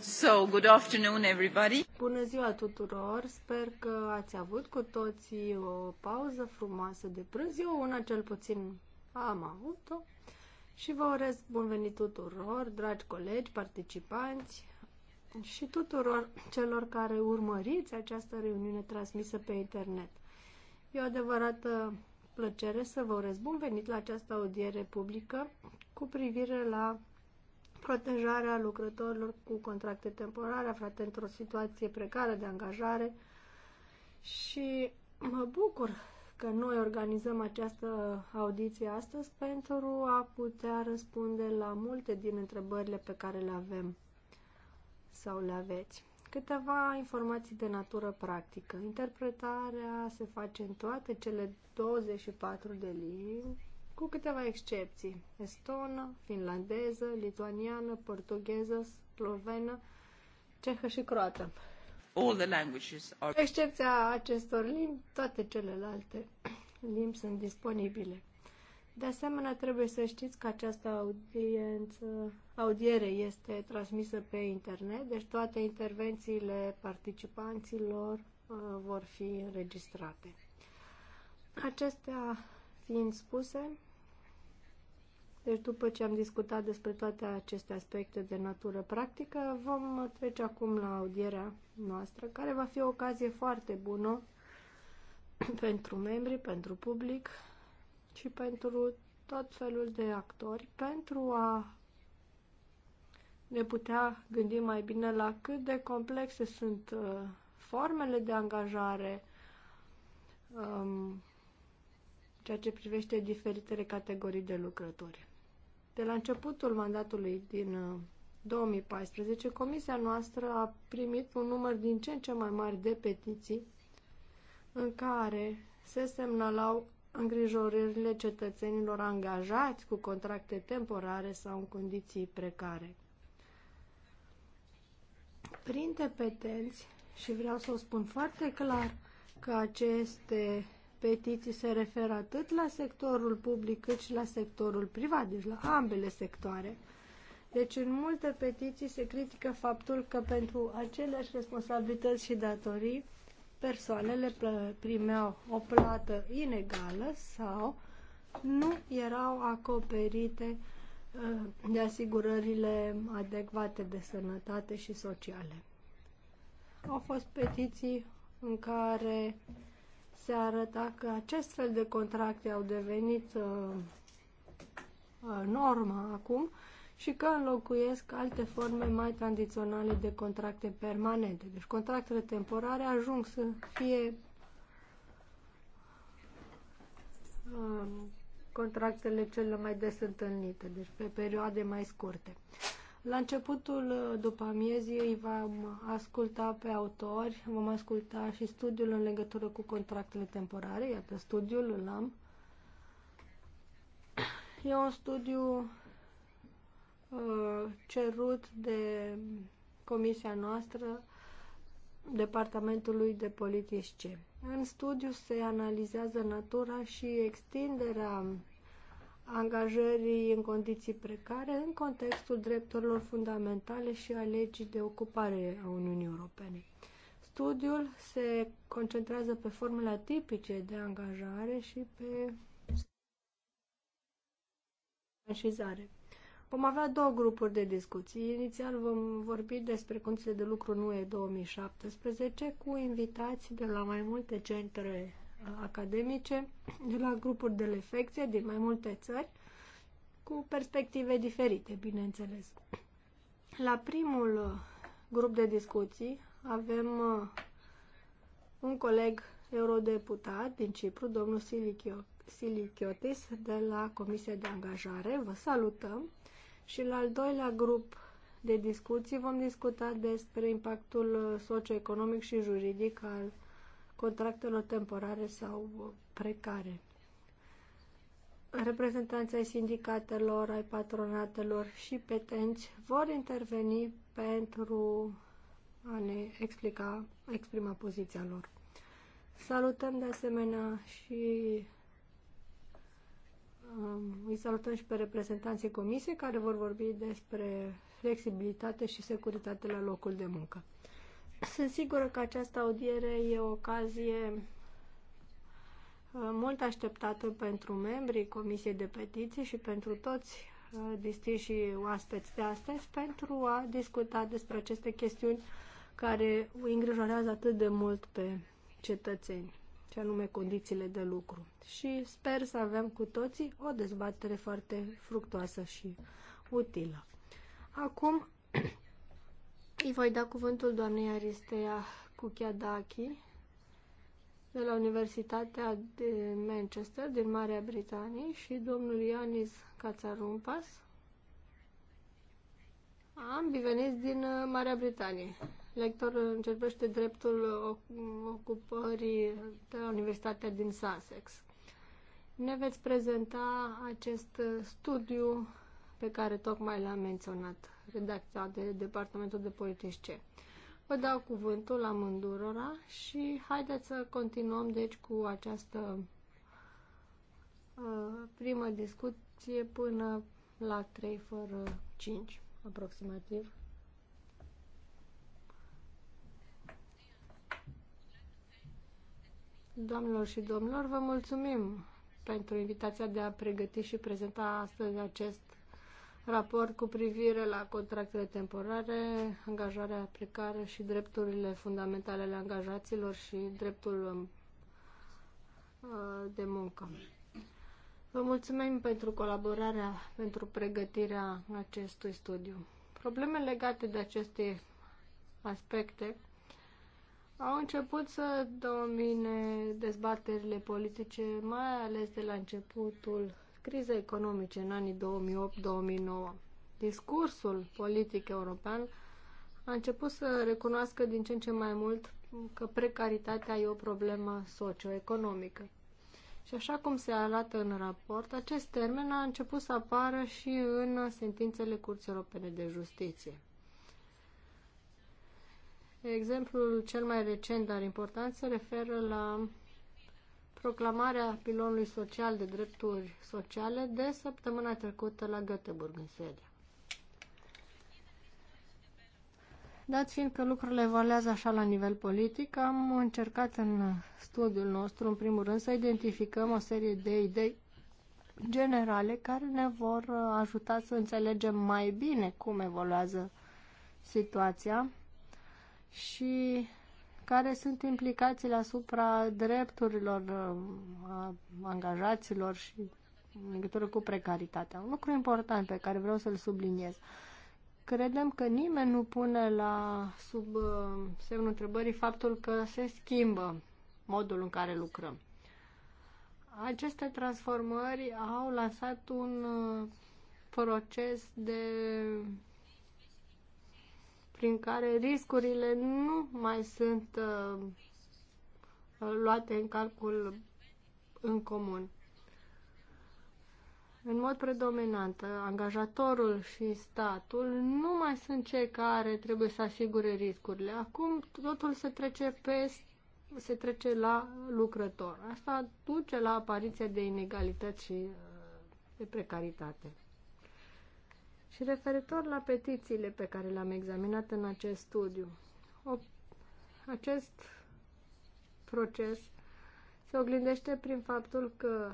So, good afternoon everybody. Bună ziua tuturor! Sper că ați avut cu toții o pauză frumoasă de prânz. Eu una cel puțin am avut-o. Și vă urez bun venit tuturor, dragi colegi, participanți și tuturor celor care urmăriți această reuniune transmisă pe internet. E o adevărată plăcere să vă urez bun venit la această audiere publică cu privire la protejarea lucrătorilor cu contracte temporare aflate într-o situație precară de angajare și mă bucur că noi organizăm această audiție astăzi pentru a putea răspunde la multe din întrebările pe care le avem sau le aveți. Câteva informații de natură practică. Interpretarea se face în toate cele 24 de limbi cu câteva excepții. Estonă, finlandeză, lituaniană, portugheză, slovenă, cehă și croată. All the languages are... Cu excepția acestor limbi, toate celelalte limbi sunt disponibile. De asemenea, trebuie să știți că această audiență, audiere este transmisă pe internet, deci toate intervențiile participanților uh, vor fi înregistrate. Acestea fiind spuse, deci după ce am discutat despre toate aceste aspecte de natură practică, vom trece acum la audierea noastră, care va fi o ocazie foarte bună pentru membri, pentru public și pentru tot felul de actori, pentru a ne putea gândi mai bine la cât de complexe sunt uh, formele de angajare, um, ceea ce privește diferitele categorii de lucrători. De la începutul mandatului din 2014, uh, comisia noastră a primit un număr din ce în ce mai mare de petiții în care se semnalau îngrijorările cetățenilor angajați cu contracte temporare sau în condiții precare. Printre petenți, și vreau să o spun foarte clar, că aceste petiții se referă atât la sectorul public cât și la sectorul privat, deci la ambele sectoare. Deci în multe petiții se critică faptul că pentru aceleași responsabilități și datorii persoanele primeau o plată inegală sau nu erau acoperite uh, de asigurările adecvate de sănătate și sociale. Au fost petiții în care se arăta că acest fel de contracte au devenit uh, uh norma acum și că înlocuiesc alte forme mai tradiționale de contracte permanente. Deci contractele temporare ajung să fie uh, contractele cele mai des întâlnite, deci pe perioade mai scurte. La începutul uh, după amieziei vom asculta pe autori, vom asculta și studiul în legătură cu contractele temporare, iată studiul îl am. E un studiu uh, cerut de comisia noastră Departamentului de Politici În studiu se analizează natura și extinderea angajării în condiții precare în contextul drepturilor fundamentale și a legii de ocupare a Uniunii Europene. Studiul se concentrează pe formele tipice de angajare și pe franșizare. Vom avea două grupuri de discuții. Inițial vom vorbi despre condițiile de lucru NUE 2017 cu invitații de la mai multe centre academice de la grupuri de lefecție din mai multe țări cu perspective diferite, bineînțeles. La primul uh, grup de discuții avem uh, un coleg eurodeputat din Cipru, domnul Silichiotis, de la Comisia de Angajare. Vă salutăm! Și la al doilea grup de discuții vom discuta despre impactul uh, socioeconomic și juridic al contractelor temporare sau precare. Reprezentanții sindicatelor, ai patronatelor și petenți vor interveni pentru a ne explica, exprima poziția lor. Salutăm de asemenea și um, îi salutăm și pe reprezentanții comisiei care vor vorbi despre flexibilitate și securitate la locul de muncă. Sunt sigură că această audiere e o ocazie uh, mult așteptată pentru membrii Comisiei de Petiții și pentru toți uh, distinși oaspeți de astăzi pentru a discuta despre aceste chestiuni care îi îngrijorează atât de mult pe cetățeni, ce anume condițiile de lucru. Și sper să avem cu toții o dezbatere foarte fructoasă și utilă. Acum îi voi da cuvântul doamnei Aristea Cuchiadachi de la Universitatea de Manchester din Marea Britanie și domnul Ianis Cațarumpas. Ambii veniți din uh, Marea Britanie. Lectorul încercește dreptul ocupării de la Universitatea din Sussex. Ne veți prezenta acest uh, studiu pe care tocmai l-am menționat redacția de Departamentul de Politici C. Vă dau cuvântul la Mândurora și haideți să continuăm deci cu această uh, primă discuție până la 3 fără 5 aproximativ. Doamnelor și domnilor, vă mulțumim pentru invitația de a pregăti și prezenta astăzi acest raport cu privire la contractele temporare, angajarea precară și drepturile fundamentale ale angajaților și dreptul um, uh, de muncă. Vă mulțumim pentru colaborarea, pentru pregătirea acestui studiu. Probleme legate de aceste aspecte au început să domine dezbaterile politice, mai ales de la începutul crizei economice în anii 2008-2009. Discursul politic european a început să recunoască din ce în ce mai mult că precaritatea e o problemă socioeconomică. Și așa cum se arată în raport, acest termen a început să apară și în sentințele Curții Europene de Justiție. Exemplul cel mai recent, dar important, se referă la proclamarea pilonului social de drepturi sociale de săptămâna trecută la Göteborg, în Suedia. Dat fiind că lucrurile evaluează așa la nivel politic, am încercat în studiul nostru, în primul rând, să identificăm o serie de idei generale care ne vor ajuta să înțelegem mai bine cum evoluează situația și care sunt implicațiile asupra drepturilor uh, a angajaților și în legătură cu precaritatea. Un lucru important pe care vreau să-l subliniez. Credem că nimeni nu pune la sub uh, semnul întrebării faptul că se schimbă modul în care lucrăm. Aceste transformări au lansat un uh, proces de prin care riscurile nu mai sunt uh, luate în calcul în comun. În mod predominant, angajatorul și statul nu mai sunt cei care trebuie să asigure riscurile. Acum totul se trece pe se trece la lucrător. Asta duce la apariția de inegalități și uh, de precaritate. Și referitor la petițiile pe care le-am examinat în acest studiu, o, acest proces se oglindește prin faptul că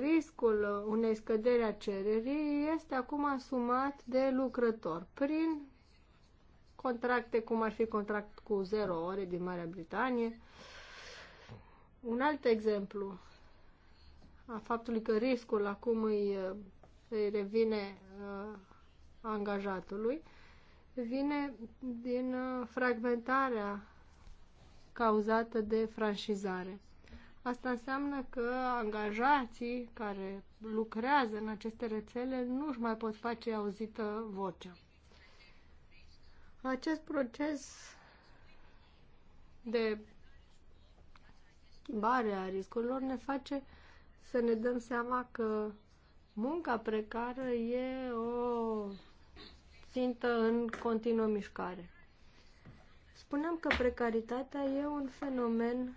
riscul unei scăderi a cererii este acum asumat de lucrător prin contracte cum ar fi contract cu 0 ore din Marea Britanie. Un alt exemplu a faptului că riscul acum îi îi revine uh, angajatului vine din uh, fragmentarea cauzată de franșizare. Asta înseamnă că angajații care lucrează în aceste rețele nu își mai pot face auzită vocea. Acest proces de schimbare a riscurilor ne face să ne dăm seama că Munca precară e o țintă în continuă mișcare. Spuneam că precaritatea e un fenomen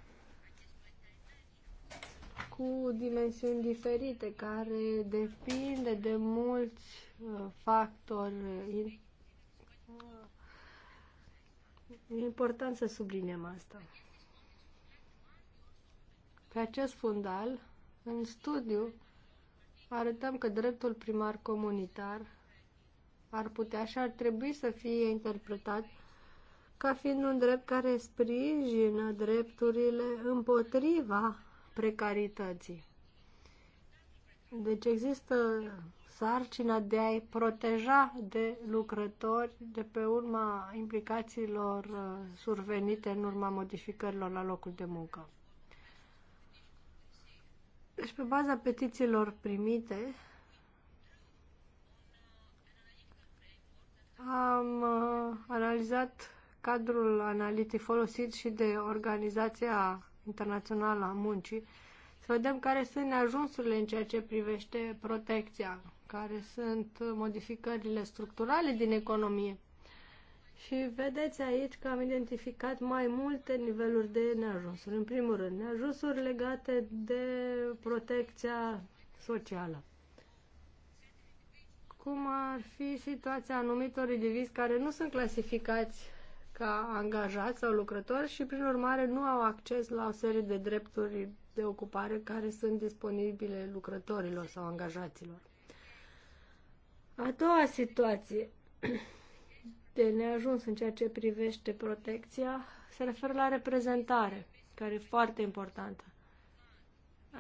cu dimensiuni diferite, care depinde de mulți uh, factori. E uh, important să subliniem asta. Pe acest fundal, în studiu, arătăm că dreptul primar comunitar ar putea și ar trebui să fie interpretat ca fiind un drept care sprijină drepturile împotriva precarității. Deci există sarcina de a-i proteja de lucrători de pe urma implicațiilor uh, survenite în urma modificărilor la locul de muncă. Deci, pe baza petițiilor primite, am uh, analizat cadrul analitic folosit și de Organizația Internațională a Muncii, să vedem care sunt neajunsurile în ceea ce privește protecția, care sunt modificările structurale din economie. Și vedeți aici că am identificat mai multe niveluri de neajunsuri. În primul rând, neajunsuri legate de protecția socială. Cum ar fi situația anumitor indivizi care nu sunt clasificați ca angajați sau lucrători și, prin urmare, nu au acces la o serie de drepturi de ocupare care sunt disponibile lucrătorilor sau angajaților. A doua situație de neajuns în ceea ce privește protecția se referă la reprezentare, care e foarte importantă.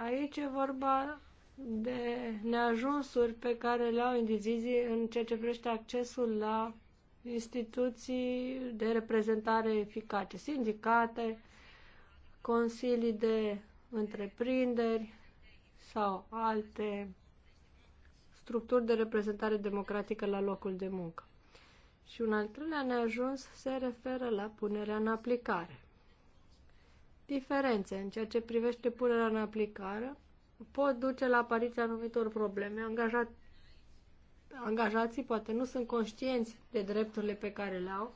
Aici e vorba de neajunsuri pe care le au indivizii în ceea ce privește accesul la instituții de reprezentare eficace, sindicate, consilii de întreprinderi sau alte structuri de reprezentare democratică la locul de muncă. Și un al treilea neajuns se referă la punerea în aplicare. Diferențe în ceea ce privește punerea în aplicare pot duce la apariția anumitor probleme. Angajat, angajații poate nu sunt conștienți de drepturile pe care le au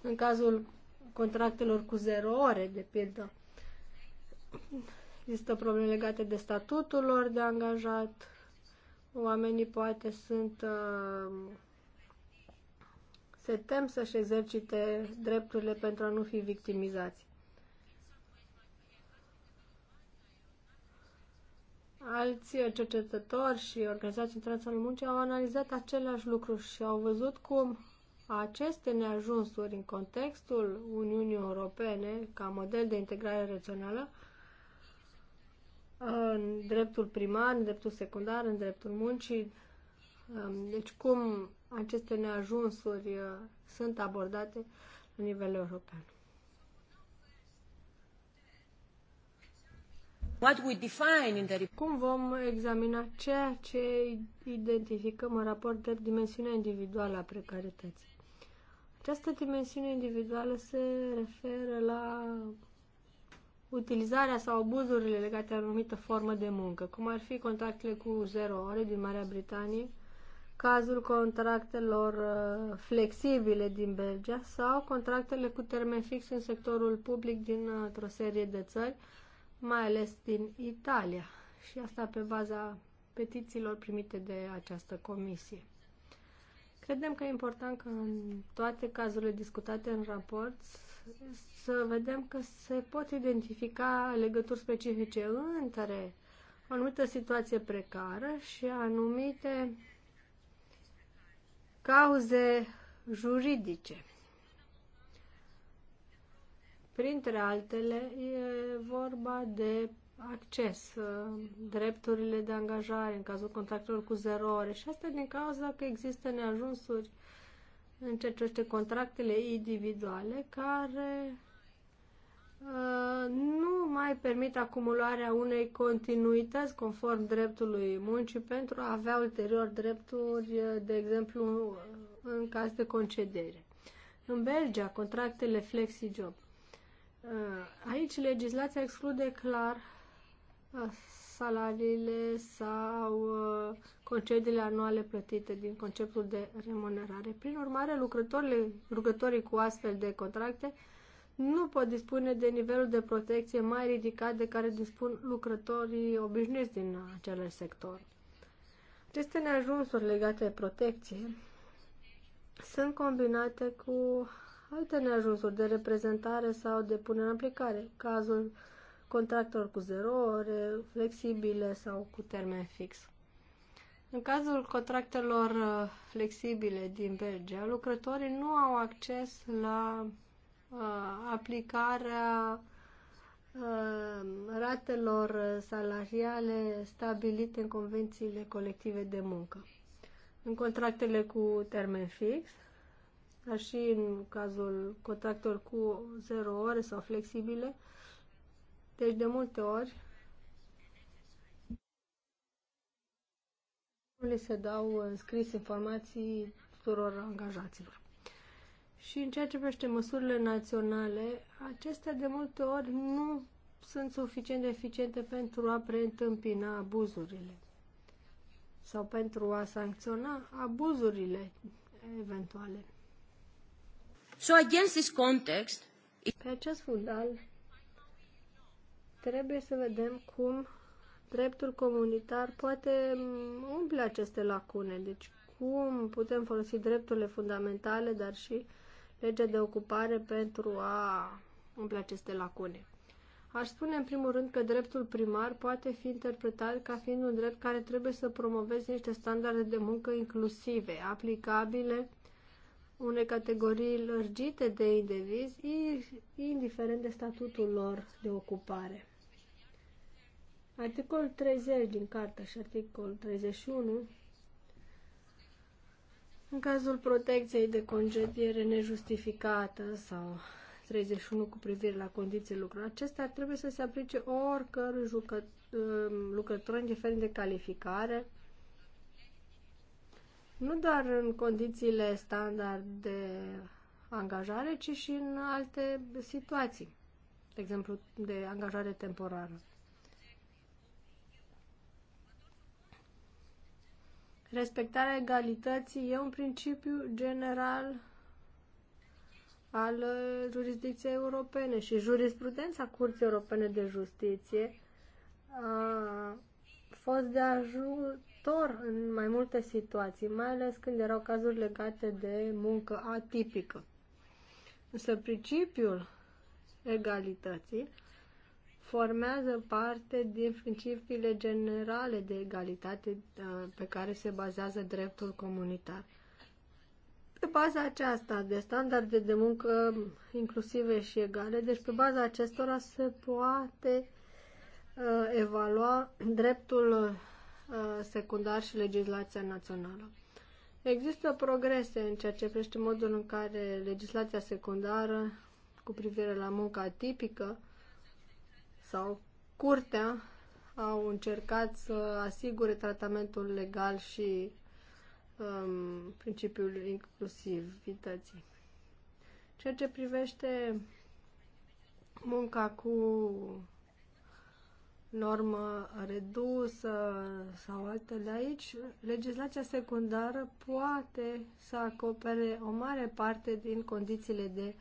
în cazul contractelor cu zero ore, de pildă. Există probleme legate de statutul lor de angajat. Oamenii poate sunt uh, se tem să-și exercite drepturile pentru a nu fi victimizați. Alți cercetători și organizații internaționale muncii au analizat același lucru și au văzut cum aceste neajunsuri în contextul Uniunii Europene ca model de integrare regională în dreptul primar, în dreptul secundar, în dreptul muncii, deci cum aceste neajunsuri uh, sunt abordate la nivel european. What we define in the... Cum vom examina ceea ce identificăm în raport de dimensiunea individuală a precarității? Această dimensiune individuală se referă la utilizarea sau abuzurile legate de anumită formă de muncă, cum ar fi contractele cu zero ore din Marea Britanie, cazul contractelor uh, flexibile din Belgia sau contractele cu termen fix în sectorul public din uh, o serie de țări, mai ales din Italia. Și asta pe baza petițiilor primite de această comisie. Credem că e important că în toate cazurile discutate în raport să vedem că se pot identifica legături specifice între o anumită situație precară și anumite cauze juridice. Printre altele, e vorba de acces, uh, drepturile de angajare în cazul contractelor cu zero ore și asta din cauza că există neajunsuri în ceea ce contractele individuale care Uh, nu mai permit acumularea unei continuități conform dreptului muncii pentru a avea ulterior drepturi, uh, de exemplu, uh, în caz de concedere. În Belgia, contractele flexi-job. Aici legislația exclude clar salariile sau concediile anuale plătite din conceptul de remunerare. Prin urmare, lucrătorii, lucrătorii cu astfel de contracte nu pot dispune de nivelul de protecție mai ridicat de care dispun lucrătorii obișnuiți din același sector. Aceste neajunsuri legate de protecție sunt combinate cu alte neajunsuri de reprezentare sau de punere în aplicare, cazul contractor cu zero ore, flexibile sau cu termen fix. În cazul contractelor uh, flexibile din Belgia, lucrătorii nu au acces la Uh, aplicarea uh, ratelor salariale stabilite în convențiile colective de muncă, în contractele cu termen fix, dar și în cazul contractelor cu zero ore sau flexibile. Deci, de multe ori, le se dau uh, scris informații tuturor angajaților. Și în ceea ce privește măsurile naționale, acestea de multe ori nu sunt suficient de eficiente pentru a preîntâmpina abuzurile sau pentru a sancționa abuzurile eventuale. So against this context, pe acest fundal trebuie să vedem cum dreptul comunitar poate umple aceste lacune, deci cum putem folosi drepturile fundamentale, dar și Legea de ocupare pentru a umple aceste lacune. Aș spune în primul rând că dreptul primar poate fi interpretat ca fiind un drept care trebuie să promoveze niște standarde de muncă inclusive, aplicabile unei categorii lărgite de indivizi, indiferent de statutul lor de ocupare. Articolul 30 din cartă și articolul 31 în cazul protecției de concediere nejustificată sau 31 cu privire la condiții lucru, acestea trebuie să se aplice oricărui um, lucrător, indiferent de calificare, nu doar în condițiile standard de angajare, ci și în alte situații, de exemplu, de angajare temporară. Respectarea egalității e un principiu general al jurisdicției europene și jurisprudența Curții Europene de Justiție a fost de ajutor în mai multe situații, mai ales când erau cazuri legate de muncă atipică. Însă principiul egalității formează parte din principiile generale de egalitate uh, pe care se bazează dreptul comunitar. Pe baza aceasta de standarde de muncă inclusive și egale, deci pe baza acestora se poate uh, evalua dreptul uh, secundar și legislația națională. Există progrese în ceea ce privește modul în care legislația secundară cu privire la munca atipică sau curtea au încercat să asigure tratamentul legal și um, principiul inclusivității. Ceea ce privește munca cu normă redusă sau altele aici, legislația secundară poate să acopere o mare parte din condițiile de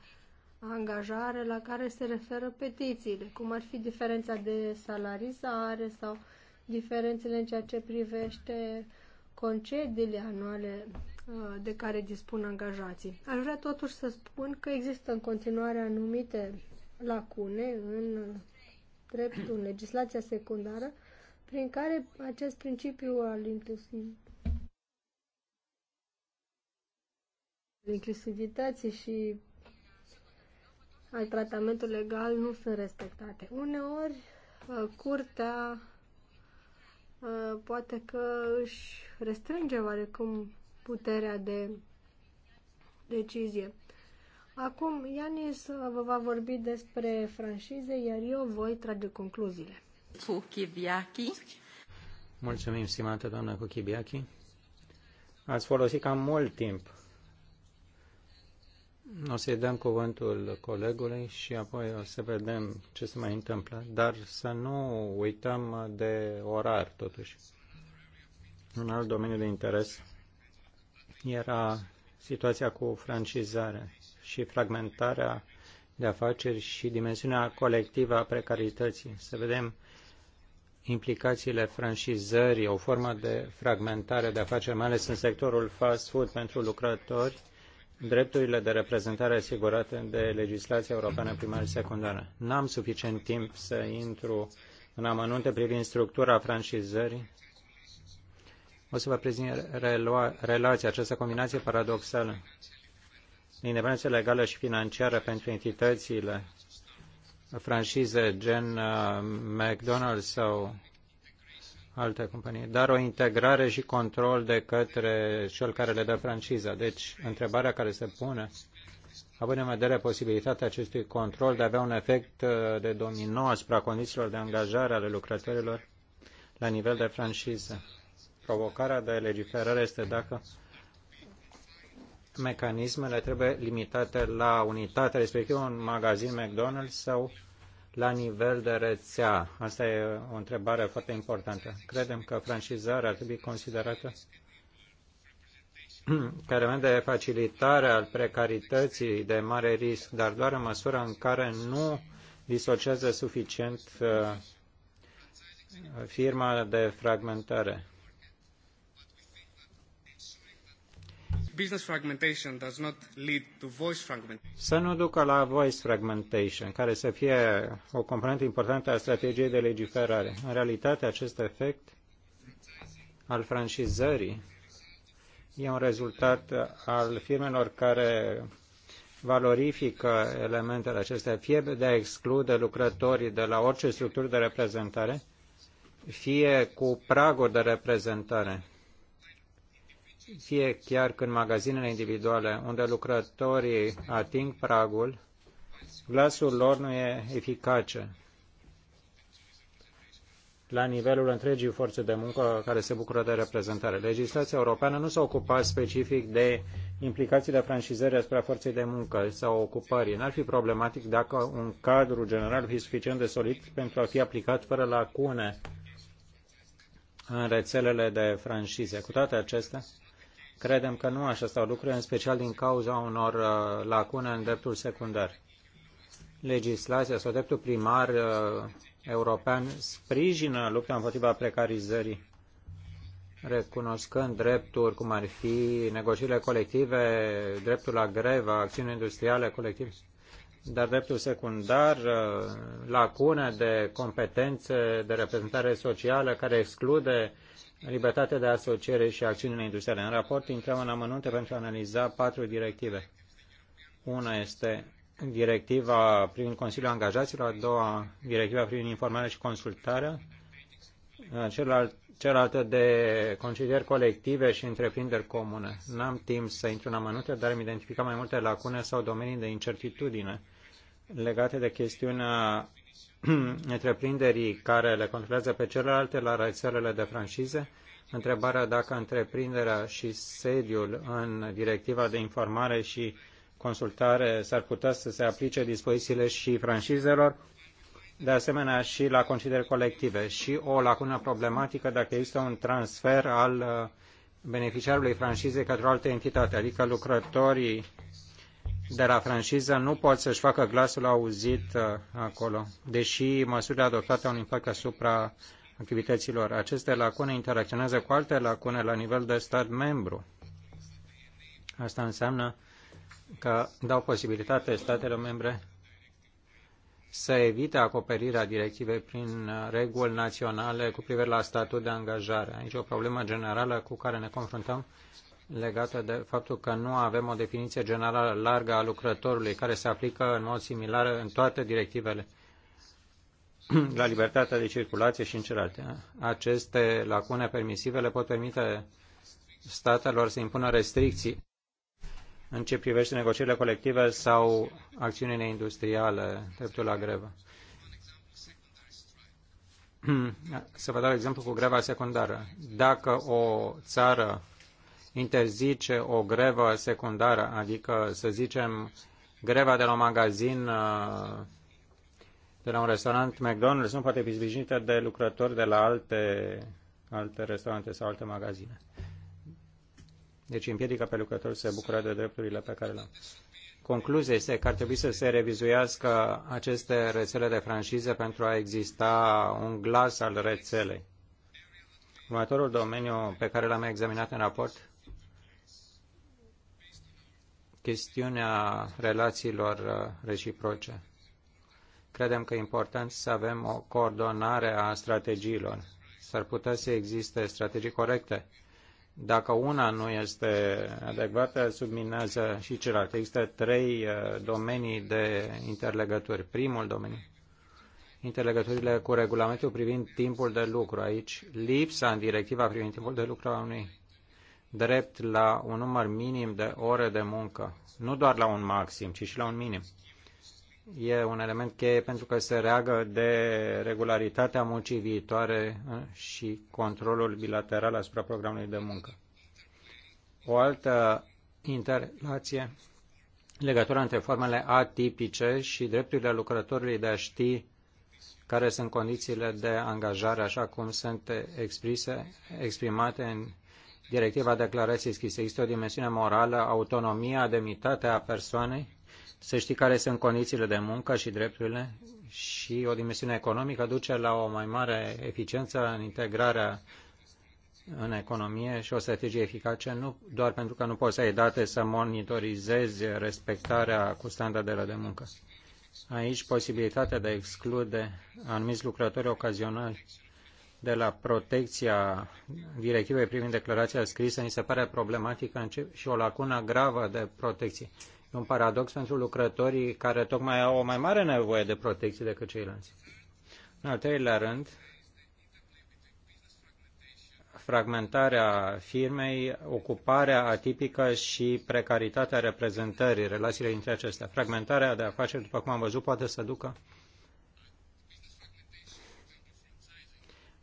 angajare la care se referă petițiile, cum ar fi diferența de salarizare sau diferențele în ceea ce privește concediile anuale uh, de care dispun angajații. Aș vrea totuși să spun că există în continuare anumite lacune în dreptul, în legislația secundară, prin care acest principiu al inclusiv inclusivității și al tratamentului legal nu sunt respectate. Uneori, uh, curtea uh, poate că își restrânge oarecum puterea de decizie. Acum, Ianis uh, vă va vorbi despre franșize, iar eu voi trage concluziile. Fuchibiachi. Mulțumim, stimată doamnă Kukibiaki. Ați folosit cam mult timp o să-i dăm cuvântul colegului și apoi o să vedem ce se mai întâmplă, dar să nu uităm de orar, totuși. Un alt domeniu de interes era situația cu francizarea și fragmentarea de afaceri și dimensiunea colectivă a precarității. Să vedem implicațiile franșizării, o formă de fragmentare de afaceri, mai ales în sectorul fast food pentru lucrători, drepturile de reprezentare asigurate de legislația europeană primară și secundară. N-am suficient timp să intru în amănunte privind structura francizării. O să vă prezint relua, relația, această combinație paradoxală. Independență legală și financiară pentru entitățile franșize gen uh, McDonald's sau alte companii, dar o integrare și control de către cel care le dă franciza. Deci, întrebarea care se pune, având în vedere posibilitatea acestui control de a avea un efect uh, de domino asupra condițiilor de angajare ale lucrătorilor la nivel de franciză. Provocarea de legiferare este dacă mecanismele trebuie limitate la unitatea respectivă, un magazin McDonald's sau la nivel de rețea? Asta e o întrebare foarte importantă. Credem că francizarea ar trebui considerată ca element de facilitare al precarității de mare risc, dar doar în măsura în care nu disociază suficient uh, firma de fragmentare. business fragmentation does not lead to voice fragmentation. Să nu ducă la voice fragmentation, care să fie o componentă importantă a strategiei de legiferare. În realitate, acest efect al francizării e un rezultat al firmelor care valorifică elementele acestea, fie de a exclude lucrătorii de la orice structură de reprezentare, fie cu praguri de reprezentare fie chiar când magazinele individuale unde lucrătorii ating pragul, glasul lor nu e eficace la nivelul întregii forțe de muncă care se bucură de reprezentare. Legislația europeană nu s-a ocupat specific de de franșizări asupra forței de muncă sau ocupării. N-ar fi problematic dacă un cadru general fi suficient de solid pentru a fi aplicat fără lacune în rețelele de franșize. Cu toate acestea, Credem că nu așa stau lucrurile, în special din cauza unor uh, lacune în dreptul secundar. Legislația sau dreptul primar uh, european sprijină lupta împotriva precarizării, recunoscând drepturi cum ar fi negocierile colective, dreptul la grevă, acțiuni industriale colective, dar dreptul secundar, uh, lacune de competențe de reprezentare socială care exclude libertatea de asociere și acțiunile industriale. În raport intrăm în amănunte pentru a analiza patru directive. Una este directiva privind Consiliul Angajaților, a doua directiva privind informarea și consultarea, cealaltă de concedieri colective și întreprinderi comune. N-am timp să intru în amănunte, dar am identificat mai multe lacune sau domenii de incertitudine legate de chestiunea întreprinderii care le controlează pe celelalte la rețelele de franșize, întrebarea dacă întreprinderea și sediul în directiva de informare și consultare s-ar putea să se aplice dispozițiile și franșizelor, de asemenea și la concedere colective și o lacună problematică dacă există un transfer al uh, beneficiarului franșizei către o altă entitate, adică lucrătorii de la franciză nu pot să-și facă glasul auzit uh, acolo, deși măsurile adoptate au un impact asupra activităților. Aceste lacune interacționează cu alte lacune la nivel de stat membru. Asta înseamnă că dau posibilitate statelor membre să evite acoperirea directivei prin uh, reguli naționale cu privire la statut de angajare. Aici o problemă generală cu care ne confruntăm legată de faptul că nu avem o definiție generală largă a lucrătorului, care se aplică în mod similar în toate directivele la libertatea de circulație și în celelalte. Aceste lacune permisive le pot permite statelor să impună restricții în ce privește negocierile colective sau acțiunile industriale, dreptul la grevă. Să vă dau exemplu cu greva secundară. Dacă o țară interzice o grevă secundară, adică, să zicem, greva de la un magazin, uh, de la un restaurant McDonald's, nu poate fi sprijinită de lucrători de la alte, alte restaurante sau alte magazine. Deci împiedică pe lucrători să se bucure de drepturile pe care le au. Concluzia este că ar trebui să se revizuiască aceste rețele de franciză pentru a exista un glas al rețelei. Următorul domeniu pe care l-am examinat în raport chestiunea relațiilor uh, reciproce. Credem că e important să avem o coordonare a strategiilor. S-ar putea să existe strategii corecte. Dacă una nu este adecvată, subminează și celălalt. Există trei uh, domenii de interlegături. Primul domeniu, interlegăturile cu regulamentul privind timpul de lucru. Aici, lipsa în directiva privind timpul de lucru a unui drept la un număr minim de ore de muncă. Nu doar la un maxim, ci și la un minim. E un element cheie pentru că se reagă de regularitatea muncii viitoare ă, și controlul bilateral asupra programului de muncă. O altă interrelație, legătura între formele atipice și drepturile lucrătorului de a ști care sunt condițiile de angajare, așa cum sunt exprise, exprimate în directiva declarației scrise. Există o dimensiune morală, autonomia, demnitatea persoanei, să știi care sunt condițiile de muncă și drepturile și o dimensiune economică duce la o mai mare eficiență în integrarea în economie și o strategie eficace, nu doar pentru că nu poți să ai date să monitorizezi respectarea cu standardele de muncă. Aici posibilitatea de a exclude anumiți lucrători ocazionali de la protecția directivei privind declarația scrisă ni se pare problematică și o lacună gravă de protecție. E un paradox pentru lucrătorii care tocmai au o mai mare nevoie de protecție decât ceilalți. În al treilea rând, fragmentarea firmei, ocuparea atipică și precaritatea reprezentării, relațiile dintre acestea. Fragmentarea de afaceri, după cum am văzut, poate să ducă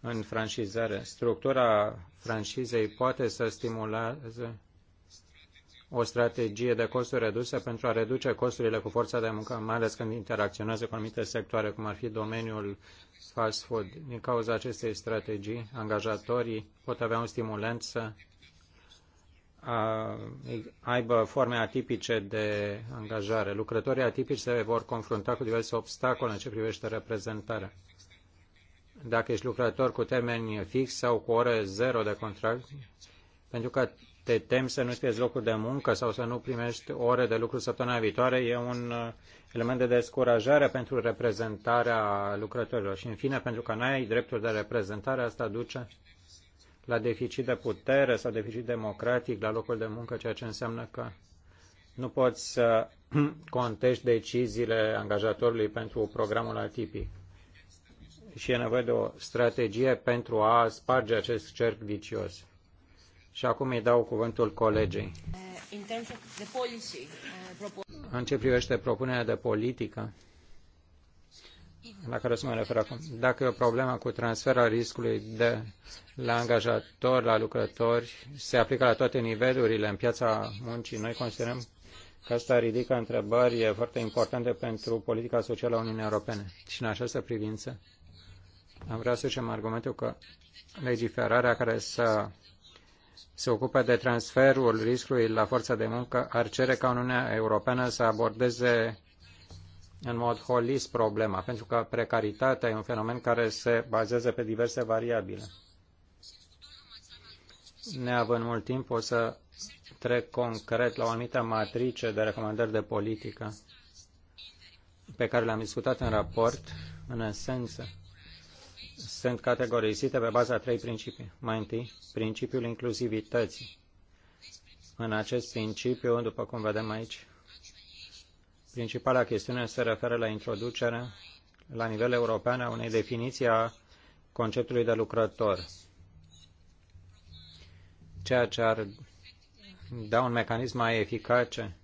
în franșizare. Structura francizei poate să stimuleze o strategie de costuri reduse pentru a reduce costurile cu forța de muncă, mai ales când interacționează cu anumite sectoare, cum ar fi domeniul fast food. Din cauza acestei strategii, angajatorii pot avea un stimulant să aibă forme atipice de angajare. Lucrătorii atipici se vor confrunta cu diverse obstacole în ce privește reprezentarea dacă ești lucrător cu termen fix sau cu oră zero de contract, pentru că te temi să nu-ți pierzi locul de muncă sau să nu primești ore de lucru săptămâna viitoare, e un uh, element de descurajare pentru reprezentarea lucrătorilor. Și, în fine, pentru că n-ai dreptul de reprezentare, asta duce la deficit de putere sau deficit democratic la locul de muncă, ceea ce înseamnă că nu poți să contești deciziile angajatorului pentru programul atipic și e nevoie de o strategie pentru a sparge acest cerc vicios. Și acum îi dau cuvântul colegei. Uh, uh, în ce privește propunerea de politică, la care o să mă refer acum, dacă e o problemă cu transferul riscului de la angajator la lucrători, se aplică la toate nivelurile în piața muncii. Noi considerăm că asta ridică întrebări foarte importante pentru politica socială a Uniunii Europene. Și în această privință, am vrea să zicem argumentul că legiferarea care să se ocupe de transferul riscului la forța de muncă ar cere ca Uniunea Europeană să abordeze în mod holist problema, pentru că precaritatea e un fenomen care se bazează pe diverse variabile. Neavând mult timp, o să trec concret la o anumită matrice de recomandări de politică pe care le-am discutat în raport, în esență sunt categorizate pe baza trei principii. Mai întâi, principiul inclusivității. În acest principiu, după cum vedem aici, principala chestiune se referă la introducerea la nivel european a unei definiții a conceptului de lucrător, ceea ce ar da un mecanism mai eficace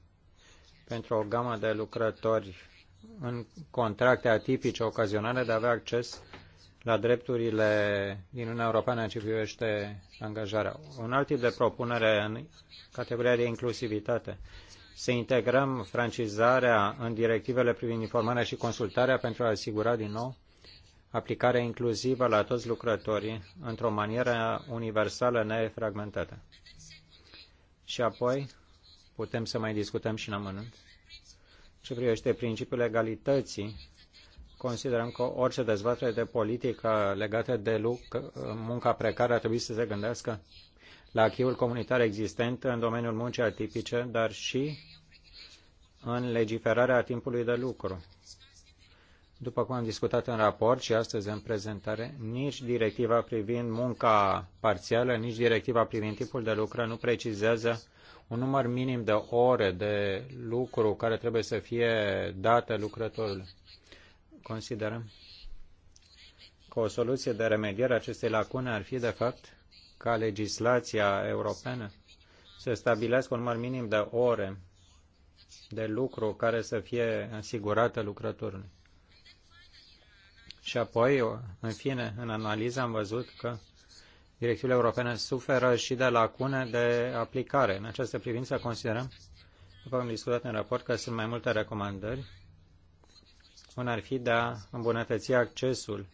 pentru o gamă de lucrători în contracte atipice, ocazionale, de a avea acces la drepturile din Uniunea Europeană în ce privește angajarea. Un alt tip de propunere în categoria de inclusivitate. Să integrăm francizarea în directivele privind informarea și consultarea pentru a asigura din nou aplicarea inclusivă la toți lucrătorii într-o manieră universală nefragmentată. Și apoi putem să mai discutăm și în amănânt ce privește principiul egalității considerăm că orice dezbatere de politică legată de luc- munca precară ar trebui să se gândească la achiul comunitar existent în domeniul muncii atipice, dar și în legiferarea timpului de lucru. După cum am discutat în raport și astăzi în prezentare, nici directiva privind munca parțială, nici directiva privind tipul de lucru nu precizează un număr minim de ore de lucru care trebuie să fie date lucrătorului. Considerăm că o soluție de remediere a acestei lacune ar fi, de fapt, ca legislația europeană să stabilească un număr minim de ore de lucru care să fie asigurată lucrătorului. Și apoi, în fine, în analiză am văzut că directivele europene suferă și de lacune de aplicare. În această privință considerăm, după cum am discutat în raport, că sunt mai multe recomandări una ar fi de a îmbunătăți accesul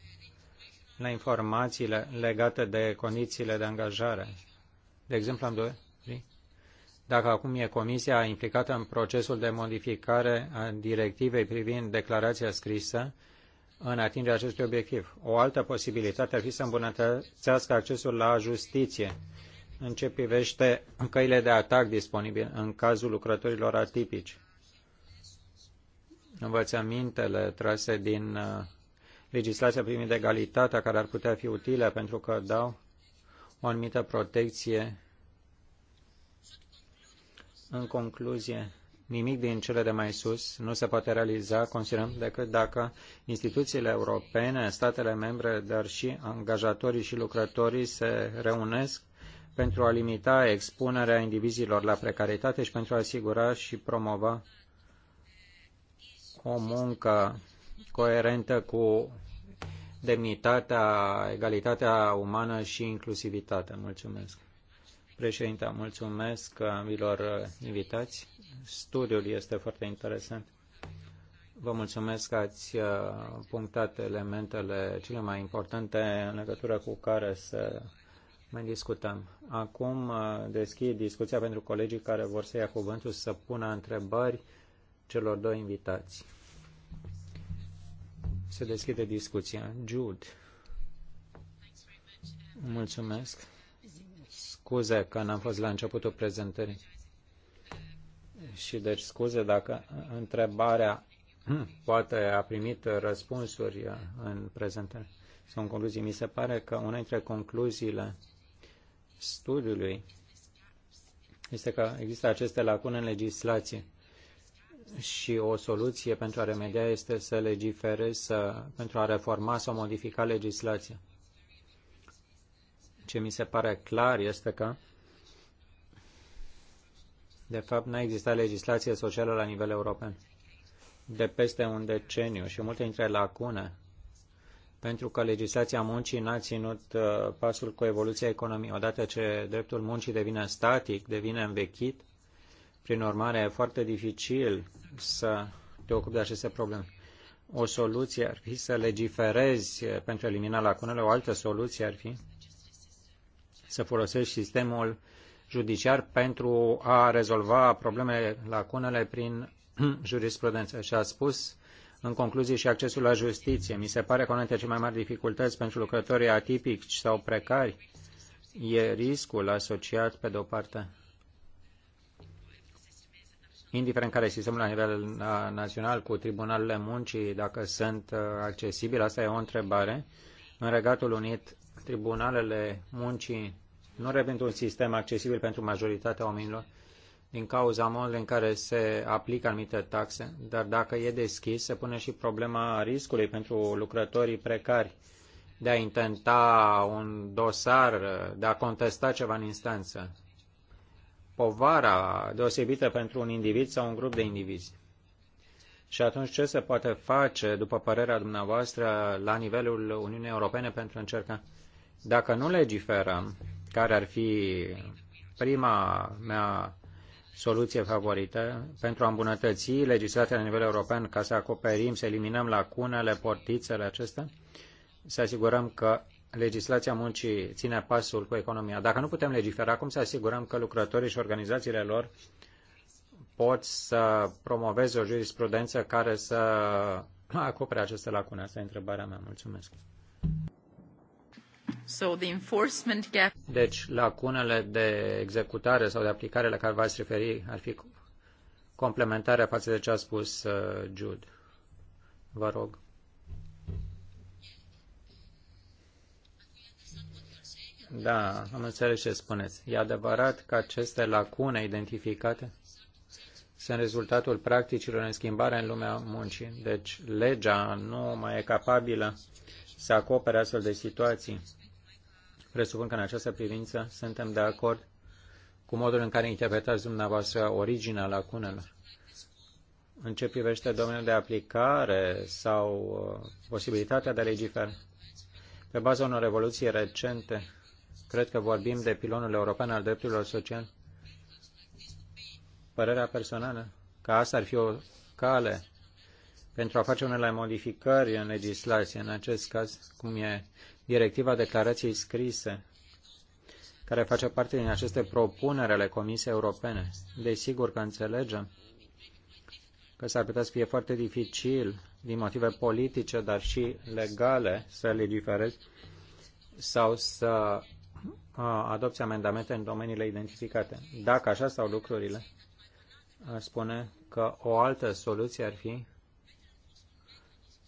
la informațiile legate de condițiile de angajare. De exemplu, am două. dacă acum e comisia implicată în procesul de modificare a directivei privind declarația scrisă în atingerea acestui obiectiv. O altă posibilitate ar fi să îmbunătățească accesul la justiție în ce privește căile de atac disponibile în cazul lucrătorilor atipici învățămintele trase din uh, legislația privind egalitatea care ar putea fi utile pentru că dau o anumită protecție. În concluzie, nimic din cele de mai sus nu se poate realiza, considerăm, decât dacă instituțiile europene, statele membre, dar și angajatorii și lucrătorii se reunesc pentru a limita expunerea indivizilor la precaritate și pentru a asigura și promova o muncă coerentă cu demnitatea, egalitatea umană și inclusivitatea. Mulțumesc. Președinte, mulțumesc ambilor invitați. Studiul este foarte interesant. Vă mulțumesc că ați uh, punctat elementele cele mai importante în legătură cu care să mai discutăm. Acum uh, deschid discuția pentru colegii care vor să ia cuvântul să pună întrebări celor doi invitați se deschide discuția. Jude. Mulțumesc. Scuze că n-am fost la începutul prezentării. Și deci scuze dacă întrebarea poate a primit răspunsuri în prezentare sau în concluzii. Mi se pare că una dintre concluziile studiului este că există aceste lacune în legislație și o soluție pentru a remedia este să legiferezi, să, pentru a reforma sau modifica legislația. Ce mi se pare clar este că, de fapt, n-a existat legislație socială la nivel european de peste un deceniu și multe dintre lacune pentru că legislația muncii n-a ținut uh, pasul cu evoluția economiei. Odată ce dreptul muncii devine static, devine învechit, prin urmare, e foarte dificil să te ocupi de aceste probleme. O soluție ar fi să legiferezi pentru a elimina lacunele, o altă soluție ar fi să folosești sistemul judiciar pentru a rezolva problemele, lacunele prin jurisprudență. Și a spus în concluzie și accesul la justiție. Mi se pare că una dintre cele mai mari dificultăți pentru lucrătorii atipici sau precari e riscul asociat, pe de-o parte, indiferent care e sistemul la nivel național cu tribunalele muncii, dacă sunt uh, accesibile, asta e o întrebare. În Regatul Unit, tribunalele muncii nu reprezintă un sistem accesibil pentru majoritatea oamenilor din cauza modului în care se aplică anumite taxe, dar dacă e deschis, se pune și problema riscului pentru lucrătorii precari de a intenta un dosar, de a contesta ceva în instanță povara deosebită pentru un individ sau un grup de indivizi. Și atunci ce se poate face, după părerea dumneavoastră, la nivelul Uniunii Europene pentru a încerca? Dacă nu legiferăm, care ar fi prima mea soluție favorită pentru a îmbunătăți legislația la nivel european ca să acoperim, să eliminăm lacunele, portițele acestea, să asigurăm că legislația muncii ține pasul cu economia. Dacă nu putem legifera, cum să asigurăm că lucrătorii și organizațiile lor pot să promoveze o jurisprudență care să acopere aceste lacune? Asta e întrebarea mea. Mulțumesc. So the enforcement gap... Deci, lacunele de executare sau de aplicare la care v-ați referi ar fi complementarea față de ce a spus uh, Jude. Vă rog. Da, am înțeles ce spuneți. E adevărat că aceste lacune identificate sunt rezultatul practicilor în schimbare în lumea muncii. Deci legea nu mai e capabilă să acopere astfel de situații. Presupun că în această privință suntem de acord cu modul în care interpretați dumneavoastră originea lacunelor. În ce privește domeniul de aplicare sau uh, posibilitatea de legifera, pe baza unor revoluții recente, Cred că vorbim de pilonul european al drepturilor sociale. Părerea personală că asta ar fi o cale pentru a face unele modificări în legislație, în acest caz, cum e directiva declarației scrise, care face parte din aceste propuneri ale Comisiei Europene. Desigur că înțelegem că s-ar putea să fie foarte dificil din motive politice, dar și legale să legiferezi sau să adopți amendamente în domeniile identificate. Dacă așa stau lucrurile, aș spune că o altă soluție ar fi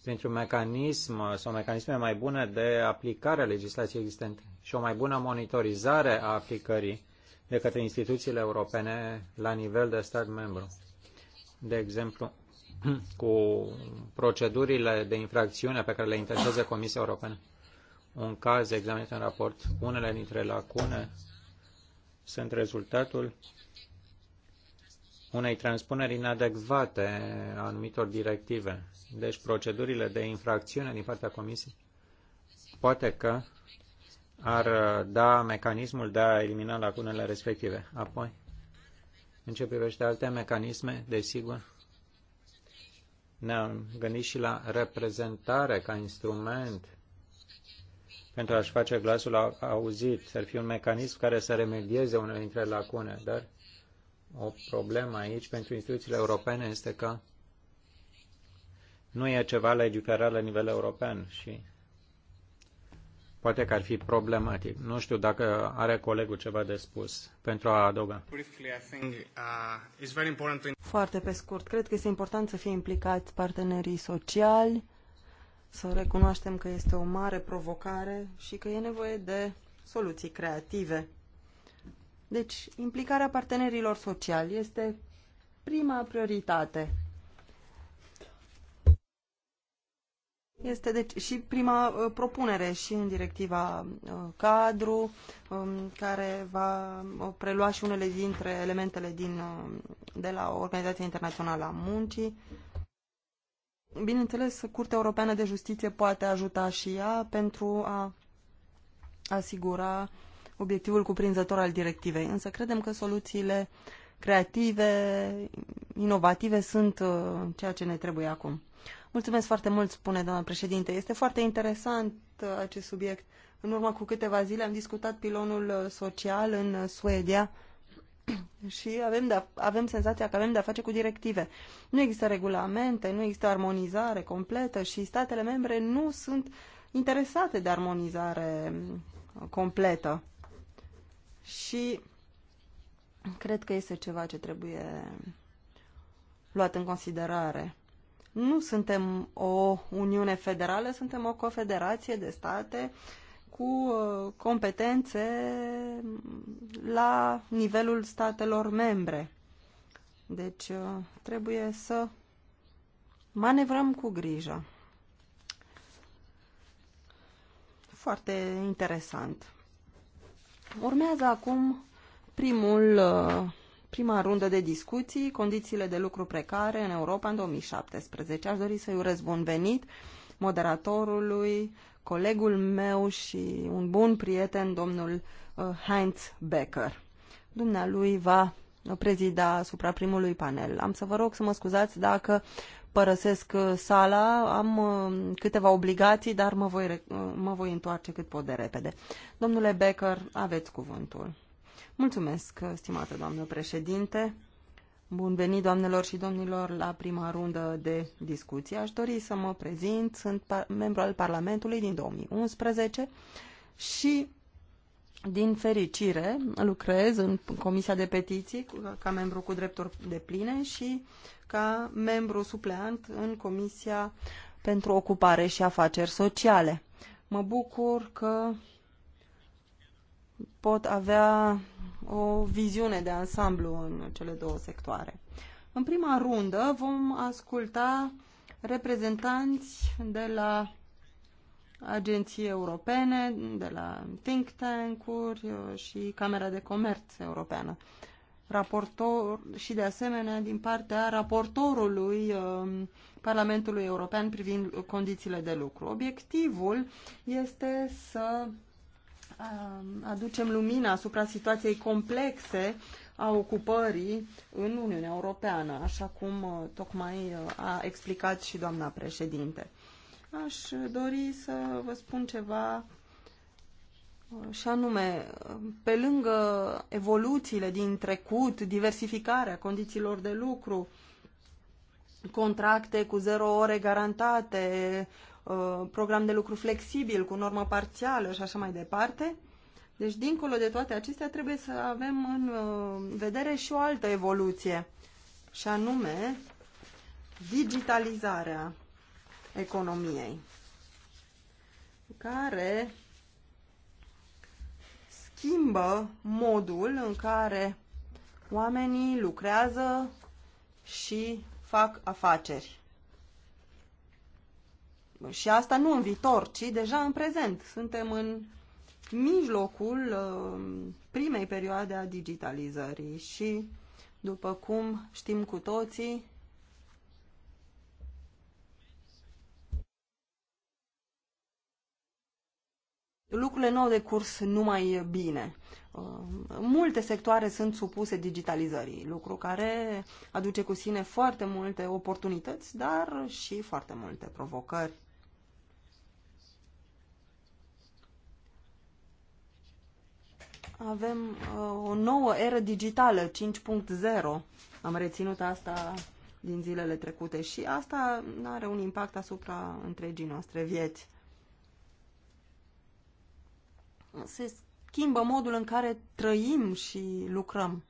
printr-un mecanism sau mecanisme mai bune de aplicare a legislației existente și o mai bună monitorizare a aplicării de către instituțiile europene la nivel de stat membru. De exemplu, cu procedurile de infracțiune pe care le intentează Comisia Europeană un caz examinat în raport. Unele dintre lacune sunt rezultatul unei transpuneri inadecvate a anumitor directive. Deci procedurile de infracțiune din partea Comisiei poate că ar da mecanismul de a elimina lacunele respective. Apoi, în ce privește alte mecanisme, desigur, ne-am gândit și la reprezentare ca instrument pentru a-și face glasul auzit. Ar fi un mecanism care să remedieze unele dintre lacune, dar o problemă aici pentru instituțiile europene este că nu e ceva legiferat la nivel european și poate că ar fi problematic. Nu știu dacă are colegul ceva de spus pentru a adăuga. Uh, Foarte pe scurt, cred că este important să fie implicați partenerii sociali, să recunoaștem că este o mare provocare și că e nevoie de soluții creative. Deci, implicarea partenerilor sociali este prima prioritate. Este deci și prima uh, propunere și în directiva uh, cadru, um, care va uh, prelua și unele dintre elementele din, uh, de la Organizația Internațională a Muncii. Uh, Bineînțeles, Curtea Europeană de Justiție poate ajuta și ea pentru a asigura obiectivul cuprinzător al directivei, însă credem că soluțiile creative, inovative sunt uh, ceea ce ne trebuie acum. Mulțumesc foarte mult, spune doamna președinte. Este foarte interesant uh, acest subiect. În urmă cu câteva zile am discutat pilonul uh, social în Suedia și avem, de a, avem senzația că avem de-a face cu directive. Nu există regulamente, nu există armonizare completă și statele membre nu sunt interesate de armonizare mm, completă. Și cred că este ceva ce trebuie luat în considerare. Nu suntem o Uniune Federală, suntem o confederație de state uh, cu uh, competențe la nivelul statelor membre. Deci uh, trebuie să manevrăm cu grijă. Foarte interesant. Urmează acum primul, uh, prima rundă de discuții, condițiile de lucru precare în Europa în 2017. Aș dori să-i urez bun venit moderatorului colegul meu și un bun prieten, domnul uh, Heinz Becker. Dumnealui va prezida asupra primului panel. Am să vă rog să mă scuzați dacă părăsesc uh, sala, am uh, câteva obligații, dar mă voi, mă voi întoarce cât pot de repede. Domnule Becker, aveți cuvântul. Mulțumesc, stimată doamnă președinte. Bun venit, doamnelor și domnilor, la prima rundă de discuții. Aș dori să mă prezint. Sunt membru al Parlamentului din 2011 și, din fericire, lucrez în Comisia de Petiții ca membru cu drepturi de pline și ca membru supleant în Comisia pentru Ocupare și Afaceri Sociale. Mă bucur că pot avea o viziune de ansamblu în cele două sectoare. În prima rundă vom asculta reprezentanți de la agenții europene, de la think tank-uri uh, și Camera de Comerț Europeană. Raportor și de asemenea din partea raportorului uh, Parlamentului European privind condițiile de lucru. Obiectivul este să Um, aducem lumina asupra situației complexe a ocupării în Uniunea Europeană, așa cum uh, tocmai uh, a explicat și doamna președinte. Aș dori să vă spun ceva uh, și anume, pe lângă evoluțiile din trecut, diversificarea condițiilor de lucru, contracte cu zero ore garantate, Uh, program de lucru flexibil cu normă parțială și așa mai departe. Deci, dincolo de toate acestea, trebuie să avem în uh, vedere și o altă evoluție, și anume digitalizarea economiei, care schimbă modul în care oamenii lucrează și fac afaceri și asta nu în viitor, ci deja în prezent. Suntem în mijlocul uh, primei perioade a digitalizării și, după cum știm cu toții, lucrurile nou de curs nu mai bine. Uh, multe sectoare sunt supuse digitalizării, lucru care aduce cu sine foarte multe oportunități, dar și foarte multe provocări. avem uh, o nouă eră digitală, 5.0. Am reținut asta din zilele trecute și asta are un impact asupra întregii noastre vieți. Se schimbă modul în care trăim și lucrăm.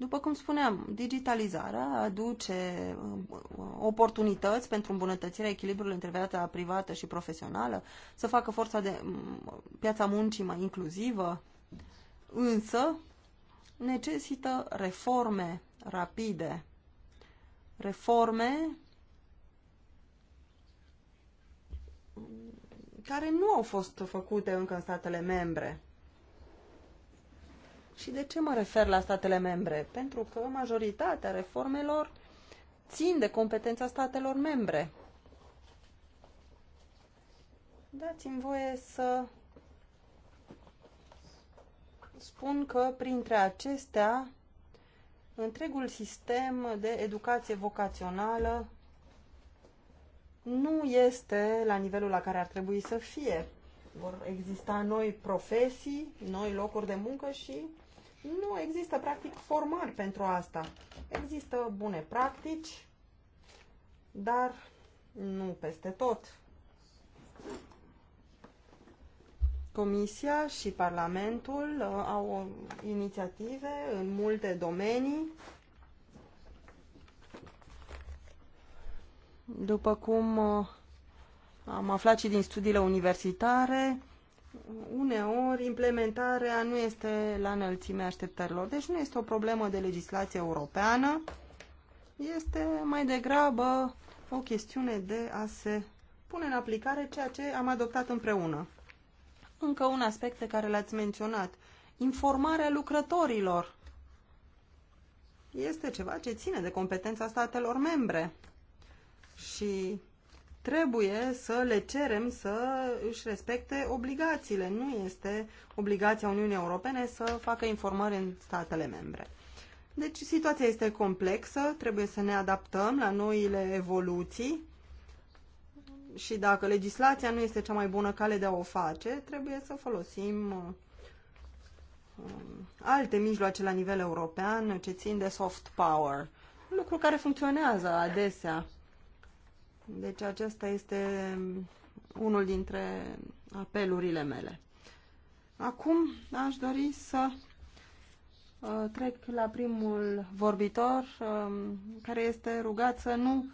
După cum spuneam, digitalizarea aduce uh, uh, oportunități pentru îmbunătățirea echilibrului între viața privată și profesională, să facă forța de mm, piața muncii mai inclusivă, însă necesită reforme rapide. Reforme care nu au fost făcute încă în statele membre. Și de ce mă refer la statele membre? Pentru că majoritatea reformelor țin de competența statelor membre. Dați-mi voie să spun că printre acestea întregul sistem de educație vocațională nu este la nivelul la care ar trebui să fie. Vor exista noi profesii, noi locuri de muncă și nu există, practic, formări pentru asta. Există bune practici, dar nu peste tot. Comisia și Parlamentul uh, au inițiative în multe domenii. După cum uh, am aflat și din studiile universitare, uneori implementarea nu este la înălțimea așteptărilor. Deci nu este o problemă de legislație europeană, este mai degrabă o chestiune de a se pune în aplicare ceea ce am adoptat împreună. Încă un aspect pe care l-ați menționat, informarea lucrătorilor. Este ceva ce ține de competența statelor membre și trebuie să le cerem să își respecte obligațiile. Nu este obligația Uniunii Europene să facă informări în statele membre. Deci situația este complexă, trebuie să ne adaptăm la noile evoluții și dacă legislația nu este cea mai bună cale de a o face, trebuie să folosim um, alte mijloace la nivel european ce țin de soft power, lucru care funcționează adesea deci acesta este unul dintre apelurile mele. Acum aș dori să uh, trec la primul vorbitor um, care este rugat să nu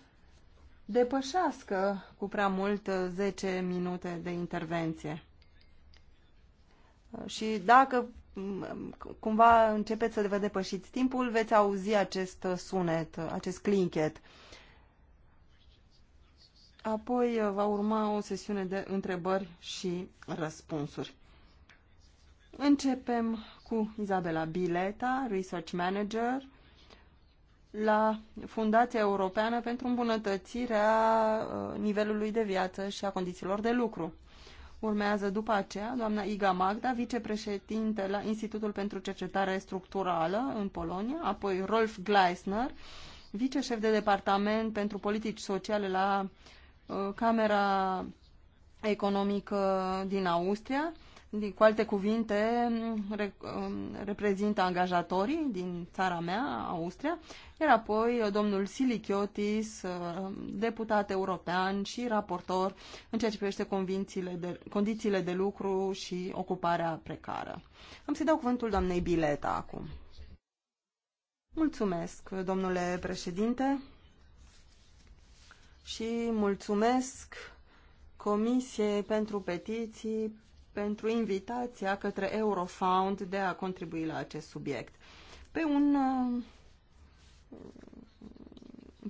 depășească cu prea mult 10 uh, minute de intervenție. Uh, și dacă um, cumva începeți să vă depășiți timpul, veți auzi acest sunet, acest clinchet. Apoi uh, va urma o sesiune de întrebări și răspunsuri. Începem cu Izabela Bileta, Research Manager la Fundația Europeană pentru îmbunătățirea uh, nivelului de viață și a condițiilor de lucru. Urmează după aceea doamna Iga Magda, vicepreședinte la Institutul pentru Cercetare Structurală în Polonia, apoi Rolf Gleisner, viceșef de departament pentru politici sociale la Uh, Camera Economică din Austria, din, cu alte cuvinte, re, um, reprezintă angajatorii din țara mea, Austria, iar apoi uh, domnul Silichiotis, uh, deputat european și raportor în ceea ce privește de, condițiile de lucru și ocuparea precară. Am să dau cuvântul doamnei Bileta acum. Mulțumesc, domnule președinte și mulțumesc Comisiei pentru petiții pentru invitația către Eurofound de a contribui la acest subiect. Pe un uh,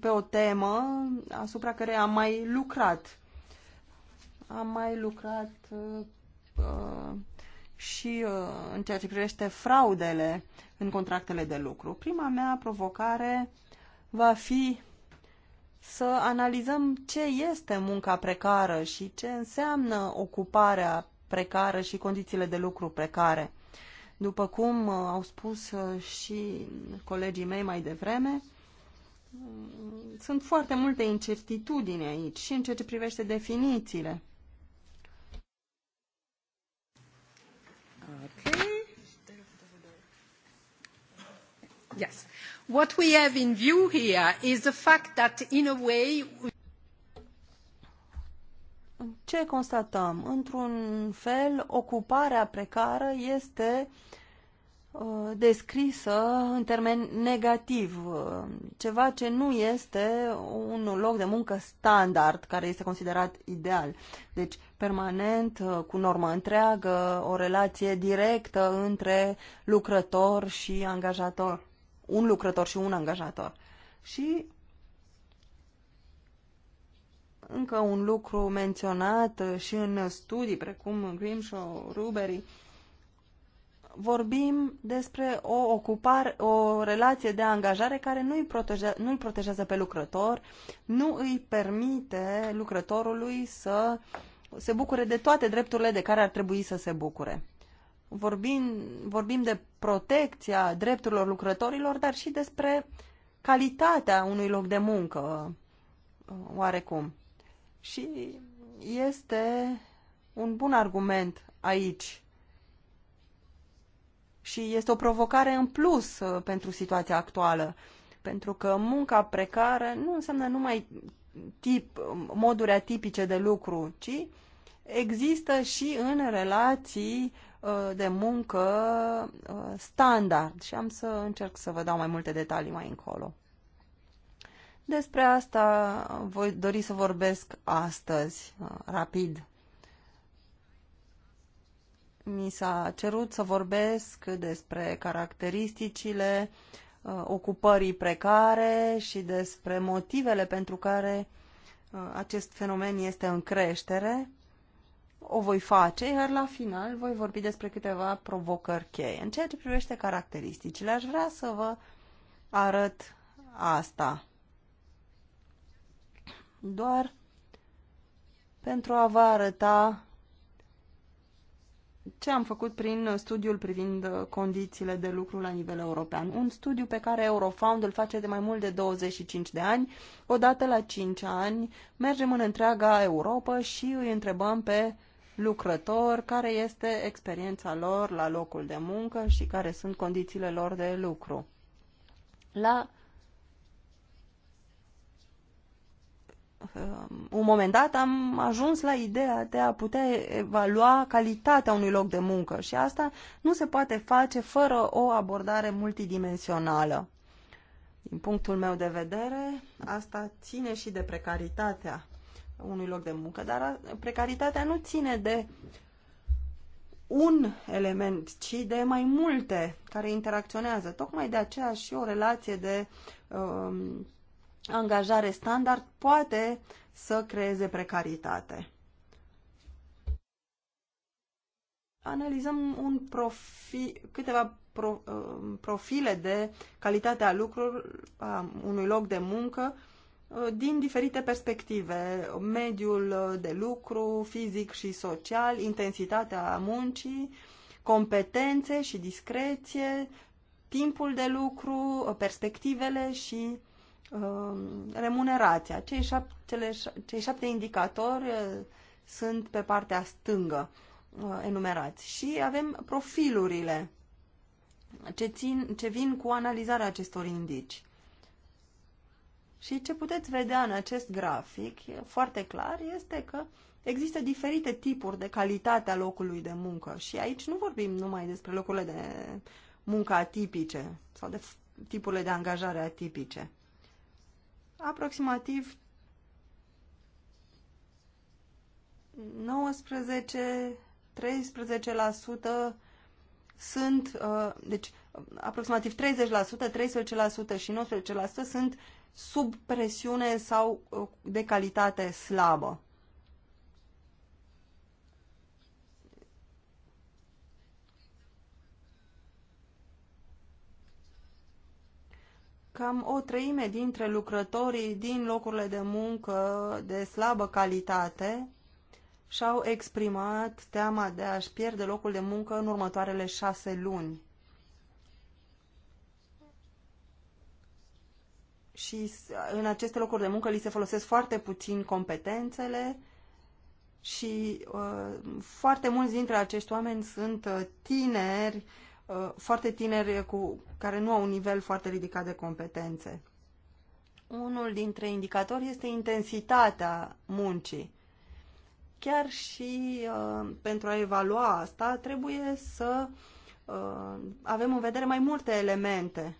pe o temă asupra care am mai lucrat. Am mai lucrat uh, uh, și uh, în ceea ce privește fraudele în contractele de lucru. Prima mea provocare va fi să analizăm ce este munca precară și ce înseamnă ocuparea precară și condițiile de lucru precare. După cum uh, au spus uh, și colegii mei mai devreme, mm, sunt foarte multe incertitudini aici și în ceea ce privește definițiile. Okay. Yes. What we have in view here is the fact that in a way ce constatăm? Într-un fel, ocuparea precară este uh, descrisă în termen negativ, uh, ceva ce nu este un loc de muncă standard care este considerat ideal. Deci, permanent, uh, cu normă întreagă, o relație directă între lucrător și angajator un lucrător și un angajator. Și încă un lucru menționat și în studii precum Grimshaw, Rubery, vorbim despre o ocupare, o relație de angajare care nu îi protejează, nu îi protejează pe lucrător, nu îi permite lucrătorului să se bucure de toate drepturile de care ar trebui să se bucure vorbim, vorbim de protecția drepturilor lucrătorilor, dar și despre calitatea unui loc de muncă, uh, oarecum. Și este un bun argument aici. Și este o provocare în plus uh, pentru situația actuală, pentru că munca precară nu înseamnă numai tip, moduri atipice de lucru, ci există și în relații uh, Uh, de muncă uh, standard și am să încerc să vă dau mai multe detalii mai încolo. Despre asta voi dori să vorbesc astăzi, uh, rapid. Mi s-a cerut să vorbesc despre caracteristicile ocupării precare și despre motivele pentru care acest fenomen este în creștere o voi face, iar la final voi vorbi despre câteva provocări cheie. În ceea ce privește caracteristicile, aș vrea să vă arăt asta. Doar pentru a vă arăta ce am făcut prin studiul privind condițiile de lucru la nivel european. Un studiu pe care Eurofound îl face de mai mult de 25 de ani, odată la 5 ani, mergem în întreaga Europa și îi întrebăm pe lucrători care este experiența lor la locul de muncă și care sunt condițiile lor de lucru. La Um, un moment dat am ajuns la ideea de a putea evalua calitatea unui loc de muncă și asta nu se poate face fără o abordare multidimensională. Din punctul meu de vedere, asta ține și de precaritatea unui loc de muncă, dar precaritatea nu ține de un element, ci de mai multe care interacționează. Tocmai de aceea și o relație de uh, angajare standard poate să creeze precaritate. Analizăm un profi, câteva pro, uh, profile de calitatea lucrurilor a unui loc de muncă uh, din diferite perspective, mediul uh, de lucru, fizic și social, intensitatea muncii, competențe și discreție, timpul de lucru, perspectivele și Um, remunerația. Cei șapte, cele, cei șapte indicatori uh, sunt pe partea stângă uh, enumerați și avem profilurile ce, țin, ce vin cu analizarea acestor indici. Și ce puteți vedea în acest grafic foarte clar este că există diferite tipuri de calitate a locului de muncă și aici nu vorbim numai despre locurile de muncă atipice sau de tipurile de angajare atipice aproximativ 19-13% sunt, uh, deci aproximativ 30%, 13% și 19% sunt sub presiune sau uh, de calitate slabă. cam o treime dintre lucrătorii din locurile de muncă de slabă calitate și-au exprimat teama de a-și pierde locul de muncă în următoarele șase luni. Și în aceste locuri de muncă li se folosesc foarte puțin competențele și uh, foarte mulți dintre acești oameni sunt uh, tineri Uh, foarte tineri cu, care nu au un nivel foarte ridicat de competențe. Unul dintre indicatori este intensitatea muncii. Chiar și uh, pentru a evalua asta, trebuie să uh, avem în vedere mai multe elemente.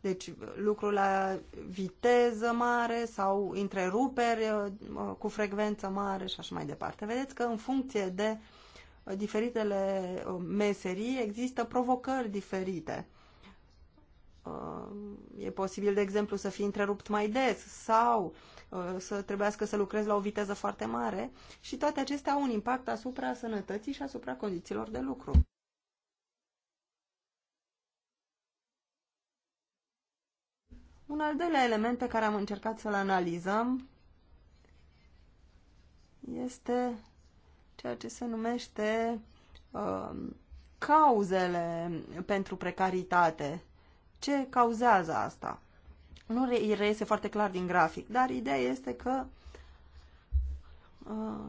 Deci lucrul la viteză mare sau întreruperi uh, cu frecvență mare și așa mai departe. Vedeți că în funcție de uh, diferitele uh, meserii există provocări diferite. Uh, e posibil, de exemplu, să fii întrerupt mai des sau uh, să trebuiască să lucrezi la o viteză foarte mare și toate acestea au un impact asupra sănătății și asupra condițiilor de lucru. Un al doilea element pe care am încercat să-l analizăm este ceea ce se numește uh, cauzele pentru precaritate. Ce cauzează asta? Nu re reiese foarte clar din grafic, dar ideea este că uh,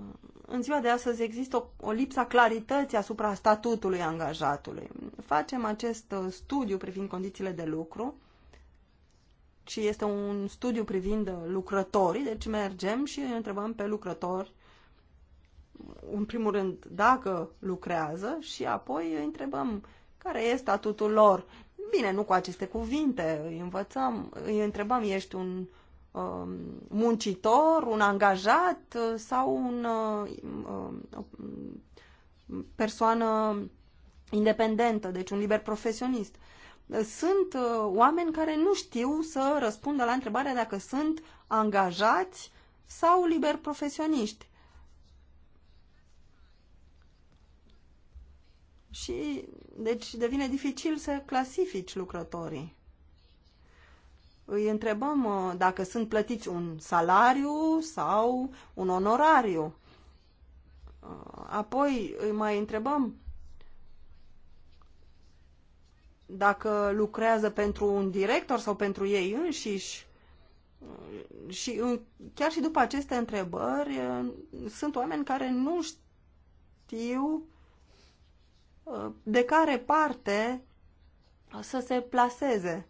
în ziua de astăzi există o, o lipsă a clarității asupra statutului angajatului. Facem acest uh, studiu privind condițiile de lucru și este un studiu privind uh, lucrătorii, deci mergem și îi întrebăm pe lucrători în primul rând, dacă lucrează și apoi îi întrebăm care e statutul lor. Bine, nu cu aceste cuvinte, îi învățăm, îi întrebăm, ești un um, muncitor, un angajat uh, sau un uh, um, um, persoană independentă, deci un liber profesionist. Sunt uh, oameni care nu știu să răspundă la întrebarea dacă sunt angajați sau liber profesioniști. și deci devine dificil să clasifici lucrătorii. Îi întrebăm uh, dacă sunt plătiți un salariu sau un onorariu. Uh, apoi îi mai întrebăm dacă lucrează pentru un director sau pentru ei înșiși. Uh, și chiar și după aceste întrebări, sunt oameni care nu știu Uh, de care parte să se plaseze.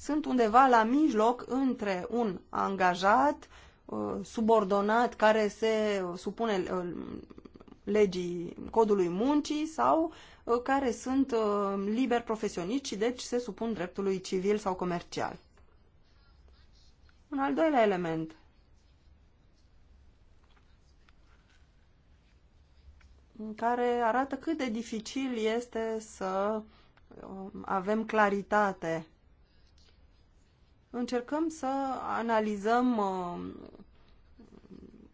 Sunt undeva la mijloc între un angajat uh, subordonat care se supune uh, legii codului muncii sau care sunt liber profesioniști și deci se supun dreptului civil sau comercial. Un al doilea element. care arată cât de dificil este să um, avem claritate. Încercăm să analizăm um,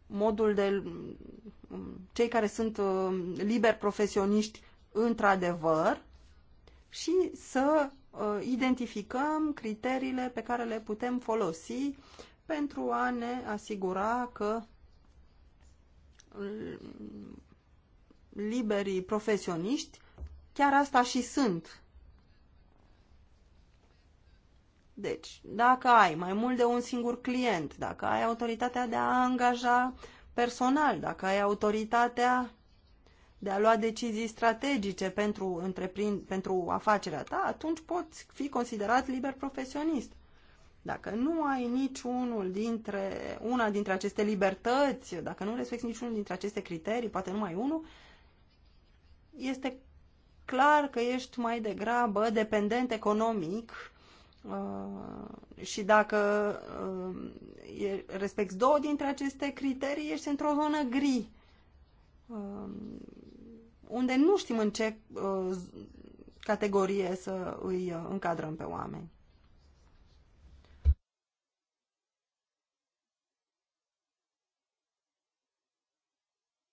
modul de um, cei care sunt liberi profesioniști într-adevăr și să uh, identificăm criteriile pe care le putem folosi pentru a ne asigura că liberii profesioniști, chiar asta și sunt. Deci, dacă ai mai mult de un singur client, dacă ai autoritatea de a angaja personal, dacă ai autoritatea de a lua decizii strategice pentru, întreprin, pentru afacerea ta, atunci poți fi considerat liber profesionist. Dacă nu ai niciunul dintre, una dintre aceste libertăți, dacă nu respecti niciunul dintre aceste criterii, poate numai unul, este clar că ești mai degrabă dependent economic uh, și dacă uh, respecti două dintre aceste criterii, ești într-o zonă gri, uh, unde nu știm în ce categorie să îi încadrăm pe oameni.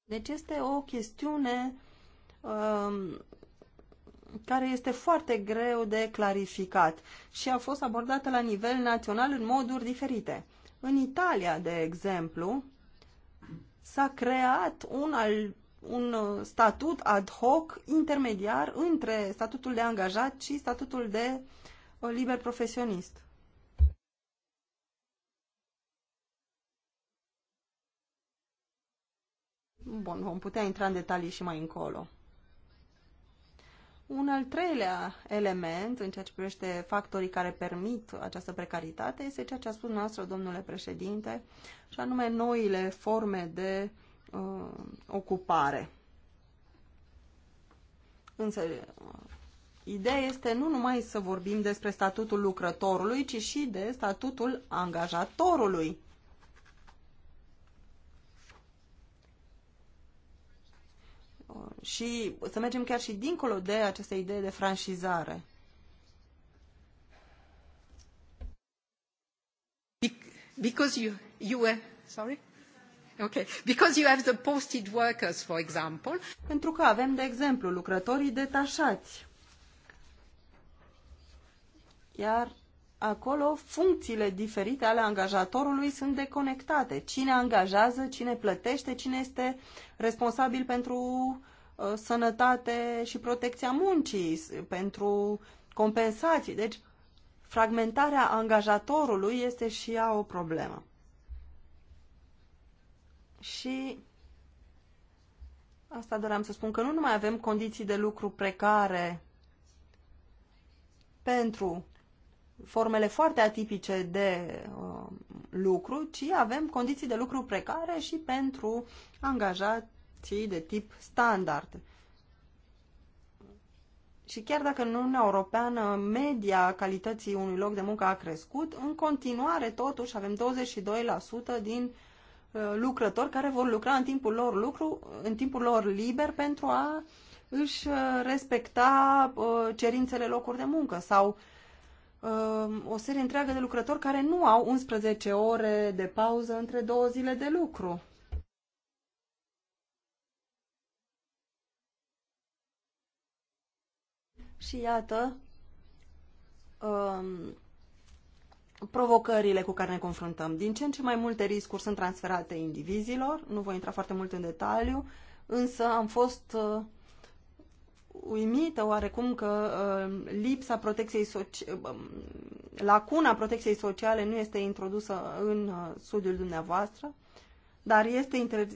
Deci este o chestiune uh, Um, care este foarte greu de clarificat și a fost abordată la nivel național în moduri diferite. În Italia, de exemplu, s-a creat un, al, un uh, statut ad hoc intermediar între statutul de angajat și statutul de uh, liber profesionist. Bun, vom putea intra în detalii și mai încolo. Un al treilea element în ceea ce privește factorii care permit această precaritate este ceea ce a spus noastră, domnule președinte, și anume noile forme de uh, ocupare. Însă, ideea este nu numai să vorbim despre statutul lucrătorului, ci și de statutul angajatorului. și să mergem chiar și dincolo de această idee de franșizare. Because you, you were, sorry? Okay. Because you have the posted workers, for example. Pentru că avem, de exemplu, lucrătorii detașați. Iar acolo funcțiile diferite ale angajatorului sunt deconectate. Cine angajează, cine plătește, cine este responsabil pentru uh, sănătate și protecția muncii, pentru compensații. Deci, fragmentarea angajatorului este și ea o problemă. Și asta doream să spun că nu numai avem condiții de lucru precare pentru formele foarte atipice de uh, lucru, ci avem condiții de lucru precare și pentru angajații de tip standard. Și chiar dacă în Uniunea Europeană media calității unui loc de muncă a crescut, în continuare totuși avem 22% din uh, lucrători care vor lucra în timpul lor lucru, în timpul lor liber pentru a își uh, respecta uh, cerințele locuri de muncă sau Um, o serie întreagă de lucrători care nu au 11 ore de pauză între două zile de lucru. Și iată um, provocările cu care ne confruntăm. Din ce în ce mai multe riscuri sunt transferate indivizilor, nu voi intra foarte mult în detaliu, însă am fost uh, uimită oarecum că uh, lipsa protecției sociale, um, lacuna protecției sociale nu este introdusă în uh, studiul dumneavoastră, dar este inter,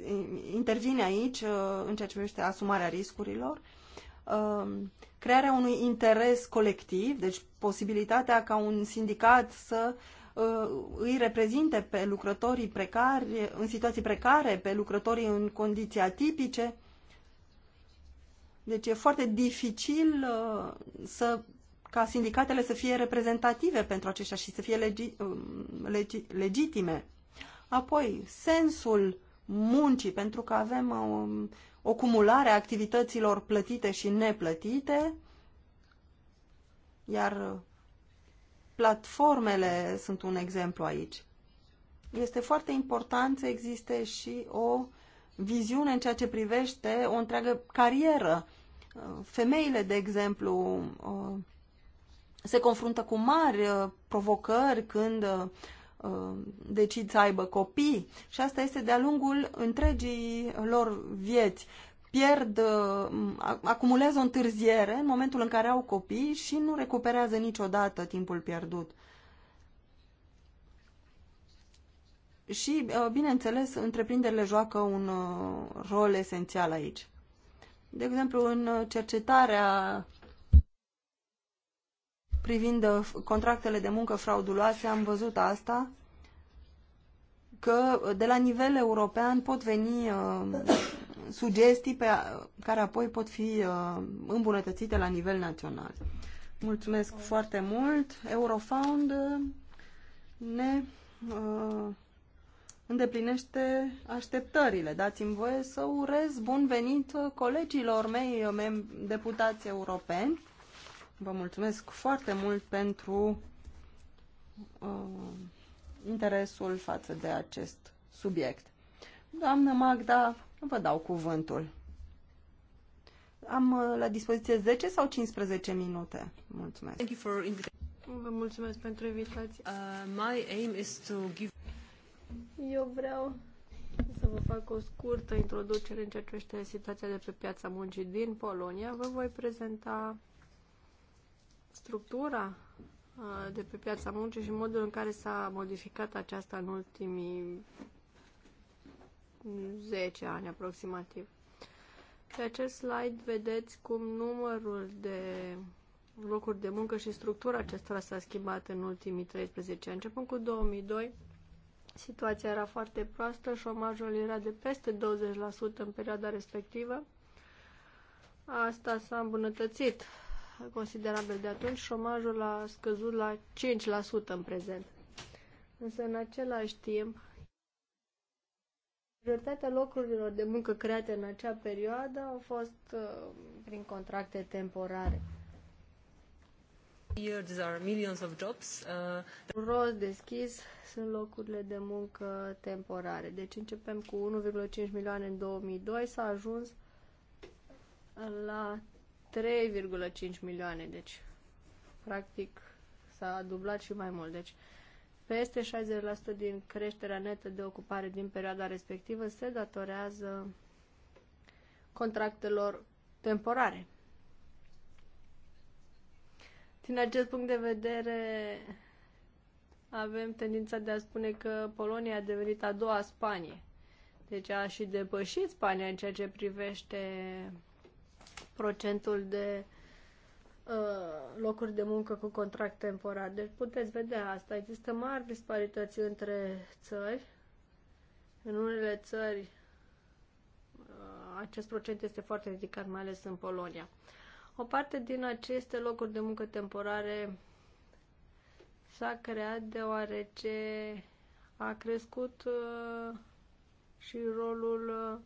intervine aici uh, în ceea ce privește asumarea riscurilor, uh, crearea unui interes colectiv, deci posibilitatea ca un sindicat să uh, îi reprezinte pe lucrătorii precari, în situații precare, pe lucrătorii în condiții atipice, uh, deci e foarte dificil uh, să, ca sindicatele să fie reprezentative pentru aceștia și să fie legi, um, legi, legitime. Apoi, sensul muncii, pentru că avem o, um, o cumulare a activităților plătite și neplătite, iar platformele sunt un exemplu aici. Este foarte important să existe și o viziune în ceea ce privește o întreagă carieră. Uh, femeile, de exemplu, uh, se confruntă cu mari uh, provocări când decid să aibă copii și asta este de-a lungul întregii lor vieți. Pierd, acumulează o întârziere în momentul în care au copii și nu recuperează niciodată timpul pierdut. Și, uh, bineînțeles, întreprinderile joacă un uh, rol esențial aici. De exemplu, în uh, cercetarea privind contractele de muncă frauduloase, am văzut asta, că de la nivel european pot veni sugestii pe care apoi pot fi îmbunătățite la nivel național. Mulțumesc foarte mult. Eurofound ne îndeplinește așteptările. Dați-mi voie să urez bun venit colegilor mei, mem- deputați europeni. Vă mulțumesc foarte mult pentru uh, interesul față de acest subiect. Doamnă Magda, vă dau cuvântul. Am uh, la dispoziție 10 sau 15 minute. Mulțumesc. Thank you for Vă mulțumesc pentru invitație. Uh, my aim is to give eu vreau să vă fac o scurtă introducere în ceea ce este situația de pe piața muncii din Polonia. Vă voi prezenta structura de pe piața muncii și modul în care s-a modificat aceasta în ultimii 10 ani aproximativ. Pe acest slide vedeți cum numărul de locuri de muncă și structura acestora s-a schimbat în ultimii 13 ani. Începând cu 2002, Situația era foarte proastă, șomajul era de peste 20% în perioada respectivă. Asta s-a îmbunătățit considerabil de atunci, șomajul a scăzut la 5% în prezent. Însă în același timp, majoritatea locurilor de muncă create în acea perioadă au fost uh, prin contracte temporare. Uh, Un Roz deschis sunt locurile de muncă temporare. Deci începem cu 1,5 milioane în 2002, s-a ajuns la 3,5 milioane, deci practic s-a dublat și mai mult. Deci peste 60% din creșterea netă de ocupare din perioada respectivă se datorează contractelor temporare. Din acest punct de vedere, avem tendința de a spune că Polonia a devenit a doua Spanie. Deci a și depășit Spania în ceea ce privește procentul de uh, locuri de muncă cu contract temporar. Deci puteți vedea asta. Există mari disparități între țări. În unele țări uh, acest procent este foarte ridicat, mai ales în Polonia. Uh, o parte din aceste locuri de muncă temporare s-a creat deoarece a crescut uh, și rolul uh,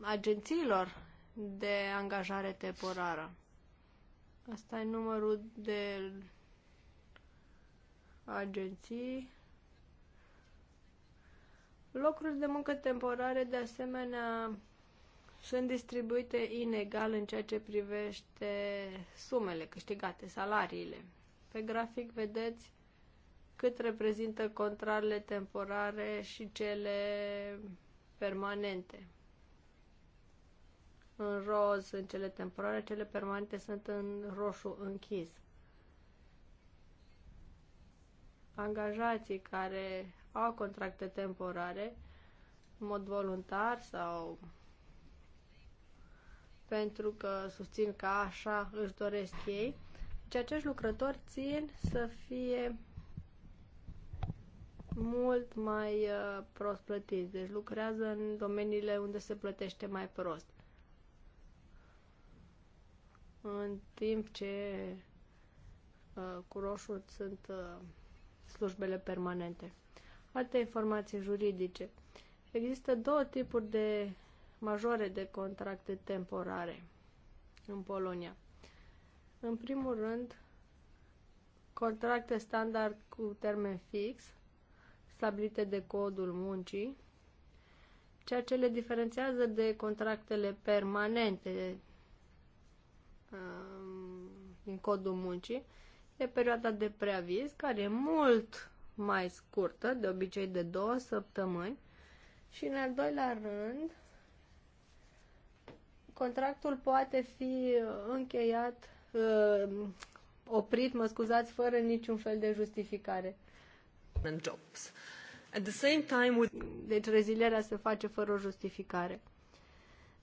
agențiilor de angajare temporară. Asta e numărul de agenții. Locurile de muncă temporare, de asemenea, sunt distribuite inegal în ceea ce privește sumele câștigate, salariile. Pe grafic vedeți cât reprezintă contrarele temporare și cele permanente. În roz sunt cele temporare, cele permanente sunt în roșu închis. Angajații care au contracte temporare în mod voluntar sau pentru că susțin că așa își doresc ei. Deci acești lucrători țin să fie mult mai uh, prost plătiți, deci lucrează în domeniile unde se plătește mai prost. În timp ce uh, cu roșu sunt uh, slujbele permanente. Alte informații juridice. Există două tipuri de majore de contracte temporare în Polonia. În primul rând, contracte standard cu termen fix, stabilite de codul muncii, ceea ce le diferențiază de contractele permanente um, din codul muncii, e perioada de preaviz, care e mult mai scurtă, de obicei de două săptămâni, și în al doilea rând, contractul poate fi uh, încheiat, uh, oprit, mă scuzați, fără niciun fel de justificare. Jobs. At the same time with... Deci rezilierea se face fără o justificare.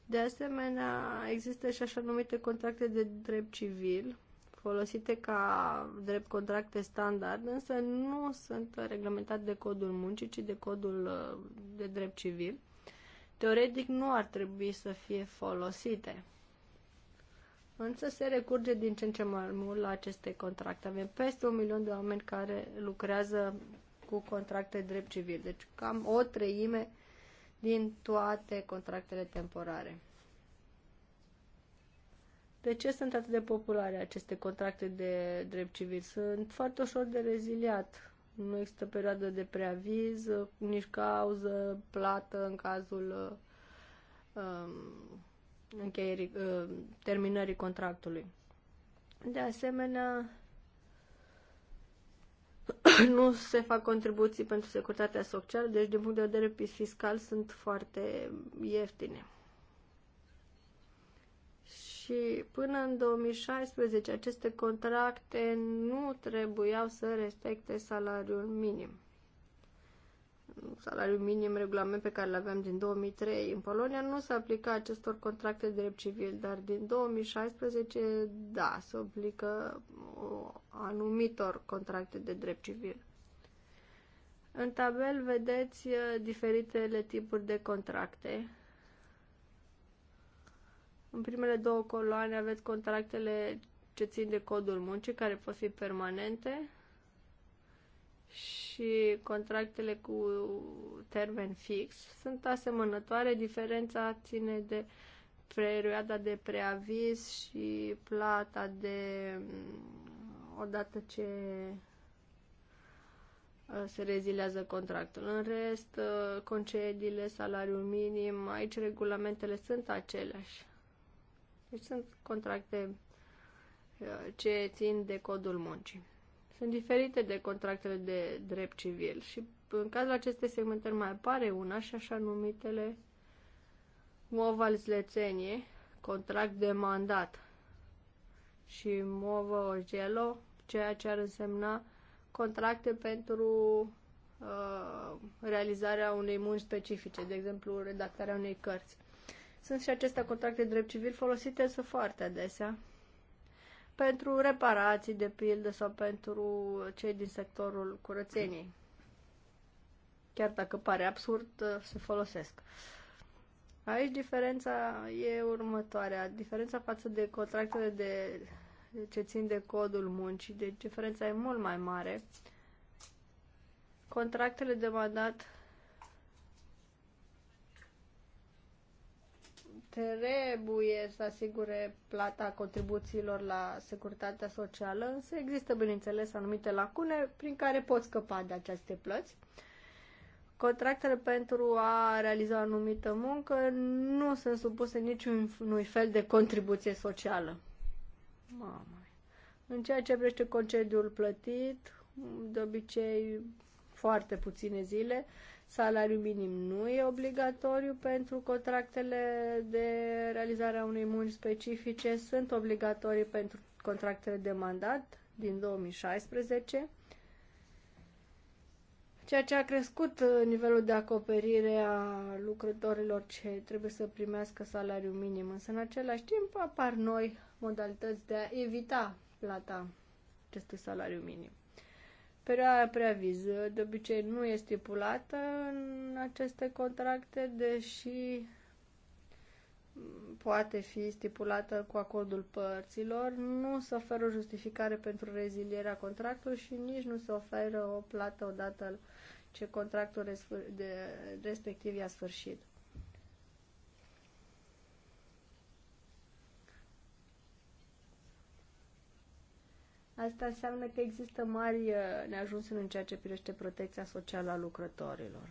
De asemenea, există și așa numite contracte de drept civil, folosite ca drept contracte standard, însă nu sunt reglementate de codul muncii, ci de codul uh, de drept civil teoretic nu ar trebui să fie folosite. Însă se recurge din ce în ce mai mult la aceste contracte. Avem peste un milion de oameni care lucrează cu contracte drept civil, deci cam o treime din toate contractele temporare. De ce sunt atât de populare aceste contracte de drept civil? Sunt foarte ușor de reziliat nu există perioadă de preaviz, nici cauză, plată în cazul uh, încheierii, uh, terminării contractului. De asemenea, nu se fac contribuții pentru securitatea socială, deci din punct de vedere fiscal sunt foarte ieftine și până în 2016 aceste contracte nu trebuiau să respecte salariul minim. Salariul minim, regulament pe care îl aveam din 2003 în Polonia, nu se aplica acestor contracte de drept civil, dar din 2016, da, se aplică anumitor contracte de drept civil. În tabel vedeți eh, diferitele tipuri de contracte în primele două coloane aveți contractele ce țin de codul muncii, care pot fi permanente și contractele cu termen fix sunt asemănătoare. Diferența ține de perioada de preaviz și plata de mm, odată ce uh, se rezilează contractul. În rest, uh, concediile, salariul minim, aici regulamentele sunt aceleași. Deci sunt contracte uh, ce țin de codul muncii. Sunt diferite de contractele de drept civil și în cazul acestei segmentări mai apare una și așa numitele Movalslețenie, contract de mandat și MOVA Ogelo, ceea ce ar însemna contracte pentru uh, realizarea unei munci specifice, de exemplu redactarea unei cărți. Sunt și acestea contracte de drept civil folosite însă foarte adesea pentru reparații, de pildă, sau pentru cei din sectorul curățeniei. Chiar dacă pare absurd, se folosesc. Aici diferența e următoarea. Diferența față de contractele de, ce țin de codul muncii, deci diferența e mult mai mare. Contractele de mandat trebuie să asigure plata contribuțiilor la securitatea socială, însă există, bineînțeles, anumite lacune prin care pot scăpa de aceste plăți. Contractele pentru a realiza o anumită muncă nu sunt supuse niciunui fel de contribuție socială. Mamă. În ceea ce privește concediul plătit, de obicei foarte puține zile, Salariul minim nu e obligatoriu pentru contractele de realizare a unei munci specifice, sunt obligatorii pentru contractele de mandat din 2016, ceea ce a crescut nivelul de acoperire a lucrătorilor ce trebuie să primească salariu minim, însă în același timp apar noi modalități de a evita plata acestui salariu minim. Perioada preaviză de obicei nu e stipulată în aceste contracte, deși poate fi stipulată cu acordul părților, nu se oferă o justificare pentru rezilierea contractului și nici nu se oferă o plată odată ce contractul respectiv i-a sfârșit. Asta înseamnă că există mari uh, neajunsuri în ceea ce privește protecția socială a lucrătorilor.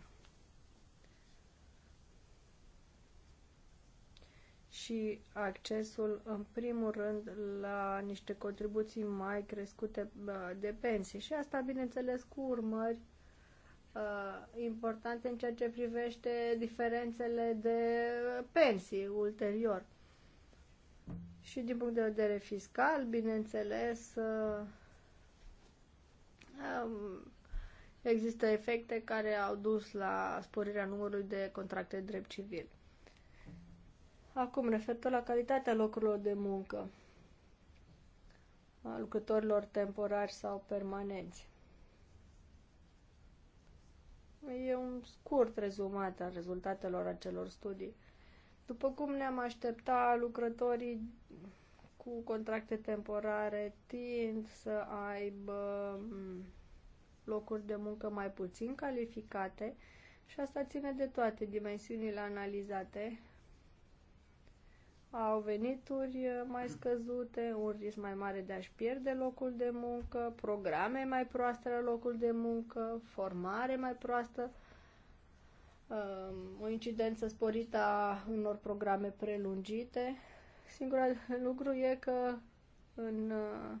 și accesul, în primul rând, la niște contribuții mai crescute uh, de pensii. Și asta, bineînțeles, cu urmări uh, importante în ceea ce privește diferențele de pensii ulterior și din punct de vedere fiscal, bineînțeles, uh, um, există efecte care au dus la sporirea numărului de contracte de drept civil. Acum, referitor la calitatea locurilor de muncă a lucrătorilor temporari sau permanenți. E un scurt rezumat al rezultatelor acelor studii. După cum ne-am aștepta, lucrătorii cu contracte temporare tind să aibă mm, locuri de muncă mai puțin calificate și asta ține de toate dimensiunile analizate. Au venituri mai scăzute, un risc mai mare de a-și pierde locul de muncă, programe mai proaste la locul de muncă, formare mai proastă, Um, o incidență sporită a unor programe prelungite. Singurul lucru e că în uh,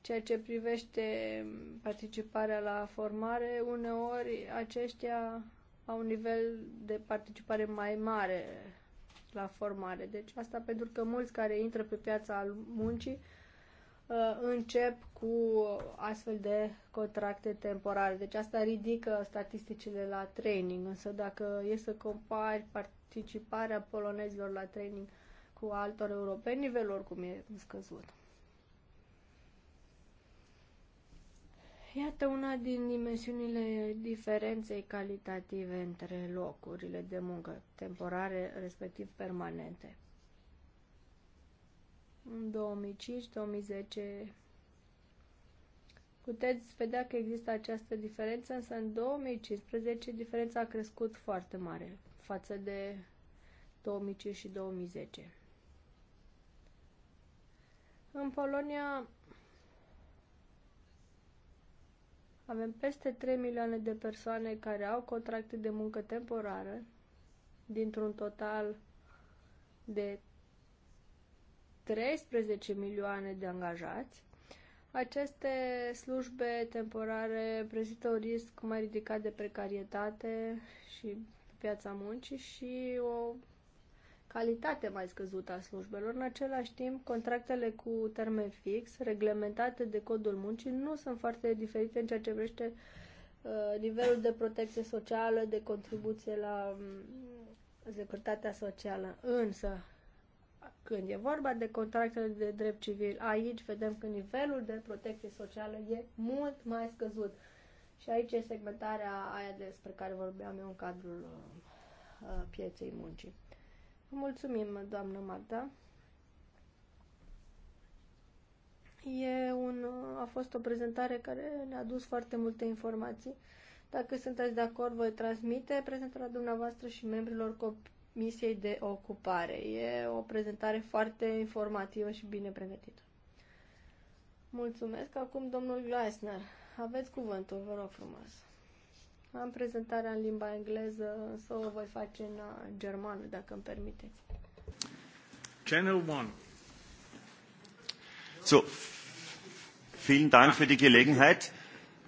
ceea ce privește participarea la formare, uneori aceștia au un nivel de participare mai mare la formare. Deci asta pentru că mulți care intră pe piața muncii Uh, încep cu astfel de contracte temporare. Deci asta ridică statisticile la training, însă dacă e să compari participarea polonezilor la training cu altor europeni, nivelul oricum e scăzut. Iată una din dimensiunile diferenței calitative între locurile de muncă temporare, respectiv permanente în 2005-2010 puteți vedea că există această diferență, însă în 2015 diferența a crescut foarte mare față de 2005 și 2010. În Polonia avem peste 3 milioane de persoane care au contracte de muncă temporară, dintr-un total de 13 milioane de angajați. Aceste slujbe temporare prezintă un risc mai ridicat de precarietate și piața muncii și o calitate mai scăzută a slujbelor. În același timp, contractele cu termen fix, reglementate de codul muncii, nu sunt foarte diferite în ceea ce privește uh, nivelul de protecție socială, de contribuție la mm, securitatea socială. Însă, când e vorba de contractele de drept civil. Aici vedem că nivelul de protecție socială e mult mai scăzut. Și aici e segmentarea aia despre care vorbeam eu în cadrul uh, pieței muncii. Vă mulțumim, doamnă Marta. E un, a fost o prezentare care ne-a dus foarte multe informații. Dacă sunteți de acord, voi transmite prezentarea dumneavoastră și membrilor copii misiei de ocupare. E o prezentare foarte informativă și bine pregătită. Mulțumesc. Acum, domnul Gleisner, aveți cuvântul, vă rog frumos. Am prezentarea în limba engleză, însă o voi face în uh, germană, dacă îmi permiteți. Channel 1. So, vielen Dank für die Gelegenheit.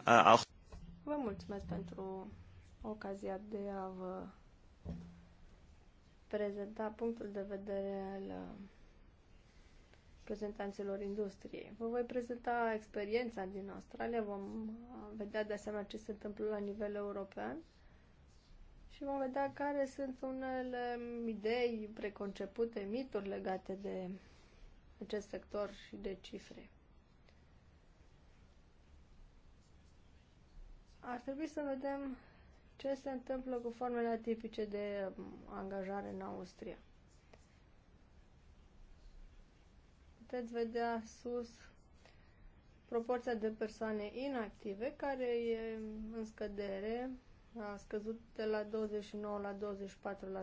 Uh, auch Vă mulțumesc pentru ocazia de a vă prezenta punctul de vedere al reprezentanților uh, industriei. Vă voi prezenta experiența din Australia, vom uh, vedea de asemenea ce se întâmplă la nivel european și vom vedea care sunt unele idei preconcepute, mituri legate de acest sector și de cifre. Ar trebui să vedem ce se întâmplă cu formele atipice de angajare în Austria. Puteți vedea sus proporția de persoane inactive care e în scădere, a scăzut de la 29 la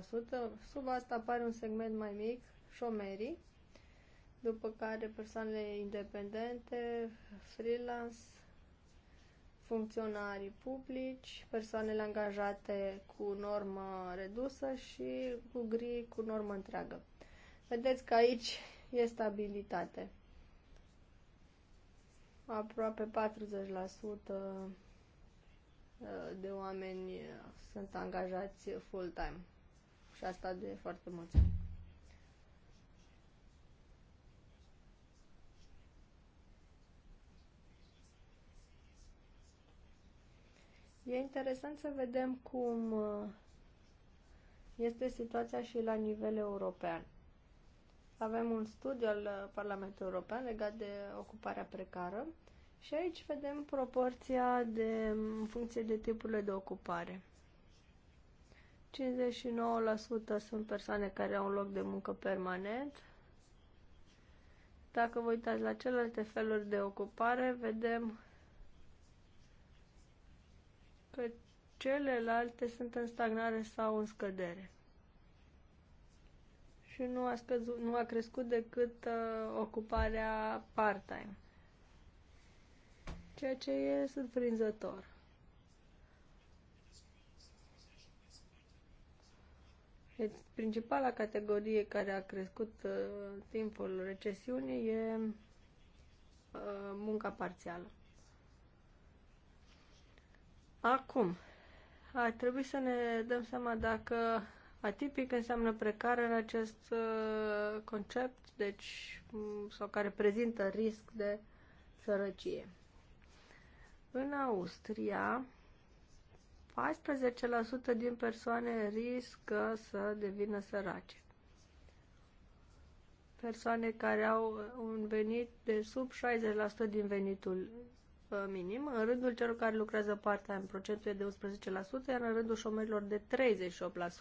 24%. Sub asta apare un segment mai mic, șomerii, după care persoanele independente, freelance, funcționarii publici, persoanele angajate cu normă redusă și cu gri cu normă întreagă. Vedeți că aici e stabilitate. Aproape 40% de oameni sunt angajați full-time. Și asta de foarte mulți ani. E interesant să vedem cum uh, este situația și la nivel european. Avem un studiu al uh, Parlamentului European legat de ocuparea precară și aici vedem proporția de, um, în funcție de tipurile de ocupare. 59% sunt persoane care au un loc de muncă permanent. Dacă vă uitați la celelalte feluri de ocupare, vedem că celelalte sunt în stagnare sau în scădere. Și nu a, scăzut, nu a crescut decât uh, ocuparea part-time. Ceea ce e surprinzător. Deci, principala categorie care a crescut uh, timpul recesiunii e uh, munca parțială. Acum, ar trebui să ne dăm seama dacă atipic înseamnă precar în acest uh, concept, deci, sau care prezintă risc de sărăcie. În Austria, 14% din persoane riscă să devină sărace. Persoane care au un venit de sub 60% din venitul minim, în rândul celor care lucrează part-time procentul e de 11%, iar în rândul șomerilor de 38%.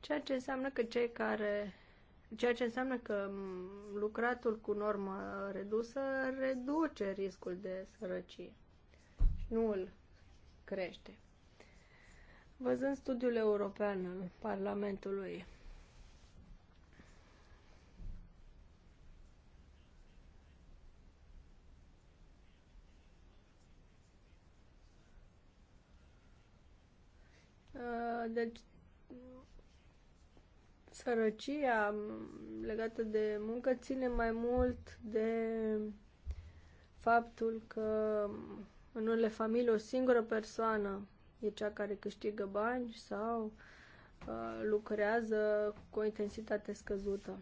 Ceea ce înseamnă că cei care Ceea ce înseamnă că lucratul cu normă redusă reduce riscul de sărăcie și nu îl crește. Văzând studiul european al Parlamentului Uh, deci, sărăcia legată de muncă ține mai mult de faptul că în unele familii o singură persoană e cea care câștigă bani sau uh, lucrează cu o intensitate scăzută.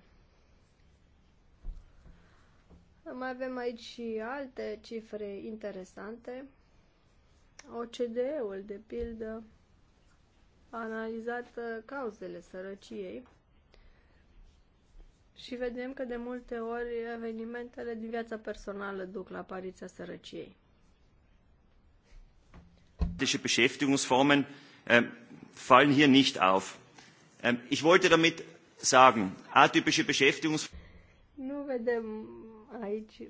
Mai avem aici și alte cifre interesante. OCDE-ul, de pildă, a analizat uh, cauzele sărăciei și vedem că de multe ori evenimentele din viața personală duc la apariția sărăciei. Beschäftigungsformen äh, fallen hier nicht auf. Äh, Ich wollte damit sagen, atypische Beschäftigungsformen. Nu vedem aici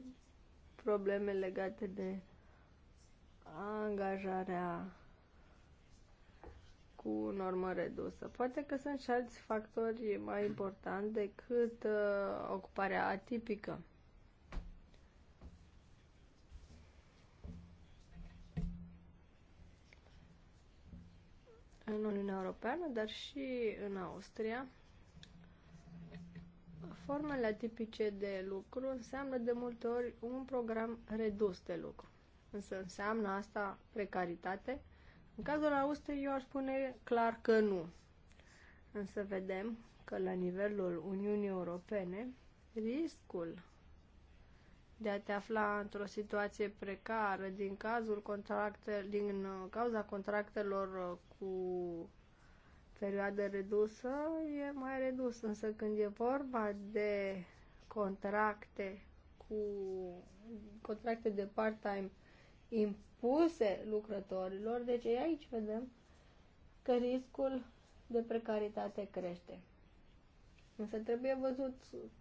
probleme legate de angajarea cu normă redusă. Poate că sunt și alți factori mai importanti decât uh, ocuparea atipică. în Uniunea Europeană, dar și în Austria. Formele atipice de lucru înseamnă de multe ori un program redus de lucru. Însă înseamnă asta precaritate, în cazul Austriei, eu aș spune clar că nu. Însă vedem că la nivelul Uniunii Europene, riscul de a te afla într-o situație precară din, cazul contracte, din uh, cauza contractelor uh, cu perioadă redusă e mai redus, însă când e vorba de contracte cu contracte de part-time expuse lucrătorilor, deci aici vedem că riscul de precaritate crește. Însă trebuie văzut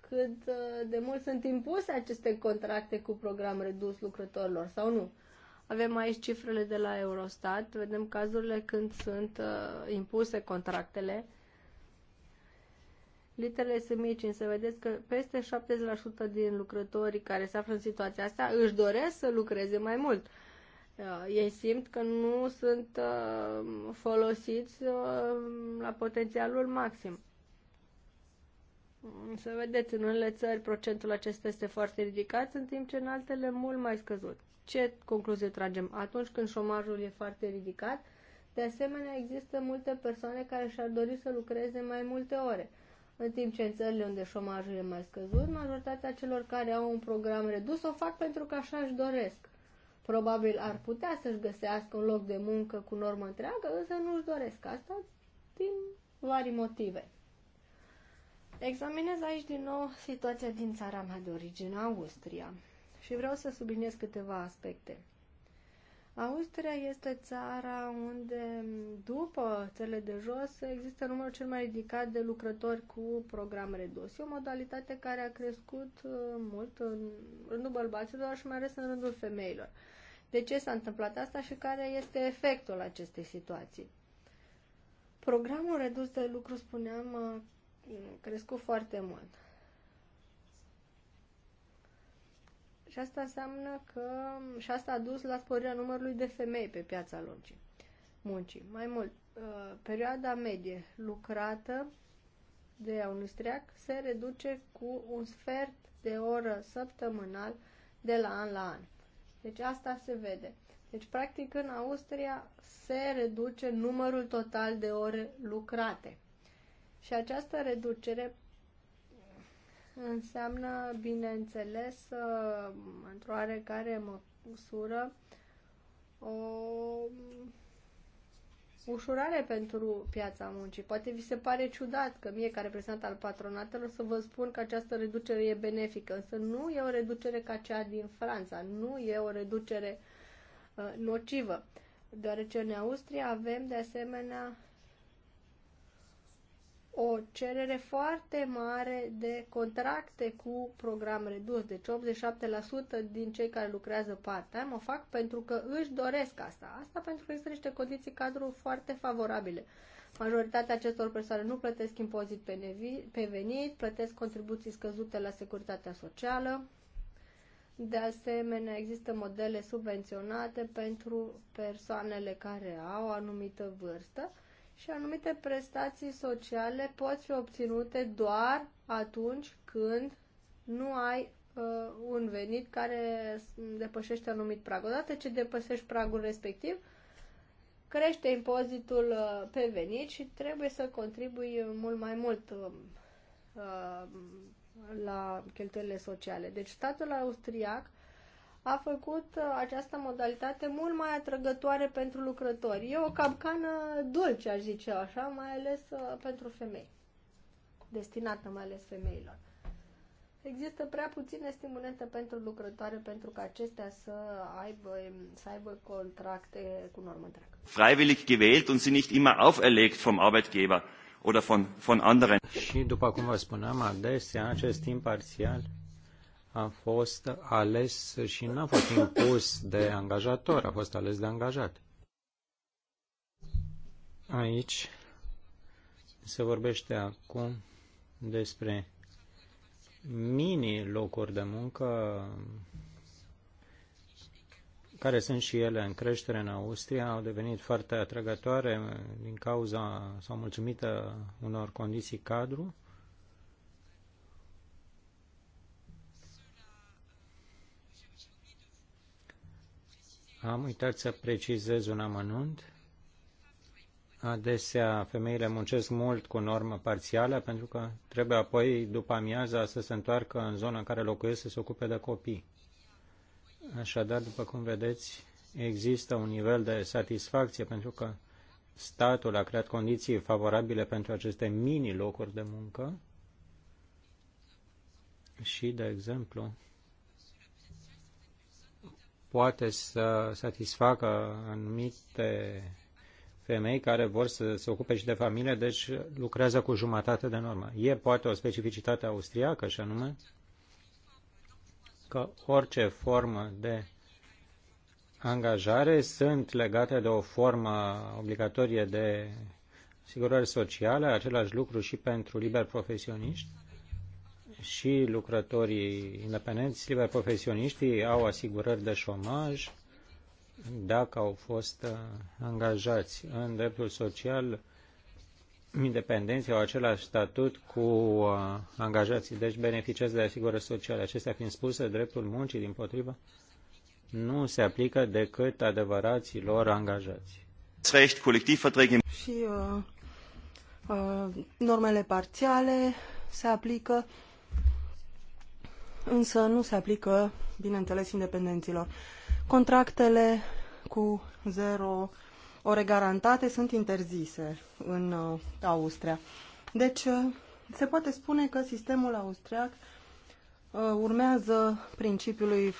cât uh, de mult sunt impuse aceste contracte cu program redus lucrătorilor sau nu. Avem aici cifrele de la Eurostat, vedem cazurile când sunt uh, impuse contractele. Literele sunt mici, însă vedeți că peste 70% din lucrătorii care se află în situația asta își doresc să lucreze mai mult. Uh, ei simt că nu sunt uh, folosiți uh, la potențialul maxim. Să vedeți, în unele țări procentul acesta este foarte ridicat, în timp ce în altele mult mai scăzut. Ce concluzie tragem? Atunci când șomajul e foarte ridicat, de asemenea există multe persoane care și-ar dori să lucreze mai multe ore. În timp ce în țările unde șomajul e mai scăzut, majoritatea celor care au un program redus o fac pentru că așa își doresc probabil ar putea să-și găsească un loc de muncă cu normă întreagă, însă nu-și doresc asta din vari motive. Examinez aici din nou situația din țara mea de origine, Austria, și vreau să subliniez câteva aspecte. Austria este țara unde, după țările de jos, există numărul cel mai ridicat de lucrători cu program redus. E o modalitate care a crescut uh, mult în rândul bărbaților și mai ales în rândul femeilor de ce s-a întâmplat asta și care este efectul acestei situații. Programul redus de lucru, spuneam, a crescut foarte mult. Și asta înseamnă că și asta a dus la sporirea numărului de femei pe piața lungii muncii. Mai mult, uh, perioada medie lucrată de un austriac se reduce cu un sfert de oră săptămânal de la an la an. Deci asta se vede. Deci, practic, în Austria se reduce numărul total de ore lucrate. Și această reducere înseamnă, bineînțeles, ă, într-o oarecare măsură, o ușurare pentru piața muncii. Poate vi se pare ciudat că mie, ca reprezentant al patronatelor, să vă spun că această reducere e benefică, însă nu e o reducere ca cea din Franța, nu e o reducere uh, nocivă, deoarece în Austria avem de asemenea o cerere foarte mare de contracte cu program redus. Deci 87% din cei care lucrează part-time o fac pentru că își doresc asta. Asta pentru că există niște condiții cadru foarte favorabile. Majoritatea acestor persoane nu plătesc impozit pe, pe venit, plătesc contribuții scăzute la securitatea socială. De asemenea, există modele subvenționate pentru persoanele care au anumită vârstă și anumite prestații sociale pot fi obținute doar atunci când nu ai uh, un venit care depășește anumit prag. Odată ce depășești pragul respectiv, crește impozitul uh, pe venit și trebuie să contribui mult mai mult uh, uh, la cheltuielile sociale. Deci statul austriac a făcut uh, această modalitate mult mai atrăgătoare pentru lucrători. E o capcană dulce, aș zice așa, mai ales uh, pentru femei, destinată mai ales femeilor. Există prea puține stimulente pentru lucrătoare pentru ca acestea să aibă, să aibă contracte cu normă întreagă. Freiwillig gewählt und sie nicht immer auferlegt vom Arbeitgeber oder von, von anderen. Și după cum vă spuneam, adesea acest timp parțial a fost ales și n-a fost impus de angajator, a fost ales de angajat. Aici se vorbește acum despre mini locuri de muncă care sunt și ele în creștere în Austria, au devenit foarte atrăgătoare din cauza sau mulțumită unor condiții cadru Am uitat să precizez un amănunt. Adesea femeile muncesc mult cu normă parțială pentru că trebuie apoi după amiaza să se întoarcă în zona în care locuiesc să se ocupe de copii. Așadar, după cum vedeți, există un nivel de satisfacție pentru că statul a creat condiții favorabile pentru aceste mini locuri de muncă și, de exemplu, poate să satisfacă anumite femei care vor să se ocupe și de familie, deci lucrează cu jumătate de normă. E poate o specificitate austriacă, și anume că orice formă de angajare sunt legate de o formă obligatorie de asigurări sociale, același lucru și pentru liber profesioniști și lucrătorii independenți, liber profesioniștii au asigurări de șomaj dacă au fost uh, angajați în dreptul social independenții au același statut cu uh, angajații, deci beneficiază de asigurări sociale. Acestea fiind spuse, dreptul muncii, din potrivă, nu se aplică decât adevăraților angajați. Și uh, uh, normele parțiale se aplică însă nu se aplică, bineînțeles, independenților. Contractele cu zero ore garantate sunt interzise în uh, Austria. Deci, uh, se poate spune că sistemul austriac uh, urmează principiului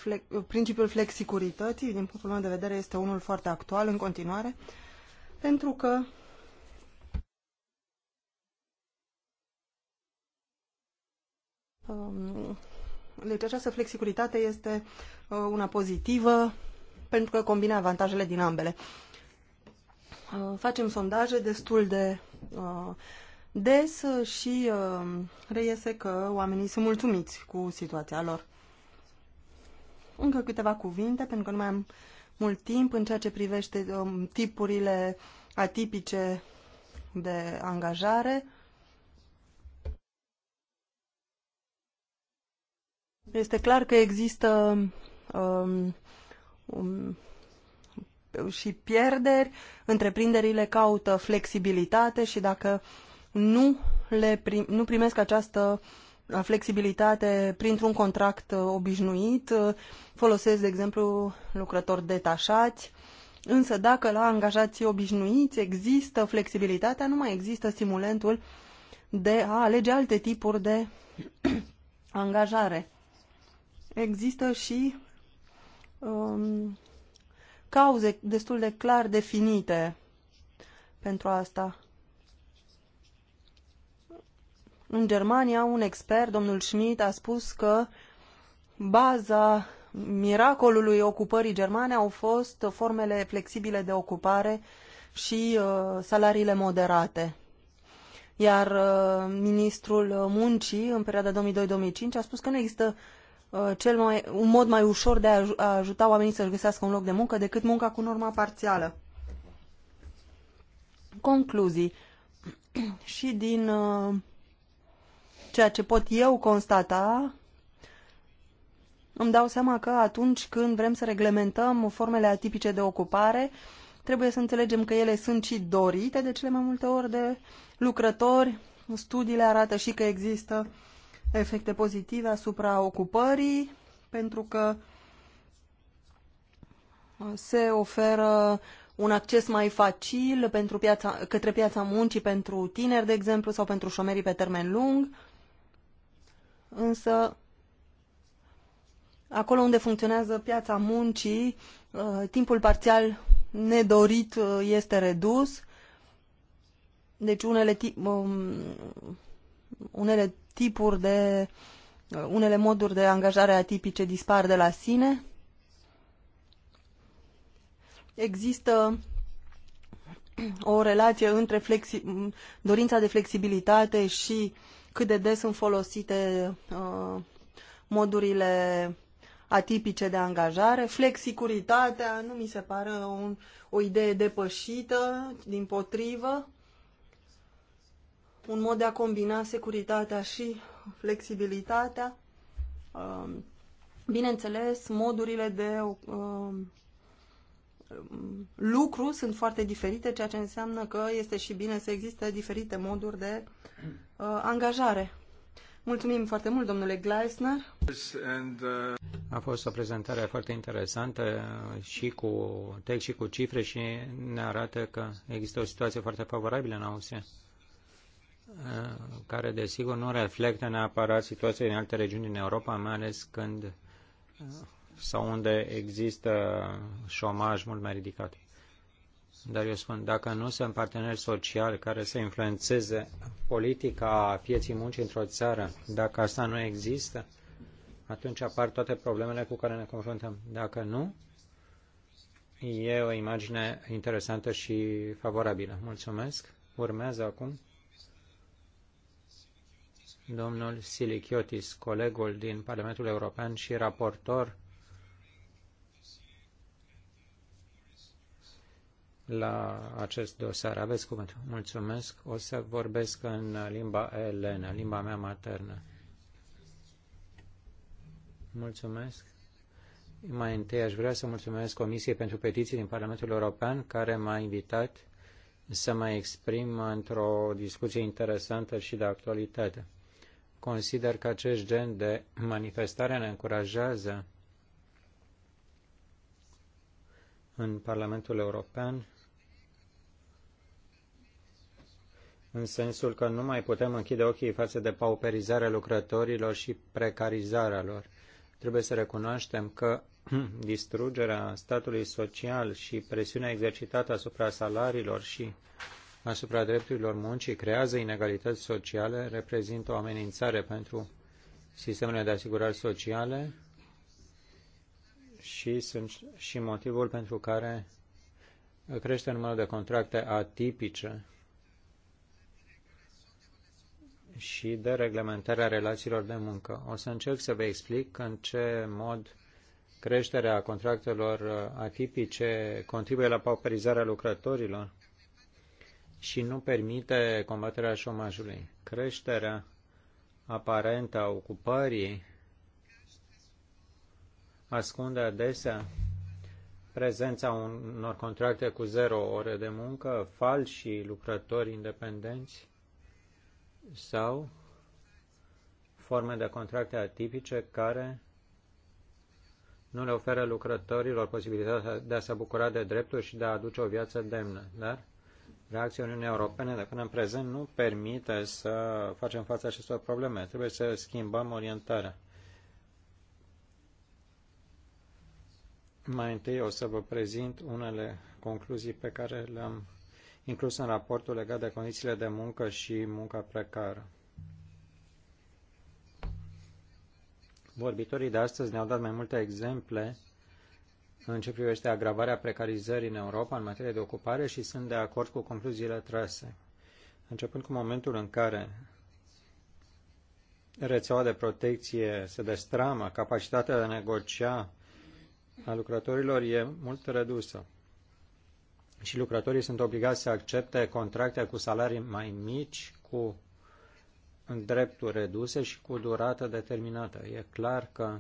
principiul flexicurității, din punctul meu de vedere este unul foarte actual în continuare, pentru că um, deci această flexibilitate este uh, una pozitivă pentru că combine avantajele din ambele. Uh, facem sondaje destul de uh, des și reiese că oamenii sunt mulțumiți cu situația lor. Încă câteva cuvinte, pentru că nu mai am mult timp în ceea ce privește um, tipurile atipice de angajare. Este clar că există um, um, și pierderi, întreprinderile caută flexibilitate și dacă nu, le prim, nu primesc această flexibilitate printr-un contract obișnuit, folosesc, de exemplu, lucrători detașați, însă dacă la angajații obișnuiți există flexibilitatea, nu mai există stimulentul de a alege alte tipuri de angajare există și um, cauze destul de clar definite pentru asta. În Germania, un expert, domnul Schmidt, a spus că baza miracolului ocupării germane au fost formele flexibile de ocupare și uh, salariile moderate. Iar uh, ministrul muncii, în perioada 2002-2005, a spus că nu există Uh, cel mai, un mod mai ușor de a, ajuta oamenii să-și găsească un loc de muncă decât munca cu norma parțială. Concluzii. Și din uh, ceea ce pot eu constata, îmi dau seama că atunci când vrem să reglementăm formele atipice de ocupare, trebuie să înțelegem că ele sunt și dorite de cele mai multe ori de lucrători. Studiile arată și că există uh, efecte pozitive asupra ocupării, pentru că uh, se oferă un acces mai facil pentru piața, către piața muncii pentru tineri, de exemplu, sau pentru șomerii pe termen lung. Însă, acolo unde funcționează piața muncii, uh, timpul parțial nedorit uh, este redus. Deci unele, um, unele tipuri de, unele moduri de angajare atipice dispar de la sine. Există o relație între flexi, dorința de flexibilitate și cât de des sunt folosite uh, modurile atipice de angajare. Flexicuritatea nu mi se pare un, o idee depășită, din potrivă un mod de a combina securitatea și flexibilitatea, um, bineînțeles, modurile de um, lucru sunt foarte diferite, ceea ce înseamnă că este și bine să existe diferite moduri de uh, angajare. Mulțumim foarte mult, domnule Gleisner. Uh, a fost o prezentare foarte interesantă uh, și cu text și cu cifre și ne arată că există o situație foarte favorabilă în Austria care desigur nu reflectă neapărat situația din alte regiuni din Europa, mai ales când sau unde există șomaj mult mai ridicat. Dar eu spun, dacă nu sunt parteneri sociali care să influențeze politica pieții muncii într-o țară, dacă asta nu există, atunci apar toate problemele cu care ne confruntăm. Dacă nu, e o imagine interesantă și favorabilă. Mulțumesc. Urmează acum domnul Silichiotis, colegul din Parlamentul European și raportor la acest dosar. Aveți cuvântul. Mulțumesc. O să vorbesc în limba elenă, limba mea maternă. Mulțumesc. Mai întâi aș vrea să mulțumesc Comisiei pentru Petiții din Parlamentul European care m-a invitat să mă exprim într-o discuție interesantă și de actualitate consider că acest gen de manifestare ne încurajează în Parlamentul European în sensul că nu mai putem închide ochii față de pauperizarea lucrătorilor și precarizarea lor. Trebuie să recunoaștem că distrugerea statului social și presiunea exercitată asupra salariilor și asupra drepturilor muncii, creează inegalități sociale, reprezintă o amenințare pentru sistemele de asigurări sociale și sunt și motivul pentru care crește numărul de contracte atipice și de reglementarea relațiilor de muncă. O să încerc să vă explic în ce mod creșterea contractelor atipice contribuie la pauperizarea lucrătorilor și nu permite combaterea șomajului. Creșterea aparentă a ocupării ascunde adesea prezența unor contracte cu zero ore de muncă, falși lucrători independenți sau forme de contracte atipice care nu le oferă lucrătorilor posibilitatea de a se bucura de drepturi și de a aduce o viață demnă, dar reacția Uniunii Europene de până în prezent nu permite să facem față acestor probleme. Trebuie să schimbăm orientarea. Mai întâi o să vă prezint unele concluzii pe care le-am inclus în raportul legat de condițiile de muncă și munca precară. Vorbitorii de astăzi ne-au dat mai multe exemple în ce privește agravarea precarizării în Europa în materie de ocupare și sunt de acord cu concluziile trase. Începând cu momentul în care rețeaua de protecție se destramă, capacitatea de a negocia a lucrătorilor e mult redusă și lucrătorii sunt obligați să accepte contracte cu salarii mai mici, cu drepturi reduse și cu durată determinată. E clar că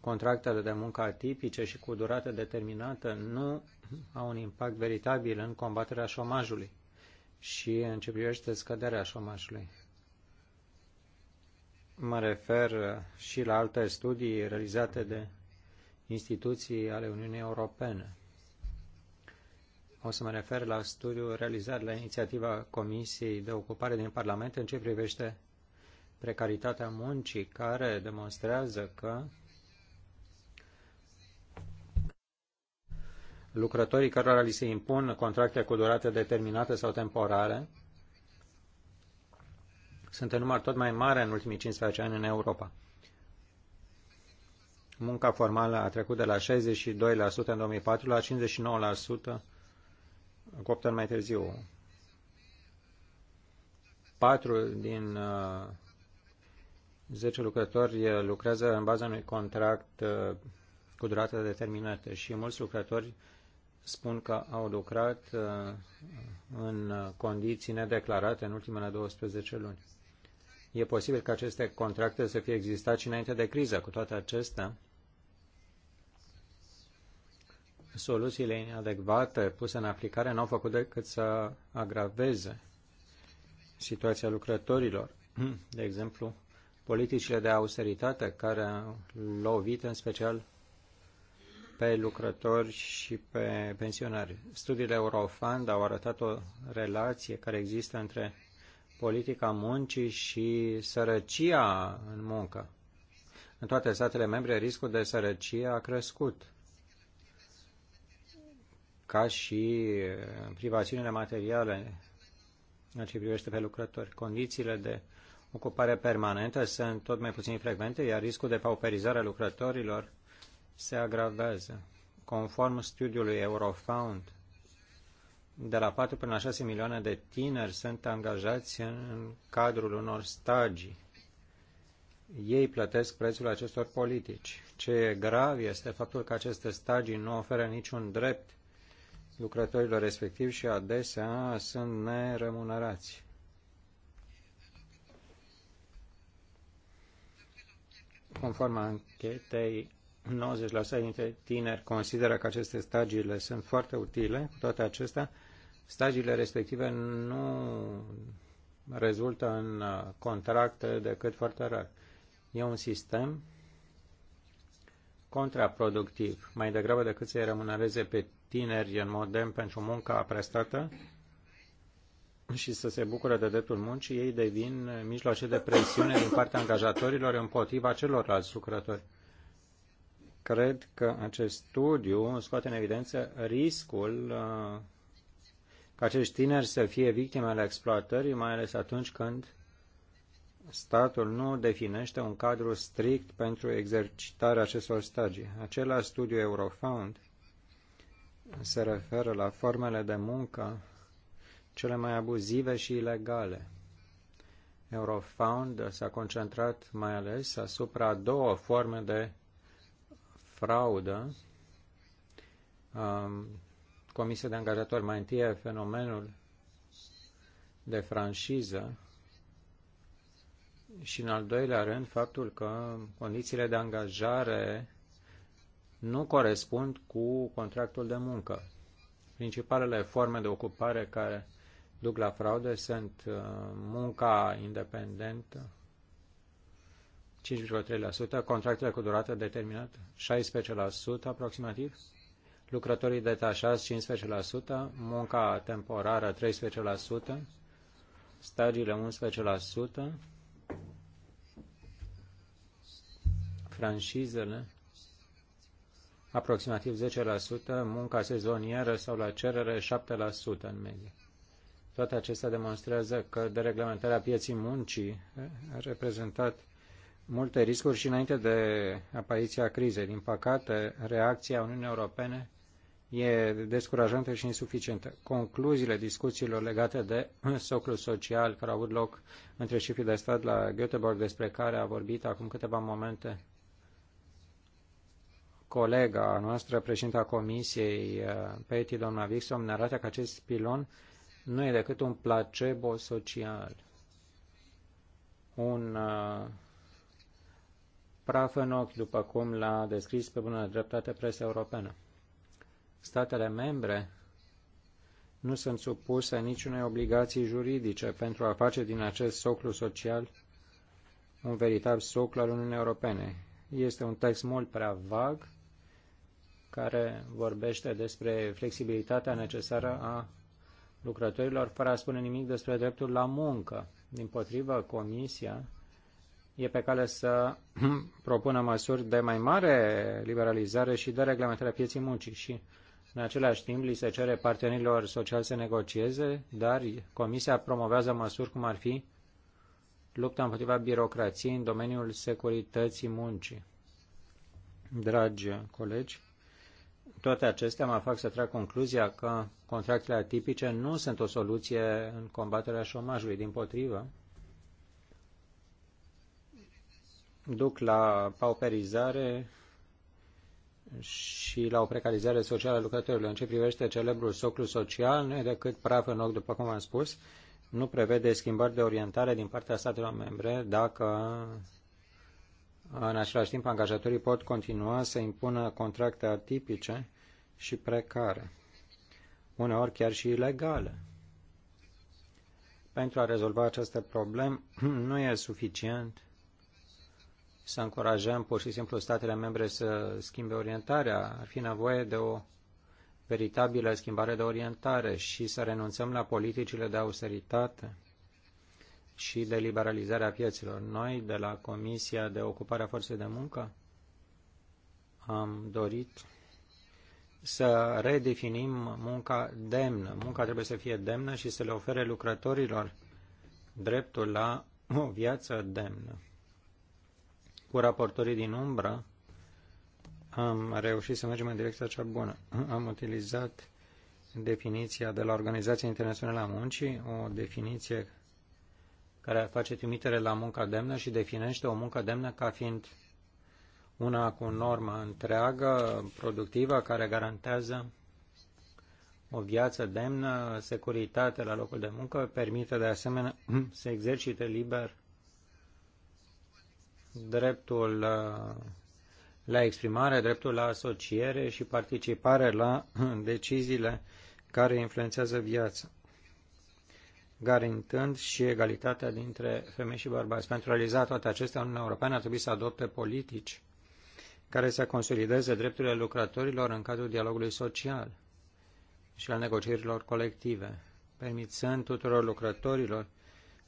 contractele de muncă atipice și cu durată determinată nu au un impact veritabil în combaterea șomajului și în ce privește scăderea șomajului. Mă refer și la alte studii realizate de instituții ale Uniunii Europene. O să mă refer la studiul realizat la inițiativa Comisiei de Ocupare din Parlament în ce privește precaritatea muncii, care demonstrează că lucrătorii cărora li se impun contracte cu durată determinată sau temporare sunt în număr tot mai mare în ultimii 15 ani în Europa. Munca formală a trecut de la 62% în 2004 la 59% cu 8 ani mai târziu. 4 din 10 uh, lucrători uh, lucrează în baza unui contract uh, cu durată determinată și mulți lucrători spun că au lucrat uh, în condiții nedeclarate în ultimele 12 luni. E posibil ca aceste contracte să fie existat și înainte de criză. Cu toate acestea, soluțiile inadecvate puse în aplicare n-au făcut decât să agraveze situația lucrătorilor. De exemplu, politicile de austeritate care au lovit în special pe lucrători și pe pensionari. Studiile Eurofund au arătat o relație care există între politica muncii și sărăcia în muncă. În toate statele membre, riscul de sărăcie a crescut, ca și privațiunile materiale în ce privește pe lucrători. Condițiile de ocupare permanentă sunt tot mai puțin frecvente, iar riscul de pauperizare a lucrătorilor se agravează. Conform studiului Eurofound, de la 4 până la 6 milioane de tineri sunt angajați în cadrul unor stagii. Ei plătesc prețul acestor politici. Ce e grav este faptul că aceste stagii nu oferă niciun drept lucrătorilor respectivi și adesea sunt neremunerați. Conform anchetei 90% dintre tineri consideră că aceste stagiile sunt foarte utile. Cu toate acestea, stagiile respective nu rezultă în uh, contracte decât foarte rar. E un sistem contraproductiv, mai degrabă decât să-i remunereze pe tineri în mod demn pentru munca prestată și să se bucure de dreptul muncii, ei devin uh, mijloace de presiune din partea angajatorilor împotriva celorlalți lucrători Cred că acest studiu scoate în evidență riscul uh, ca acești tineri să fie victime ale exploatării, mai ales atunci când statul nu definește un cadru strict pentru exercitarea acestor stagii. Același studiu Eurofound se referă la formele de muncă cele mai abuzive și ilegale. Eurofound s-a concentrat mai ales asupra două forme de fraudă comisă de angajatori. Mai întâi fenomenul de franșiză și în al doilea rând faptul că condițiile de angajare nu corespund cu contractul de muncă. Principalele forme de ocupare care duc la fraude sunt uh, munca independentă, 5,3%, contractele cu durată determinată 16% aproximativ, lucrătorii detașați 15%, munca temporară 13%, stagiile 11%, franșizele aproximativ 10%, munca sezonieră sau la cerere 7% în medie. Toate acestea demonstrează că dereglementarea pieții muncii a reprezentat multe riscuri și înainte de apariția crizei. Din păcate, reacția Uniunii Europene e descurajantă și insuficientă. Concluziile discuțiilor legate de soclul social care au avut loc între șefii de stat la Göteborg, despre care a vorbit acum câteva momente colega noastră, președinta Comisiei PETI, doamna Vixom, ne arată că acest pilon nu e decât un placebo social, un uh, praf în ochi, după cum l-a descris pe bună dreptate presa europeană. Statele membre nu sunt supuse niciunei obligații juridice pentru a face din acest soclu social un veritabil soclu al Uniunii Europene. Este un text mult prea vag care vorbește despre flexibilitatea necesară a lucrătorilor fără a spune nimic despre dreptul la muncă. Din potrivă, Comisia e pe cale să propună măsuri de mai mare liberalizare și de reglementare a pieții muncii și în același timp li se cere partenerilor sociali să negocieze, dar Comisia promovează măsuri cum ar fi lupta împotriva birocrației în domeniul securității muncii. Dragi colegi, toate acestea mă fac să trag concluzia că contractele atipice nu sunt o soluție în combaterea șomajului, din potrivă, duc la pauperizare și la o precarizare socială a lucrătorilor. În ce privește celebrul soclu social, nu e decât praf în loc, după cum am spus, nu prevede schimbări de orientare din partea statelor membre dacă în același timp angajatorii pot continua să impună contracte atipice și precare, uneori chiar și ilegale. Pentru a rezolva această problemă, nu e suficient să încurajăm pur și simplu statele membre să schimbe orientarea. Ar fi nevoie de o veritabilă schimbare de orientare și să renunțăm la politicile de austeritate și de liberalizarea pieților. Noi, de la Comisia de Ocupare a Forței de Muncă, am dorit să redefinim munca demnă. Munca trebuie să fie demnă și să le ofere lucrătorilor dreptul la o viață demnă cu raportorii din umbră, am reușit să mergem în direcția cea bună. Am utilizat definiția de la Organizația Internațională a Muncii, o definiție care face trimitere la munca demnă și definește o muncă demnă ca fiind una cu normă întreagă, productivă, care garantează o viață demnă, securitate la locul de muncă, permite de asemenea să exercite liber dreptul uh, la exprimare, dreptul la asociere și participare la uh, deciziile care influențează viața, garantând și egalitatea dintre femei și bărbați. Pentru a realiza toate acestea, Uniunea Europeană ar trebui să adopte politici care să consolideze drepturile lucrătorilor în cadrul dialogului social și al negocierilor colective, permițând tuturor lucrătorilor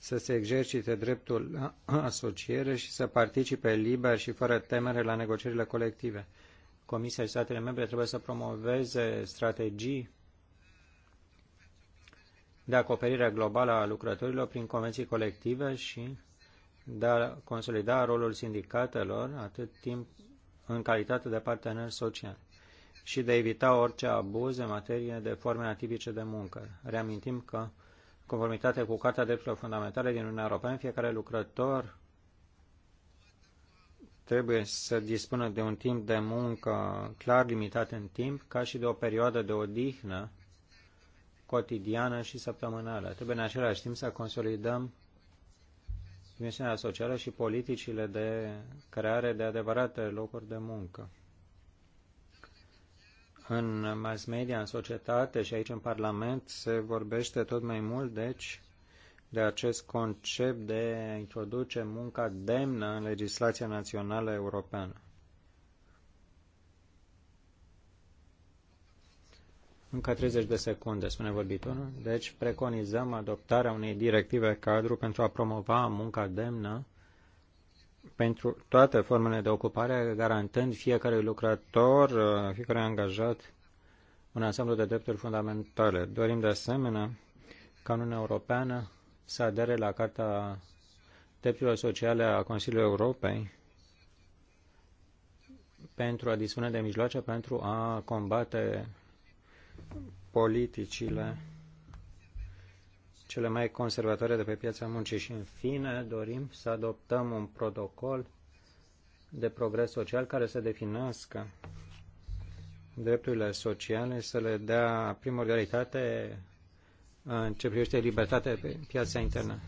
să se exercite dreptul la asociere și să participe liber și fără temere la negocierile colective. Comisia și statele membre trebuie să promoveze strategii de acoperire globală a lucrătorilor prin convenții colective și de a consolida rolul sindicatelor atât timp în calitate de partener social și de a evita orice abuz în materie de forme atipice de muncă. Reamintim că conformitate cu Carta Drepturilor Fundamentale din Uniunea Europeană, fiecare lucrător trebuie să dispună de un timp de muncă clar limitat în timp, ca și de o perioadă de odihnă cotidiană și săptămânală. Trebuie în același timp să consolidăm dimensiunea socială și politicile de creare de adevărate locuri de muncă. În mass media, în societate și aici în Parlament se vorbește tot mai mult, deci, de acest concept de a introduce munca demnă în legislația națională europeană. Încă 30 de secunde, spune vorbitorul. Deci preconizăm adoptarea unei directive cadru pentru a promova munca demnă pentru toate formele de ocupare, garantând fiecare lucrător, uh, fiecare angajat, un ansamblu de drepturi fundamentale. Dorim de asemenea ca Uniunea Europeană să adere la Carta Drepturilor Sociale a Consiliului Europei pentru a dispune de mijloace pentru a combate politicile cele mai conservatoare de pe piața muncii și, în fine, dorim să adoptăm un protocol de progres social care să definească drepturile sociale, să le dea primordialitate în ce privește libertatea pe piața internă.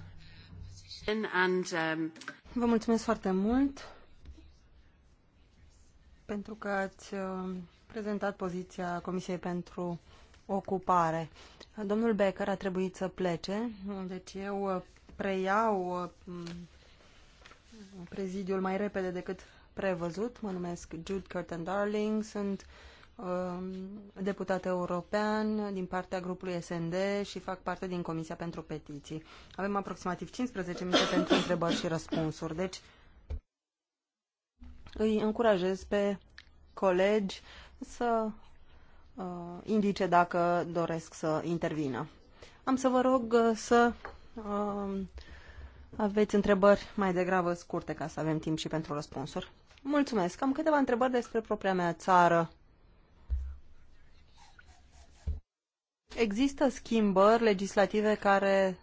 Um, Vă mulțumesc foarte mult pentru că ați uh, prezentat poziția Comisiei pentru ocupare. Domnul Becker a trebuit să plece, deci eu uh, preiau uh, prezidiul mai repede decât prevăzut. Mă numesc Jude Curtin Darling, sunt uh, deputat european din partea grupului SND și fac parte din Comisia pentru Petiții. Avem aproximativ 15 minute pentru întrebări și răspunsuri, deci îi încurajez pe colegi să uh, indice dacă doresc să intervină. Am să vă rog uh, să uh, aveți întrebări mai degrabă scurte ca să avem timp și pentru răspunsuri. Mulțumesc. Am câteva întrebări despre propria mea țară. Există schimbări legislative care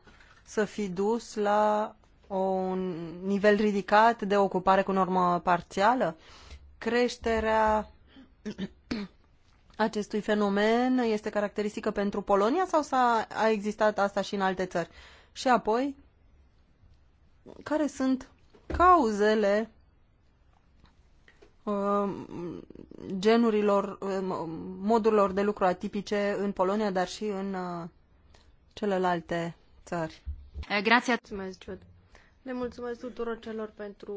să fi dus la un nivel ridicat de ocupare cu normă parțială? Creșterea acestui fenomen este caracteristică pentru Polonia sau s-a, a existat asta și în alte țări? Și apoi, care sunt cauzele uh, genurilor, uh, modurilor de lucru atipice în Polonia, dar și în uh, celelalte țări? Eh, Grație! Mulțumesc, Jude! Le mulțumesc tuturor celor pentru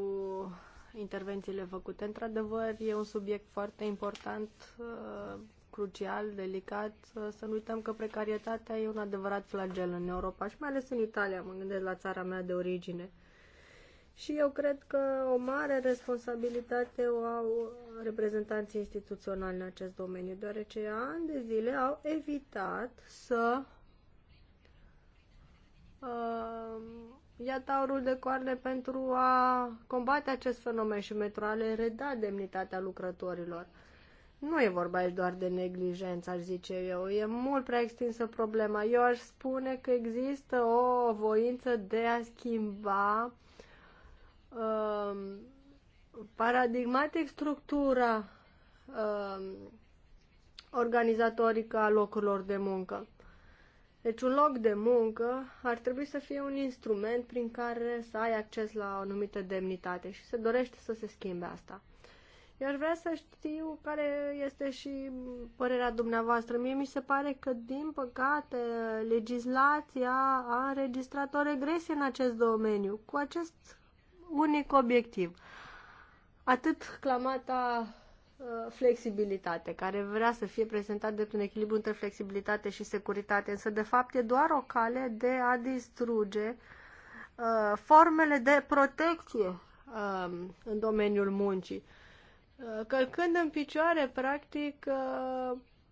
intervențiile făcute. Într-adevăr, e un subiect foarte important, uh, crucial, delicat. Uh, să nu uităm că precarietatea e un adevărat flagel în Europa și mai ales în Italia, mă gândesc la țara mea de origine. Și eu cred că o mare responsabilitate o au reprezentanții instituționali în acest domeniu, deoarece ani de zile au evitat să uh, ia taurul de coarne pentru a combate acest fenomen și pentru a le reda demnitatea lucrătorilor. Nu e vorba aici doar de neglijență, aș zice eu. E mult prea extinsă problema. Eu aș spune că există o voință de a schimba uh, paradigmatic structura uh, um, organizatorică a locurilor de muncă. Deci un loc de muncă ar trebui să fie un instrument prin care să ai acces la o anumită demnitate și se dorește să se schimbe asta. Eu aș vrea să știu care este și părerea dumneavoastră. Mie mi se pare că, din păcate, legislația a înregistrat o regresie în acest domeniu, cu acest unic obiectiv. Atât clamata Uh, flexibilitate, care vrea să fie prezentat de un echilibru între flexibilitate și securitate, însă de fapt e doar o cale de a distruge uh, formele de protecție um, în domeniul muncii, uh, călcând în picioare, practic,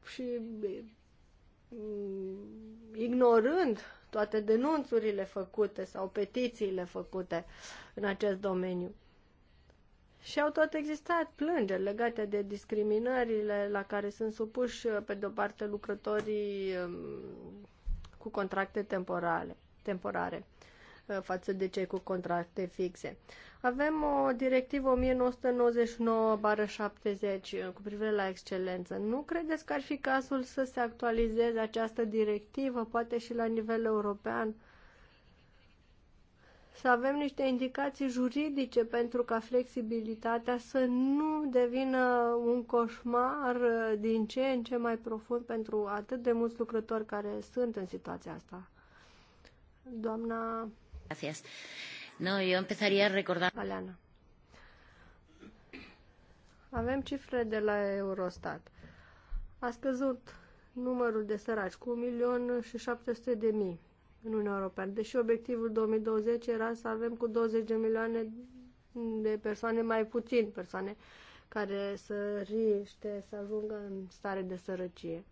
și mm, ignorând toate denunțurile făcute sau petițiile făcute în acest domeniu. Și au tot existat plângeri legate de discriminările la care sunt supuși, pe de-o parte, lucrătorii um, cu contracte temporale, temporare uh, față de cei cu contracte fixe. Avem o directivă 1999-70 uh, cu privire la excelență. Nu credeți că ar fi cazul să se actualizeze această directivă, poate și la nivel european, să avem niște indicații juridice pentru ca flexibilitatea să nu devină un coșmar uh, din ce în ce mai profund pentru atât de mulți lucrători care sunt în situația asta. Doamna... Gracias. No, eu empezaría recordar... Aleana. Avem cifre de la Eurostat. A scăzut numărul de săraci cu 1.700.000 în Uniunea Europeană. Deși obiectivul 2020 era să avem cu 20 de milioane de persoane mai puțin, persoane care să riște, să ajungă în stare de sărăcie.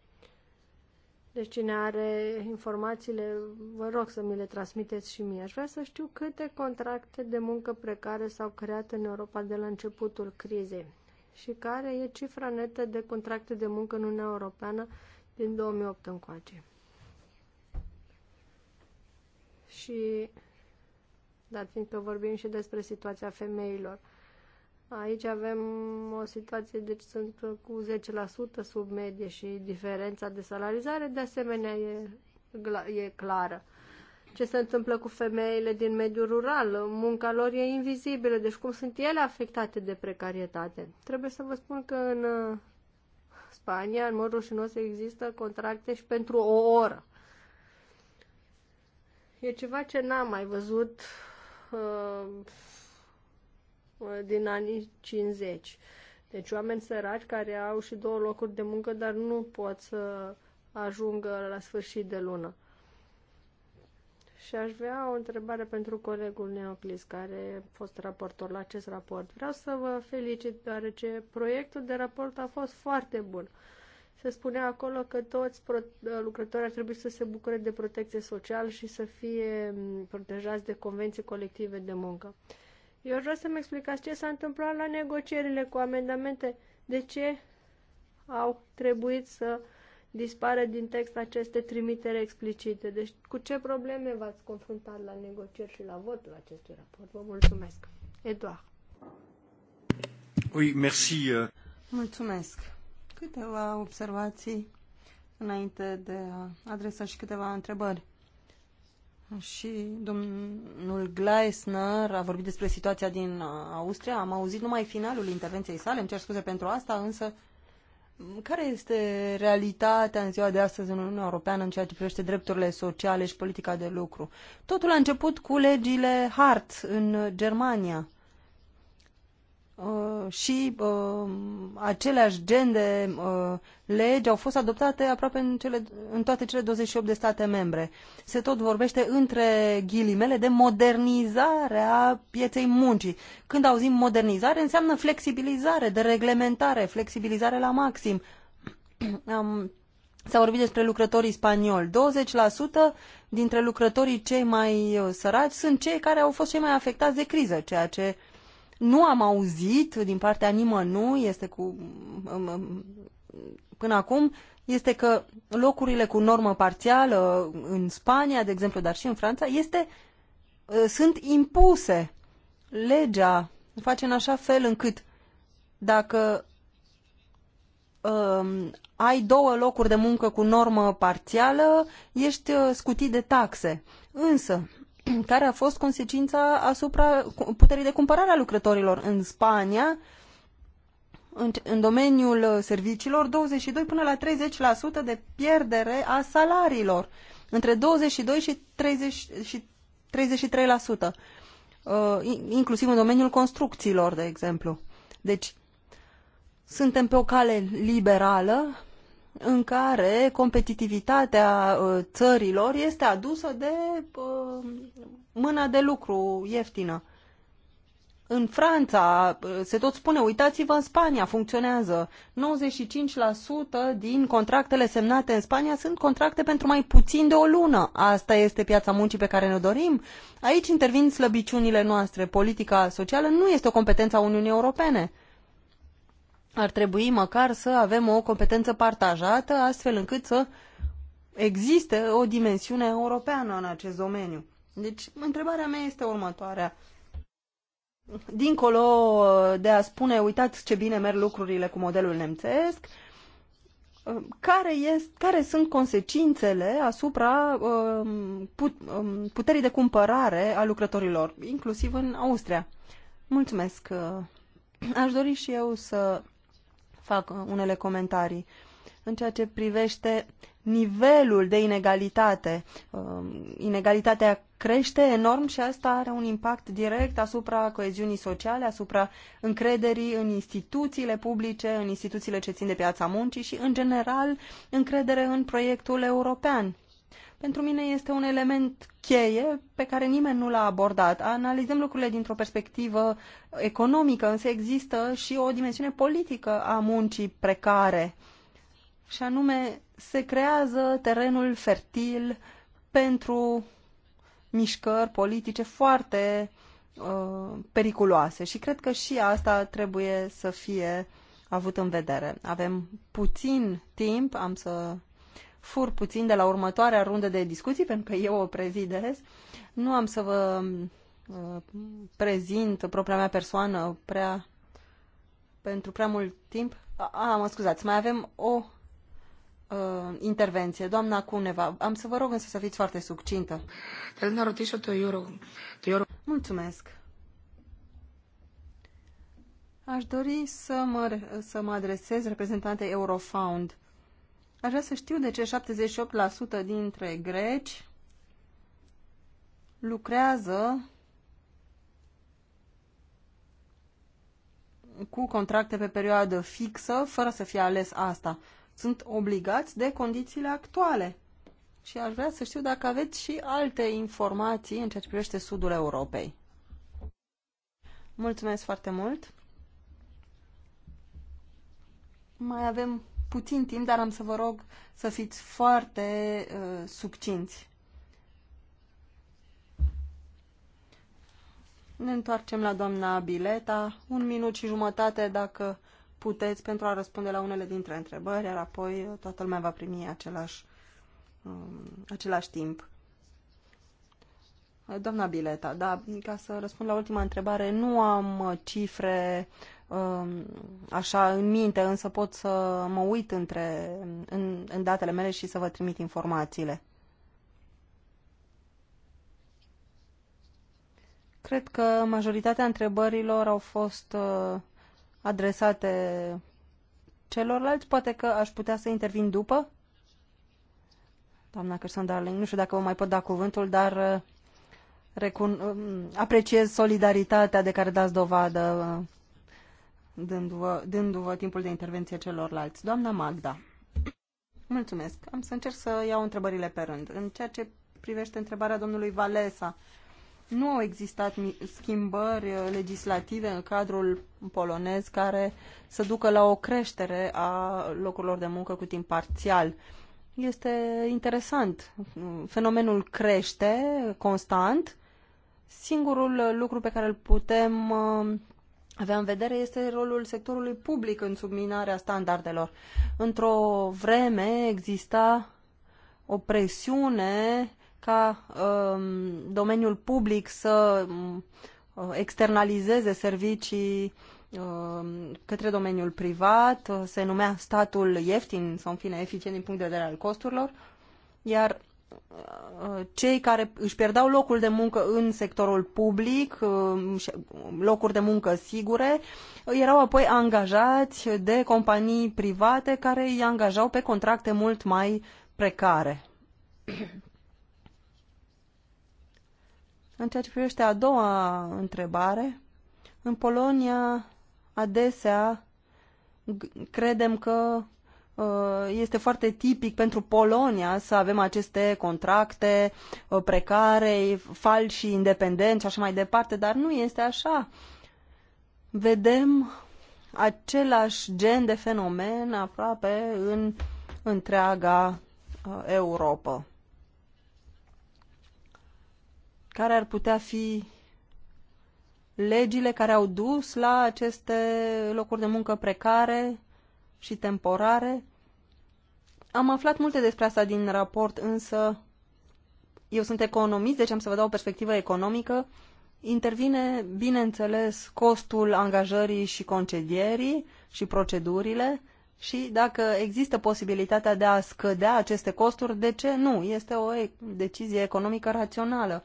Deci cine are informațiile, vă rog să mi le transmiteți și mie. Aș vrea să știu câte contracte de muncă precare s-au creat în Europa de la începutul crizei și care e cifra netă de contracte de muncă în Uniunea Europeană din 2008 încoace și dat fiindcă vorbim și despre situația femeilor. Aici avem o situație, deci sunt cu 10% sub medie și diferența de salarizare, de asemenea, e, e clară. Ce se întâmplă cu femeile din mediul rural? Munca lor e invizibilă, deci cum sunt ele afectate de precarietate? Trebuie să vă spun că în Spania, în mod rușinos, există contracte și pentru o oră. E ceva ce n-am mai văzut uh, din anii 50. Deci oameni săraci care au și două locuri de muncă, dar nu pot să ajungă la sfârșit de lună. Și aș vrea o întrebare pentru colegul Neoclis, care a fost raportor la acest raport. Vreau să vă felicit, deoarece proiectul de raport a fost foarte bun. Uh, se spunea acolo că toți lucrătorii ar trebui să se bucure de protecție socială și să fie mm, protejați de convenții colective de muncă. Eu vreau să-mi explicați ce s-a întâmplat la negocierile cu amendamente, de ce au trebuit să dispară din text aceste trimitere explicite. Deci cu ce probleme v-ați confruntat la negocieri și la votul acestui raport? Vă mulțumesc. Eduard. Oui, merci. Euh. Mulțumesc câteva observații înainte de a adresa și câteva întrebări. Și domnul Gleisner a vorbit despre situația din uh, Austria. Am auzit numai finalul intervenției sale, îmi cer scuze pentru asta, însă care este realitatea în ziua de astăzi în Uniunea Europeană în ceea ce privește drepturile sociale și politica de lucru? Totul a început cu legile Hart în Germania uh, și uh, aceleași gen de uh, legi au fost adoptate aproape în, cele, în toate cele 28 de state membre. Se tot vorbește între ghilimele de modernizarea pieței muncii. Când auzim modernizare, înseamnă flexibilizare, de reglementare, flexibilizare la maxim. Am S-a vorbit despre lucrătorii spanioli. 20% dintre lucrătorii cei mai uh, săraci sunt cei care au fost cei mai afectați de criză, ceea ce nu am auzit din partea nimănui, este cu, până acum, este că locurile cu normă parțială în Spania, de exemplu, dar și în Franța, este, ă, sunt impuse. Legea face în așa fel încât dacă um, ai două locuri de muncă cu normă parțială, ești ă, scutit de taxe. Însă, care a fost consecința asupra puterii de cumpărare a lucrătorilor în Spania. În, în domeniul uh, serviciilor, 22 până la 30% de pierdere a salariilor, între 22 și, 30, și 33%, uh, inclusiv în domeniul construcțiilor, de exemplu. Deci, suntem pe o cale liberală în care competitivitatea uh, țărilor este adusă de uh, mâna de lucru ieftină. În Franța, uh, se tot spune, uitați-vă în Spania, funcționează. 95% din contractele semnate în Spania sunt contracte pentru mai puțin de o lună. Asta este piața muncii pe care ne dorim. Aici intervin slăbiciunile noastre. Politica socială nu este o competență a Uniunii Europene ar trebui măcar să avem o competență partajată, astfel încât să existe o dimensiune europeană în acest domeniu. Deci, întrebarea mea este următoarea. Dincolo uh, de a spune, uitați ce bine merg lucrurile cu modelul nemțesc, uh, care, este, care sunt consecințele asupra um, put, um, puterii de cumpărare a lucrătorilor, inclusiv în Austria? Mulțumesc! Uh, aș dori și eu să fac unele comentarii. În ceea ce privește nivelul de inegalitate, um, inegalitatea crește enorm și asta are un impact direct asupra coeziunii sociale, asupra încrederii în instituțiile publice, în instituțiile ce țin de piața muncii și, în general, încredere în proiectul european pentru mine este un element cheie pe care nimeni nu l-a abordat. Analizăm lucrurile dintr-o perspectivă economică, însă există și o dimensiune politică a muncii precare. Și anume, se creează terenul fertil pentru mișcări politice foarte uh, periculoase și cred că și asta trebuie să fie avut în vedere. Avem puțin timp, am să fur puțin de la următoarea rundă de discuții, pentru că eu o prezidez. Nu am să vă uh, prezint propria mea persoană prea pentru prea mult timp. A, a mă scuzați, mai avem o uh, intervenție. Doamna Cuneva, am să vă rog însă să fiți foarte succintă. Mulțumesc. Aș dori să mă, să mă adresez reprezentante Eurofound. Aș vrea să știu de ce 78% dintre greci lucrează cu contracte pe perioadă fixă, fără să fie ales asta. Sunt obligați de condițiile actuale. Și aș vrea să știu dacă aveți și alte informații în ceea ce privește sudul Europei. Mulțumesc foarte mult! Mai avem puțin timp, dar am să vă rog să fiți foarte uh, succinți. Ne întoarcem la doamna Bileta. Un minut și jumătate, dacă puteți, pentru a răspunde la unele dintre întrebări, iar apoi uh, toată lumea va primi același, um, același timp. Doamna Bileta, da, ca să răspund la ultima întrebare, nu am uh, cifre Um, așa în minte, însă pot să mă uit între, în, în datele mele și să vă trimit informațiile. Cred că majoritatea întrebărilor au fost uh, adresate celorlalți. Poate că aș putea să intervin după. Doamna Cărson Darling, nu știu dacă vă mai pot da cuvântul, dar uh, recun- um, apreciez solidaritatea de care dați dovadă uh, dându-vă, dându-vă timpul de intervenție celorlalți. Doamna Magda. Mulțumesc. Am să încerc să iau întrebările pe rând. În ceea ce privește întrebarea domnului Valesa, nu au existat schimbări uh, legislative în cadrul polonez care să ducă la o creștere a locurilor de muncă cu timp parțial. Este interesant. Fenomenul crește constant. Singurul lucru pe care îl putem uh, avea în vedere este rolul sectorului public în subminarea standardelor. Într-o vreme exista o presiune ca um, domeniul public să um, externalizeze servicii um, către domeniul privat, se numea statul ieftin sau în fine eficient din punct de vedere al costurilor, iar Uh, cei care își pierdeau locul de muncă în sectorul public, uh, uh, locuri de muncă sigure, erau apoi angajați de companii private care îi angajau pe contracte mult mai precare. În ceea ce privește a doua întrebare, în Polonia adesea credem că Uh, este foarte tipic pentru Polonia să avem aceste contracte uh, precare, falși, independenți și așa mai departe, dar nu este așa. Vedem același gen de fenomen aproape în întreaga uh, Europa. Care ar putea fi legile care au dus la aceste locuri de muncă precare și temporare? Am aflat multe despre asta din raport, însă eu sunt economist, deci am să vă dau o perspectivă economică. Intervine, bineînțeles, costul angajării și concedierii și procedurile și dacă există posibilitatea de a scădea aceste costuri, de ce nu? Este o decizie economică rațională.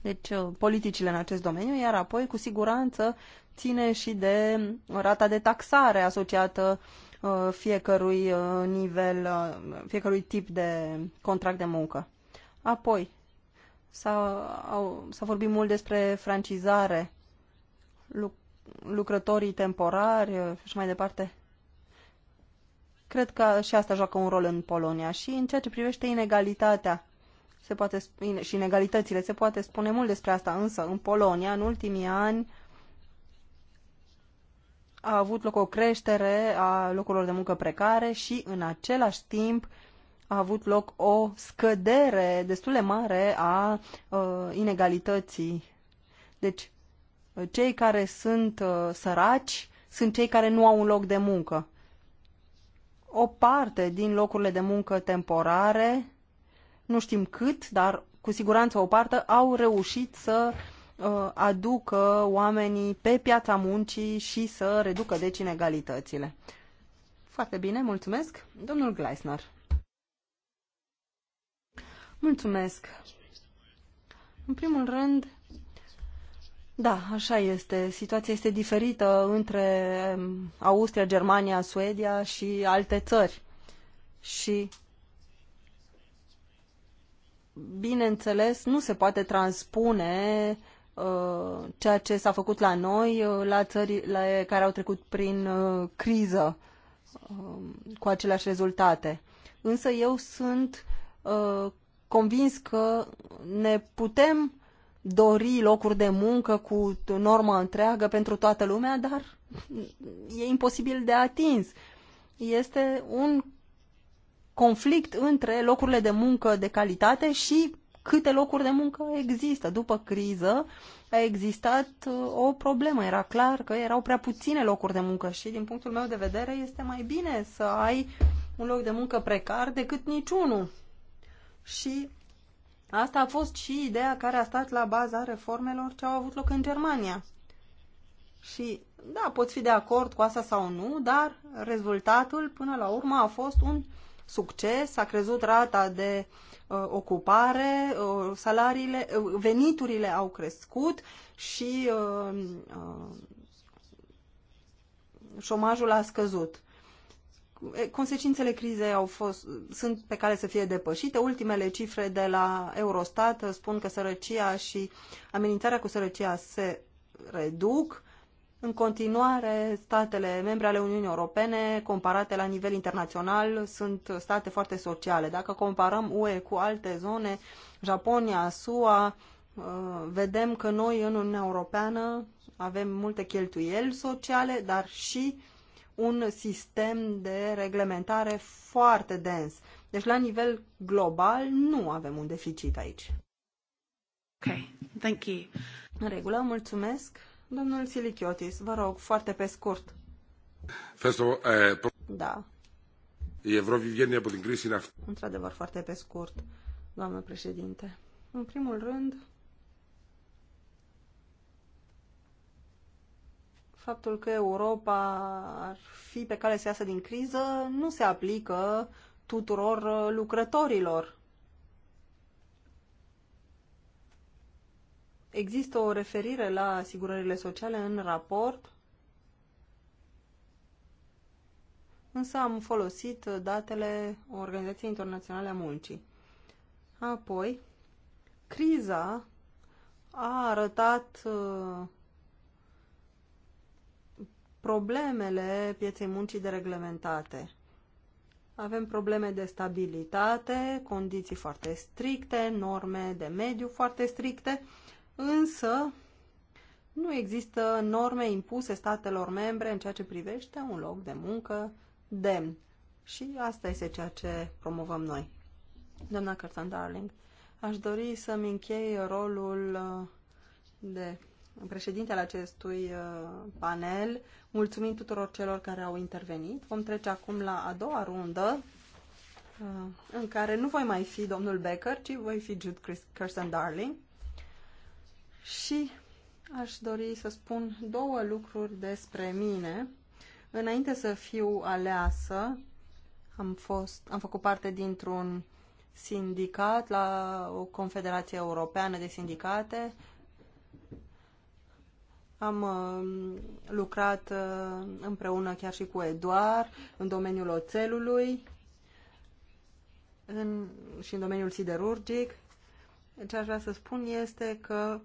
Deci, uh, politicile în acest domeniu, iar apoi, cu siguranță, ține și de rata de taxare asociată uh, Uh, fiecărui uh, nivel, uh, fiecărui tip de contract de muncă. Apoi, s-a vorbit mult despre francizare, luc lucrătorii temporari și mai departe. Cred că și asta joacă un rol în Polonia. Și în ceea ce privește inegalitatea se poate, și inegalitățile, se poate spune mult despre asta, însă în Polonia, în ultimii ani, a avut loc o creștere a locurilor de muncă precare și în același timp a avut loc o scădere destul de mare a uh, inegalității. Deci, uh, cei care sunt uh, săraci sunt cei care nu au un loc de muncă. O parte din locurile de muncă temporare, nu știm cât, dar cu siguranță o parte, au reușit să uh, Uh, aducă oamenii pe piața muncii și să reducă deci inegalitățile. Foarte bine, mulțumesc. Domnul Gleisner. Mulțumesc. În primul rând, da, așa este. Situația este diferită între um, Austria, Germania, Suedia și alte țări. Și bineînțeles, nu se poate transpune Uh, ceea ce s-a făcut la noi, uh, la țările care au trecut prin uh, criză um, cu aceleași rezultate. Însă eu sunt convins că ne putem dori locuri de muncă cu normă întreagă pentru toată lumea, dar e imposibil de atins. Este un conflict între locurile de muncă de calitate și câte locuri de muncă există. După criză a existat uh, o problemă. Era clar că erau prea puține locuri de muncă și, din punctul meu de vedere, este mai bine să ai un loc de muncă precar decât niciunul. Și asta a fost și ideea care a stat la baza reformelor ce au avut loc în Germania. Și da, poți fi de acord cu asta sau nu, dar rezultatul până la urmă a fost un succes, a crezut rata de Uh, ocupare, uh, salariile, uh, veniturile au crescut și șomajul a scăzut. Consecințele crizei au fost, sunt pe care să fie depășite. Ultimele cifre de la Eurostat spun că sărăcia și amenințarea cu sărăcia se reduc în continuare, statele membre ale Uniunii Europene, comparate la nivel internațional, sunt state foarte sociale. Dacă comparăm UE cu alte zone, Japonia, SUA, uh, vedem că noi în Uniunea Europeană avem multe cheltuieli sociale, dar și un sistem de reglementare foarte dens. Deci, la nivel global, nu avem un deficit aici. Ok, thank you. În regulă, mulțumesc. Domnul Silichiotis, vă rog, foarte pe scurt. Eh, da. Într-adevăr, foarte pe scurt, doamnă președinte. În primul rând, faptul că Europa ar fi pe cale să iasă din criză nu se aplică tuturor eh, lucrătorilor. Există o referire la asigurările sociale în raport, însă am folosit datele Organizației Internaționale a Muncii. Apoi, criza a arătat uh, problemele pieței muncii dereglementate. Avem probleme de stabilitate, condiții foarte stricte, norme de mediu foarte stricte însă nu există norme impuse statelor membre în ceea ce privește un loc de muncă demn. Și asta este ceea ce promovăm noi. Doamna Cărțan Darling, aș dori să-mi închei rolul uh, de președinte al acestui uh, panel, mulțumim tuturor celor care au intervenit. Vom trece acum la a doua rundă, uh, în care nu voi mai fi domnul Becker, ci voi fi Jude Kirsten Darling și aș dori să spun două lucruri despre mine. Înainte să fiu aleasă, am, fost, am făcut parte dintr-un sindicat la o confederație europeană de sindicate. Am um, lucrat uh, împreună chiar și cu Eduard în domeniul oțelului în, și în domeniul siderurgic. Ce aș vrea să spun este că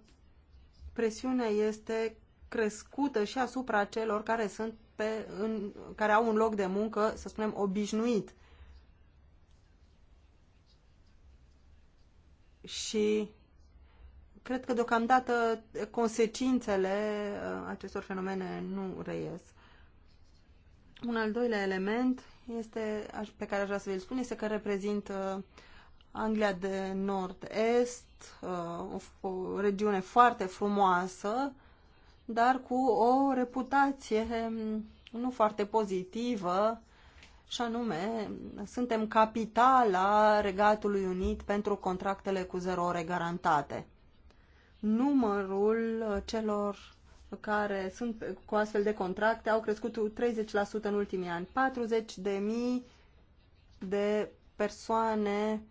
presiunea este crescută și asupra celor care sunt pe, în, care au un loc de muncă, să spunem, obișnuit. Și cred că deocamdată consecințele uh, acestor fenomene nu reies. Un al doilea element este, pe care aș vrea să vi-l spun este că reprezint uh, Anglia de Nord-Est, o, uh, o regiune foarte frumoasă, dar cu o reputație um, nu foarte pozitivă, și anume, suntem capitala Regatului Unit pentru contractele cu zero ore garantate. Numărul uh, celor care sunt cu astfel de contracte au crescut 30% în ultimii ani. 40 de mii de persoane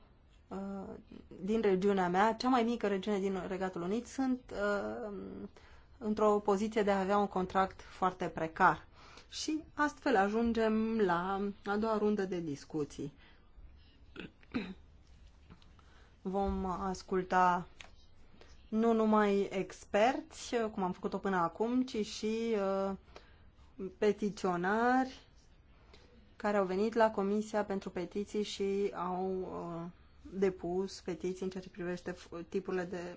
Uh, din regiunea mea, cea mai mică regiune din Regatul Unit, sunt uh, într-o poziție de a avea un contract foarte precar. Și astfel ajungem la a doua rundă de discuții. Vom asculta nu numai experți, cum am făcut-o până acum, ci și uh, petiționari care au venit la Comisia pentru Petiții și au uh, depus petiții în ceea ce privește tipurile de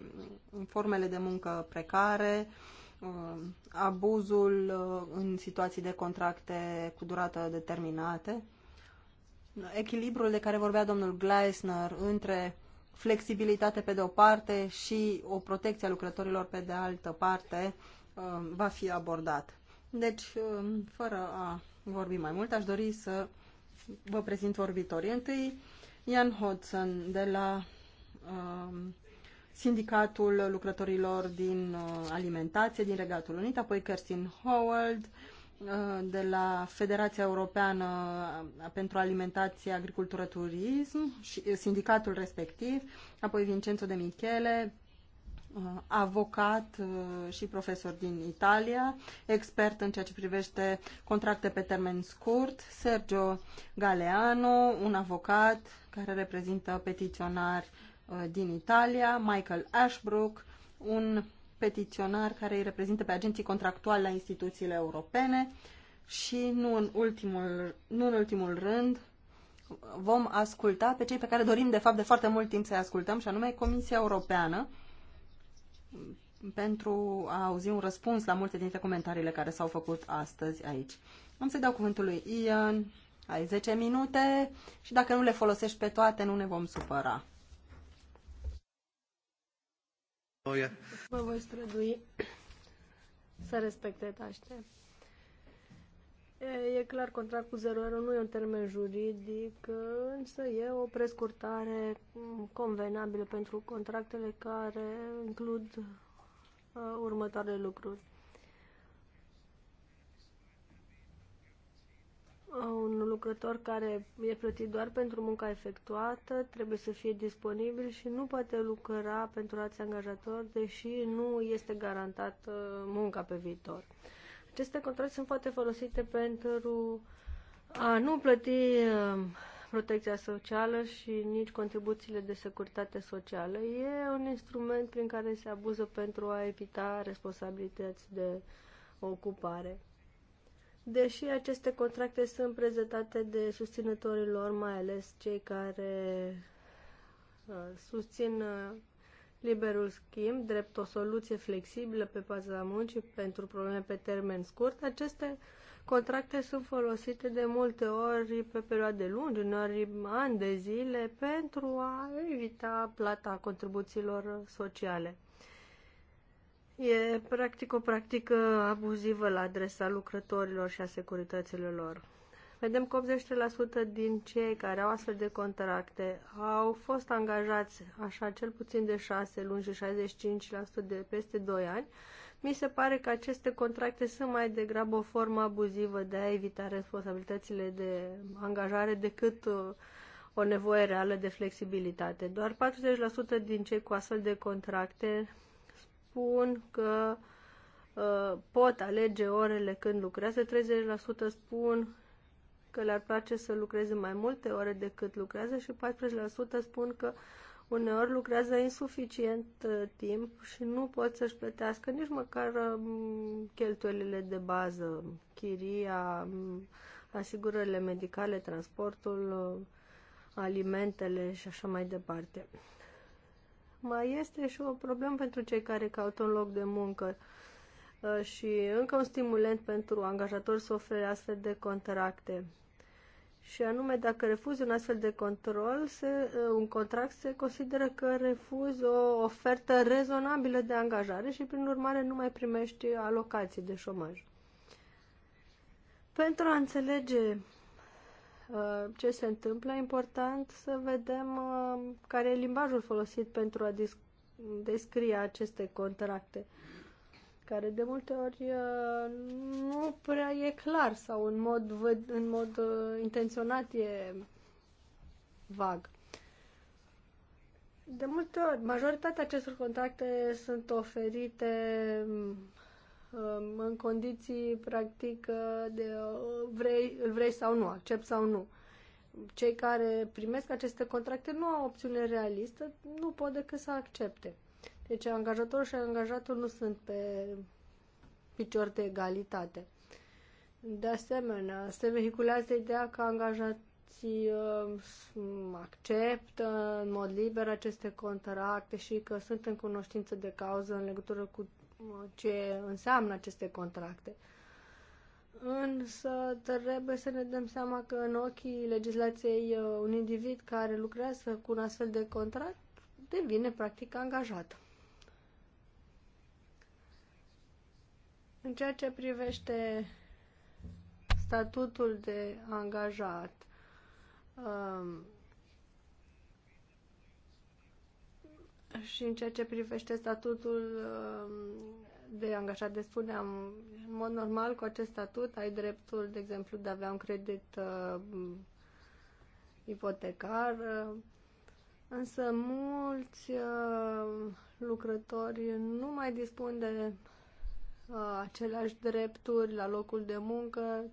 formele de muncă precare, uh, abuzul uh, în situații de contracte cu durată determinate, echilibrul de care vorbea domnul Gleisner între flexibilitate pe de o parte și o protecție a lucrătorilor pe de altă parte uh, va fi abordat. Deci, fără a vorbi mai mult, aș dori să vă prezint vorbitorii. Întâi, Ian Hodson de la uh, Sindicatul Lucrătorilor din uh, Alimentație din Regatul Unit, apoi Kerstin Howard uh, de la Federația Europeană uh, pentru Alimentație, Agricultură, Turism și uh, sindicatul respectiv, apoi Vincenzo de Michele, uh, avocat și profesor din Italia, expert în ceea ce privește contracte pe termen scurt, Sergio Galeano, un avocat care reprezintă petiționari uh, din Italia, Michael Ashbrook, un petiționar care îi reprezintă pe agenții contractuali la instituțiile europene și nu în ultimul, nu în ultimul rând vom asculta pe cei pe care dorim de fapt de foarte mult timp să-i ascultăm și anume Comisia Europeană pentru a auzi un răspuns la multe dintre comentariile care s-au făcut astăzi aici. Am să-i dau cuvântul lui Ian ai 10 minute și dacă nu le folosești pe toate, nu ne vom supăra. Vă voi strădui să respecte taște. E, e clar, contractul 0 nu e un termen juridic, însă e o prescurtare convenabilă pentru contractele care includ uh, următoarele lucruri. un lucrător care e plătit doar pentru munca efectuată, trebuie să fie disponibil și nu poate lucra pentru alți angajatori, deși nu este garantată munca pe viitor. Aceste contracte sunt foarte folosite pentru a nu plăti uh, protecția socială și nici contribuțiile de securitate socială. E un instrument prin care se abuză pentru a evita responsabilități de ocupare. Deși aceste contracte sunt prezentate de susținătorii lor, mai ales cei care uh, susțin uh, liberul schimb drept o soluție flexibilă pe baza muncii pentru probleme pe termen scurt, aceste contracte sunt folosite de multe ori pe perioade lungi, uneori ani de zile, pentru a evita plata contribuțiilor sociale. E practic o practică abuzivă la adresa lucrătorilor și a securităților lor. Vedem că 80% din cei care au astfel de contracte au fost angajați așa cel puțin de 6 luni și 65% de peste 2 ani. Mi se pare că aceste contracte sunt mai degrabă o formă abuzivă de a evita responsabilitățile de angajare decât uh, o nevoie reală de flexibilitate. Doar 40% din cei cu astfel de contracte spun că uh, pot alege orele când lucrează, 30% spun că le-ar place să lucreze mai multe ore decât lucrează și 14% spun că uneori lucrează insuficient uh, timp și nu pot să-și plătească nici măcar uh, cheltuielile de bază, chiria, um, asigurările medicale, transportul, uh, alimentele și așa mai departe mai este și o problemă pentru cei care caută un loc de muncă uh, și încă un stimulent pentru angajatori să ofere astfel de contracte. Și anume, dacă refuzi un astfel de control, se, uh, un contract se consideră că refuzi o ofertă rezonabilă de angajare și, prin urmare, nu mai primești alocații de șomaj. Pentru a înțelege Uh, ce se întâmplă, e important să vedem uh, care e limbajul folosit pentru a descrie aceste contracte, care de multe ori uh, nu prea e clar sau în mod, în mod intenționat e vag. De multe ori, majoritatea acestor contracte sunt oferite um, Ehm, în condiții, practic, ă, de ă, vrei, îl vrei sau nu, accept sau nu. Cei care primesc aceste contracte nu au opțiune realistă, nu pot decât să accepte. Deci angajatorul și angajatul nu sunt pe picior de egalitate. De asemenea, se vehiculează ideea că angajații ă, acceptă în mod liber aceste contracte și că sunt în cunoștință de cauză în legătură cu ce înseamnă aceste contracte. Însă trebuie să ne dăm seama că în ochii legislației uh, un individ care lucrează cu un astfel de contract devine practic angajat. În ceea ce privește statutul de angajat, um, și în ceea ce privește statutul um, de angajat de spuneam, în mod normal cu acest statut ai dreptul, de exemplu, de a avea un credit uh, ipotecar, uh, însă mulți uh, lucrători nu mai dispun de uh, aceleași drepturi la locul de muncă,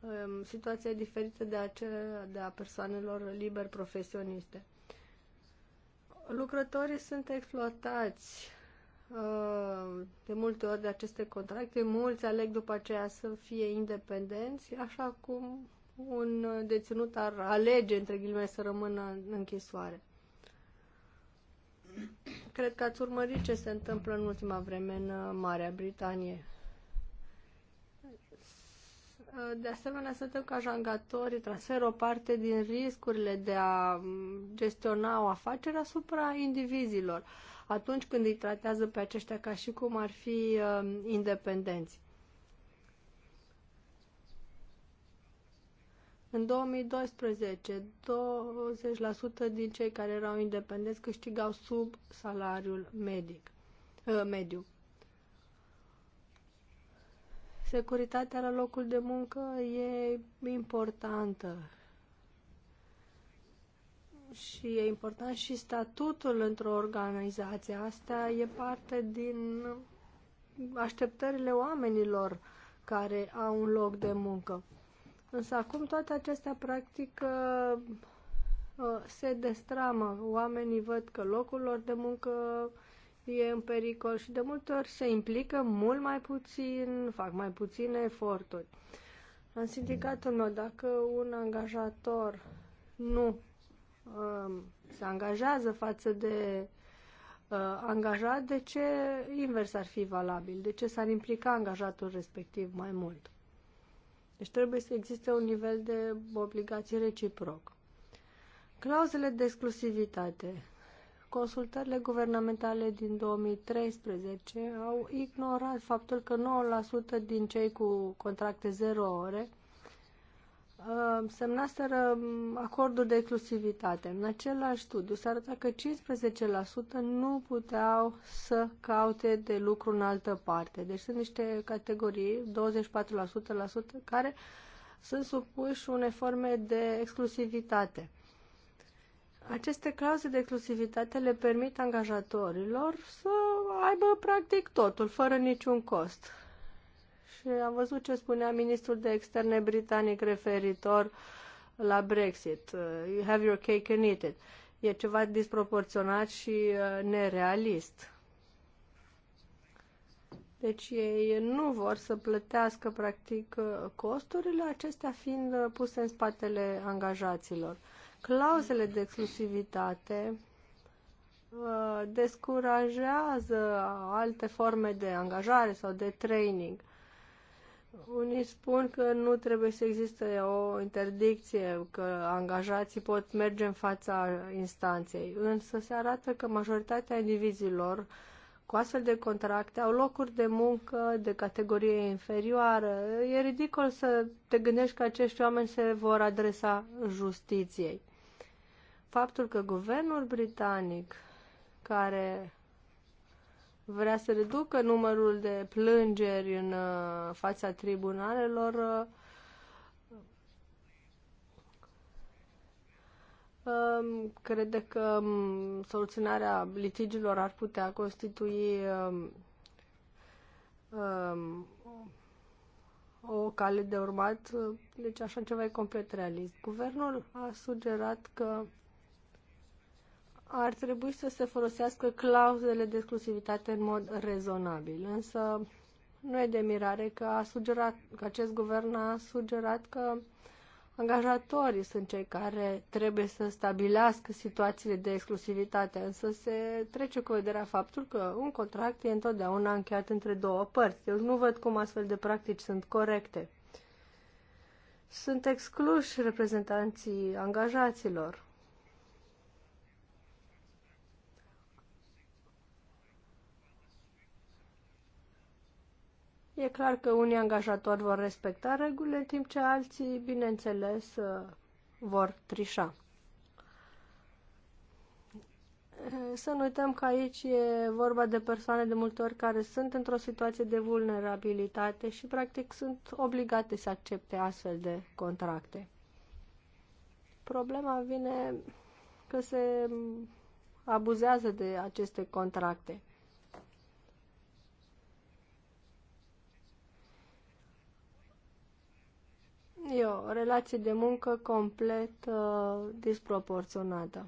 uh, situația diferită de, aceea de a persoanelor liber profesioniste lucrătorii sunt exploatați uh, de multe ori de aceste contracte. Mulți aleg după aceea să fie independenți, așa cum un deținut ar alege, între ghilimele, să rămână în închisoare. Cred că ați urmărit ce se întâmplă în ultima vreme în Marea Britanie. Uh, de asemenea, suntem ca jangatori, transfer o parte din riscurile de a mm, gestiona o afacere asupra indivizilor, atunci când îi tratează pe aceștia ca și cum ar fi uh, independenți. În 2012, 20% din cei care erau independenți câștigau sub salariul medic, uh, mediu. Securitatea la locul de muncă e importantă și e important și statutul într-o organizație. Asta e parte din așteptările oamenilor care au un loc de muncă. Însă acum toate acestea practic ă, ă, se destramă. Oamenii văd că locul lor de muncă e în pericol și de multe ori se implică mult mai puțin, fac mai puține eforturi. În sindicatul meu, dacă un angajator nu um, se angajează față de uh, angajat, de ce invers ar fi valabil? De ce s-ar implica angajatul respectiv mai mult? Deci trebuie să existe un nivel de obligație reciproc. Clauzele de exclusivitate. Consultările guvernamentale din 2013 au ignorat faptul că 9% din cei cu contracte 0 ore uh, semnaseră mm, acorduri de exclusivitate. În același studiu s-a arătat că 15% nu puteau să caute de lucru în altă parte. Deci sunt niște categorii, 24% la sută, care sunt supuși unei forme de exclusivitate. Aceste clauze de exclusivitate le permit angajatorilor să aibă practic totul, fără niciun cost. Și am văzut ce spunea ministrul de externe britanic referitor la Brexit. Uh, you have your cake and eat it. E ceva disproporționat și uh, nerealist. Deci ei nu vor să plătească practic uh, costurile, acestea fiind puse în spatele angajaților. Clauzele de exclusivitate uh, descurajează alte forme de angajare sau de training. Unii spun că nu trebuie să existe o interdicție, că angajații pot merge în fața instanței, însă se arată că majoritatea indivizilor cu astfel de contracte au locuri de muncă de categorie inferioară. E ridicol să te gândești că acești oameni se vor adresa justiției faptul că guvernul britanic, care vrea să reducă numărul de plângeri în uh, fața tribunalelor, uh, um, crede că um, soluționarea litigilor ar putea constitui um, o cale de urmat, uh, deci așa ceva e complet realist. Guvernul a sugerat că ar trebui să se folosească clauzele de exclusivitate în mod rezonabil, însă nu e de mirare că, a sugerat, că acest guvern a sugerat că angajatorii sunt cei care trebuie să stabilească situațiile de exclusivitate, însă se trece cu vederea faptul că un contract e întotdeauna încheiat între două părți. Eu nu văd cum astfel de practici sunt corecte. Sunt excluși reprezentanții angajaților E clar că unii angajatori vor respecta regulile, în timp ce alții, bineînțeles, uh, vor trișa. Să nu uităm că aici e vorba de persoane de multe ori care sunt într-o situație de vulnerabilitate și practic sunt obligate să accepte astfel de contracte. Problema vine că se abuzează de aceste contracte. E o relație de muncă complet uh, disproporționată.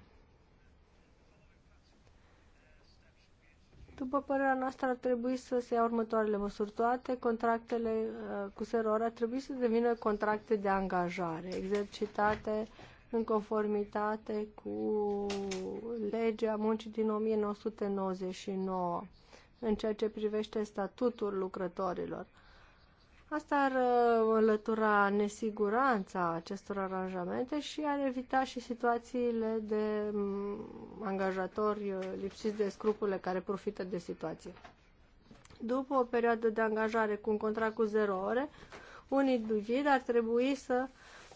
După părerea noastră, ar trebui să se ia următoarele măsuri. Toate contractele uh, cu seror ar trebui să devină contracte de angajare, exercitate în conformitate cu legea muncii din 1999 în ceea ce privește statutul lucrătorilor. Asta ar uh, înlătura nesiguranța acestor aranjamente și ar evita și situațiile de mm, angajatori uh, lipsiți de scrupule care profită de situație. După o perioadă de angajare cu un contract cu 0 ore, un individ ar trebui să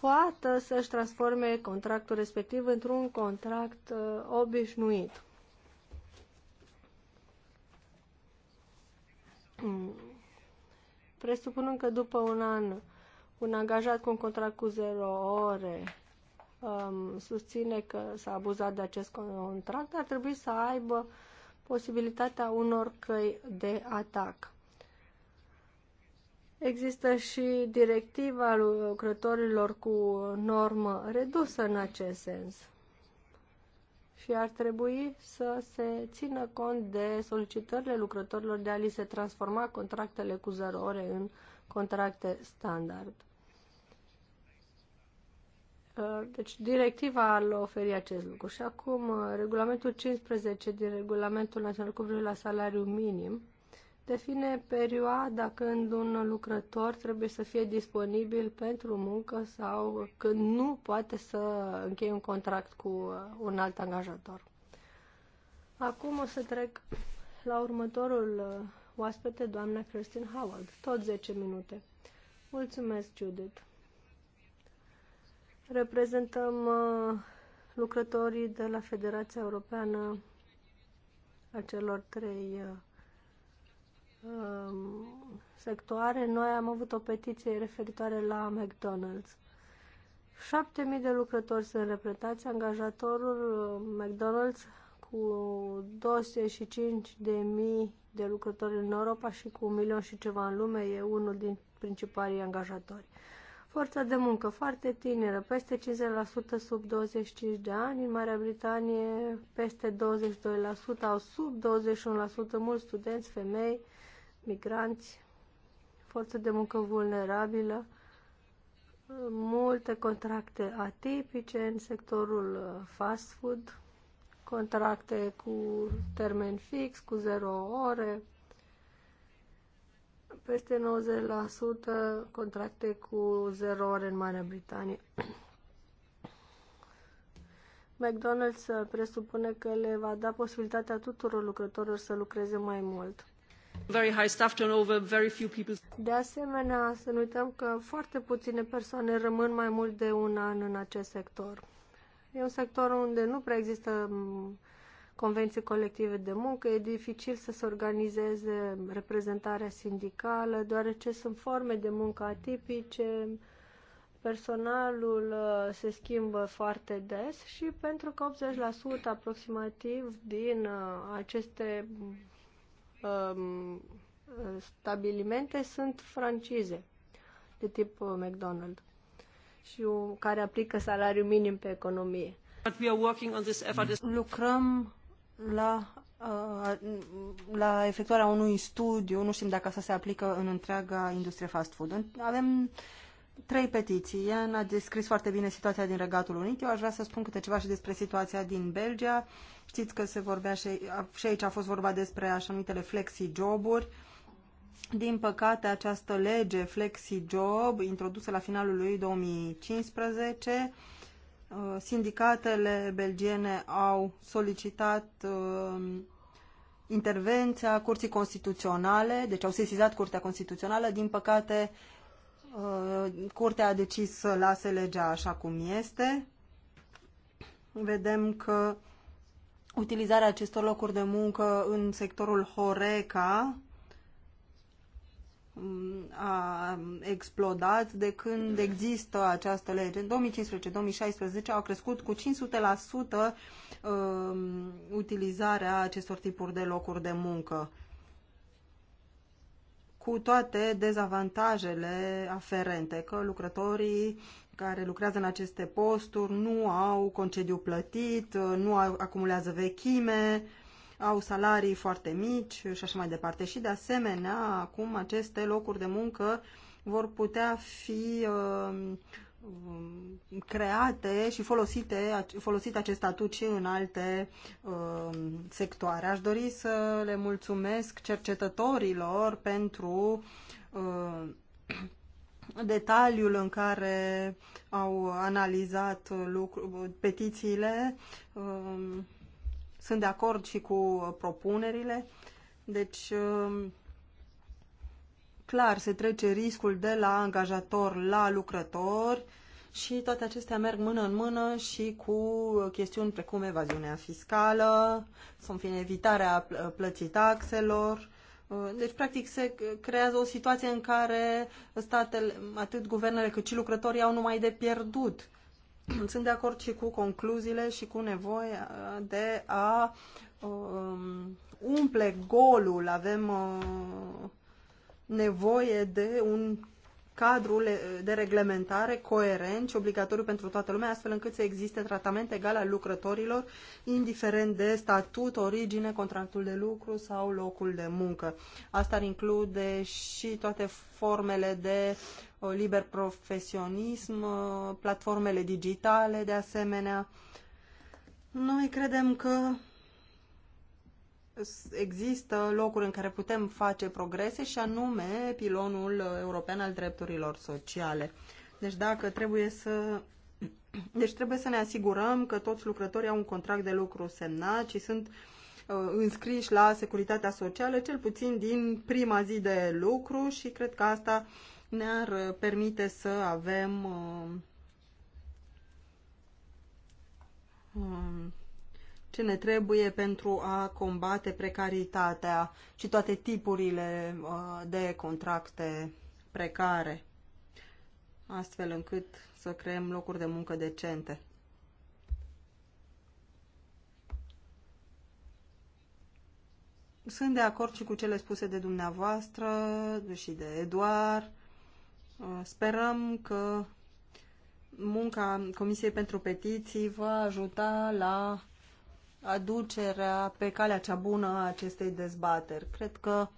poată să-și transforme contractul respectiv într-un contract uh, obișnuit. Mm presupunând că după un an un angajat cu un contract cu zero ore um, susține că s-a abuzat de acest contract, ar trebui să aibă posibilitatea unor căi de atac. Există și directiva lucrătorilor cu normă redusă în acest sens și ar trebui să se țină cont de solicitările lucrătorilor de a li se transforma contractele cu zero ore în contracte standard. Uh, deci directiva l oferi acest lucru. Și acum uh, regulamentul 15 din regulamentul național cu privire la salariu minim define perioada când un lucrător trebuie să fie disponibil pentru muncă sau când nu poate să încheie un contract cu uh, un alt angajator. Acum o să trec la următorul uh, oaspete, doamna Kristin Howard, tot 10 minute. Mulțumesc, Judith. Reprezentăm uh, lucrătorii de la Federația Europeană a celor trei Um, sectoare, noi am avut o petiție referitoare la McDonald's. 7.000 de lucrători sunt repretați, angajatorul um, McDonald's cu 205.000 de lucrători în Europa și cu un milion și ceva în lume e unul din principalii angajatori. Forța de muncă foarte tineră, peste 50% sub 25 de ani, în Marea Britanie peste 22% au sub 21%, mulți studenți, femei, migranți, forță de muncă vulnerabilă, multe contracte atipice în sectorul uh, fast food, contracte cu termen fix, cu zero ore, peste 90% contracte cu zero ore în Marea Britanie. McDonald's uh, presupune că le va da posibilitatea tuturor lucrătorilor să lucreze mai mult. De asemenea, să nu uităm că foarte puține persoane rămân mai mult de un an în acest sector. E un sector unde nu prea există convenții colective de muncă, e dificil să se organizeze reprezentarea sindicală, deoarece sunt forme de muncă atipice, personalul uh, se schimbă foarte des și pentru că 80% aproximativ din uh, aceste um, stabilimente sunt francize de tip uh, McDonald's și care aplică salariu minim pe economie. Lucrăm la, uh, la efectuarea unui studiu, nu știm dacă asta se aplică în întreaga industrie fast food. Avem Trei petiții. Ian a descris foarte bine situația din Regatul Unit. Eu aș vrea să spun câte ceva și despre situația din Belgia. Știți că se vorbea și, și aici a fost vorba despre așa numitele flexi-joburi. Din păcate, această lege flexi-job, introdusă la finalul lui 2015, uh, sindicatele belgiene au solicitat uh, intervenția Curții Constituționale, deci au sesizat Curtea Constituțională. Din păcate, Uh, curtea a decis să lase legea așa cum este. Vedem că utilizarea acestor locuri de muncă în sectorul Horeca mm, a explodat de când există această lege. În 2015-2016 au crescut cu 500% uh, utilizarea acestor tipuri de locuri de muncă cu toate dezavantajele aferente, că lucrătorii care lucrează în aceste posturi nu au concediu plătit, nu acumulează vechime, au salarii foarte mici și așa mai departe. Și de asemenea, acum aceste locuri de muncă vor putea fi uh, Um, create și folosite, folosit acest statut și în alte uh, sectoare. Aș dori să le mulțumesc cercetătorilor pentru uh, detaliul în care au analizat lucru, petițiile. Uh, sunt de acord și cu propunerile. Deci uh, clar, se trece riscul de la angajator la lucrător și toate acestea merg mână în mână și cu chestiuni precum evaziunea fiscală, sau fine evitarea plății taxelor. Uh, deci, practic, se creează o situație în care statele, atât guvernele cât și lucrătorii au numai de pierdut. Sunt de acord și cu concluziile și cu nevoia de a uh, um, umple golul. Avem uh, nevoie de un cadru de reglementare coerent și obligatoriu pentru toată lumea, astfel încât să existe tratament egal al lucrătorilor, indiferent de statut, origine, contractul de lucru sau locul de muncă. Asta ar include și toate formele de uh, liber profesionism, uh, platformele digitale, de asemenea. Noi credem că există locuri în care putem face progrese și anume pilonul european al drepturilor sociale. Deci dacă trebuie să deci trebuie să ne asigurăm că toți lucrătorii au un contract de lucru semnat și sunt uh, înscriși la securitatea socială cel puțin din prima zi de lucru și cred că asta ne-ar uh, permite să avem uh, um, ce ne trebuie pentru a combate precaritatea și toate tipurile uh, de contracte precare, astfel încât să creăm locuri de muncă decente. Sunt de acord și cu cele spuse de dumneavoastră și de Eduard. Uh, sperăm că munca Comisiei pentru Petiții va ajuta la aducerea pe calea cea bună a acestei dezbateri. Cred că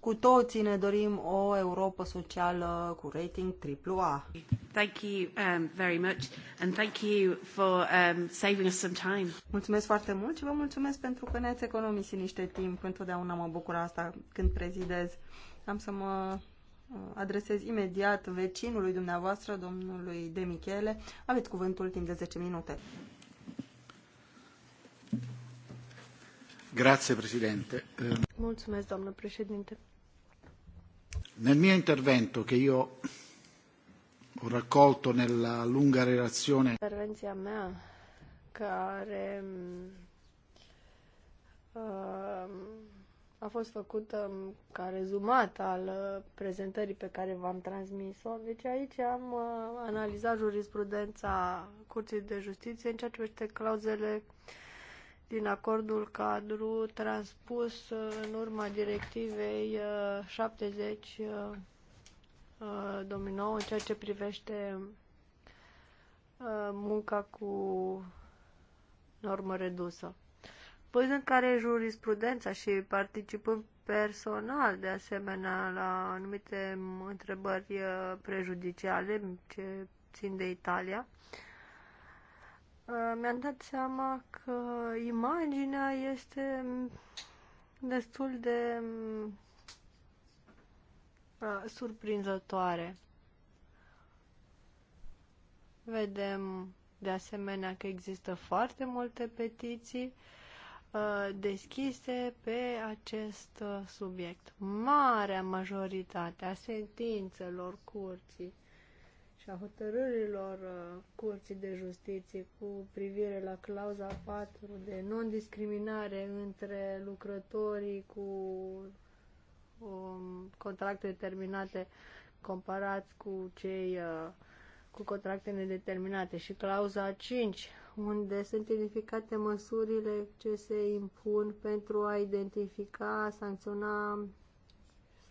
cu toții ne dorim o Europa socială cu rating AAA. Thank you um, very much and thank you for um, saving us some time. Mulțumesc foarte mult și vă mulțumesc pentru că ne-ați economisit niște timp. Întotdeauna mă bucur asta când prezidez. Am să mă uh, adresez imediat vecinului dumneavoastră, domnului De Michele. Aveți cuvântul timp de 10 minute. Ehm, Mulțumesc, doamnă președinte. Nel mio intervento, che io ho raccolto nella lunga relazione... Intervenția mea, care ehm, a fost făcută ca rezumat al uh, prezentării pe care v-am transmis-o. Deci aici am uh, analizat jurisprudența Curții de Justiție în ceea ce privește clauzele uh, din acordul cadru transpus în urma directivei 70 uh, 2009 uh, uh, în ceea ce privește munca cu normă redusă. Până în care jurisprudența și participând personal, de asemenea, la anumite întrebări prejudiciale ce țin de Italia, uh, Uh, mi-am dat seama că imaginea este destul de uh, surprinzătoare. Vedem de asemenea că există foarte multe petiții uh, deschise pe acest subiect. Marea majoritate a sentințelor curții și a hotărârilor uh, Curții de Justiție cu privire la clauza 4 de non-discriminare între lucrătorii cu um, contracte determinate comparați cu cei uh, cu contracte nedeterminate și clauza 5 unde sunt identificate măsurile ce se impun pentru a identifica, sancționa,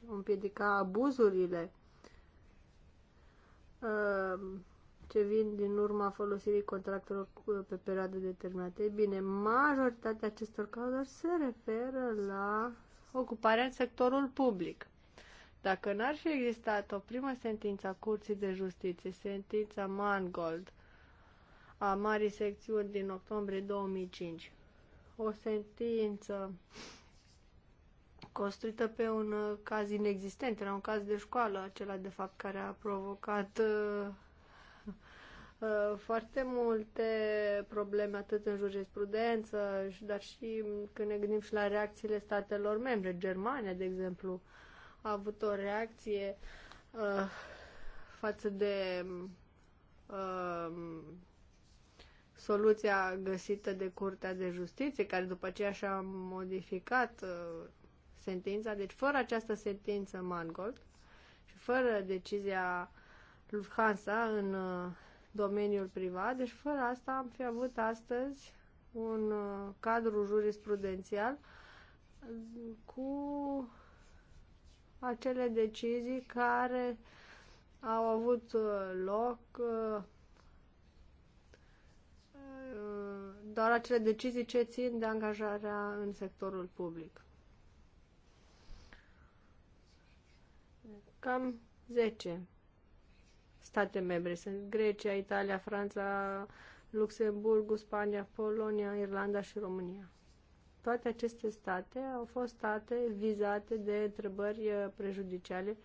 împiedica abuzurile ce vin din urma folosirii contractelor uh, pe perioade determinate. bine, majoritatea acestor cazuri se referă la ocuparea în sectorul public. Dacă n-ar fi existat o primă sentință a Curții de Justiție, sentința Mangold, a Marii Secțiuni din octombrie 2005, o sentință construită pe un uh, caz inexistent. Era un caz de școală acela, de fapt, care a provocat uh, uh, foarte multe probleme, atât în jurisprudență, dar și când ne gândim și la reacțiile statelor membre. Germania, de exemplu, a avut o reacție uh, față de uh, soluția găsită de Curtea de Justiție, care după aceea și-a modificat uh, sentința, deci fără această sentință Mangold și fără decizia Lufthansa în uh, domeniul privat, deci fără asta am fi avut astăzi un uh, cadru jurisprudențial mm, cu acele decizii care au avut uh, loc doar acele decizii ce țin de angajarea în sectorul public. Cam 10 state membre sunt Grecia, Italia, Franța, Luxemburg, Spania, Polonia, Irlanda și România. Toate aceste state au fost state vizate de întrebări uh, prejudiciale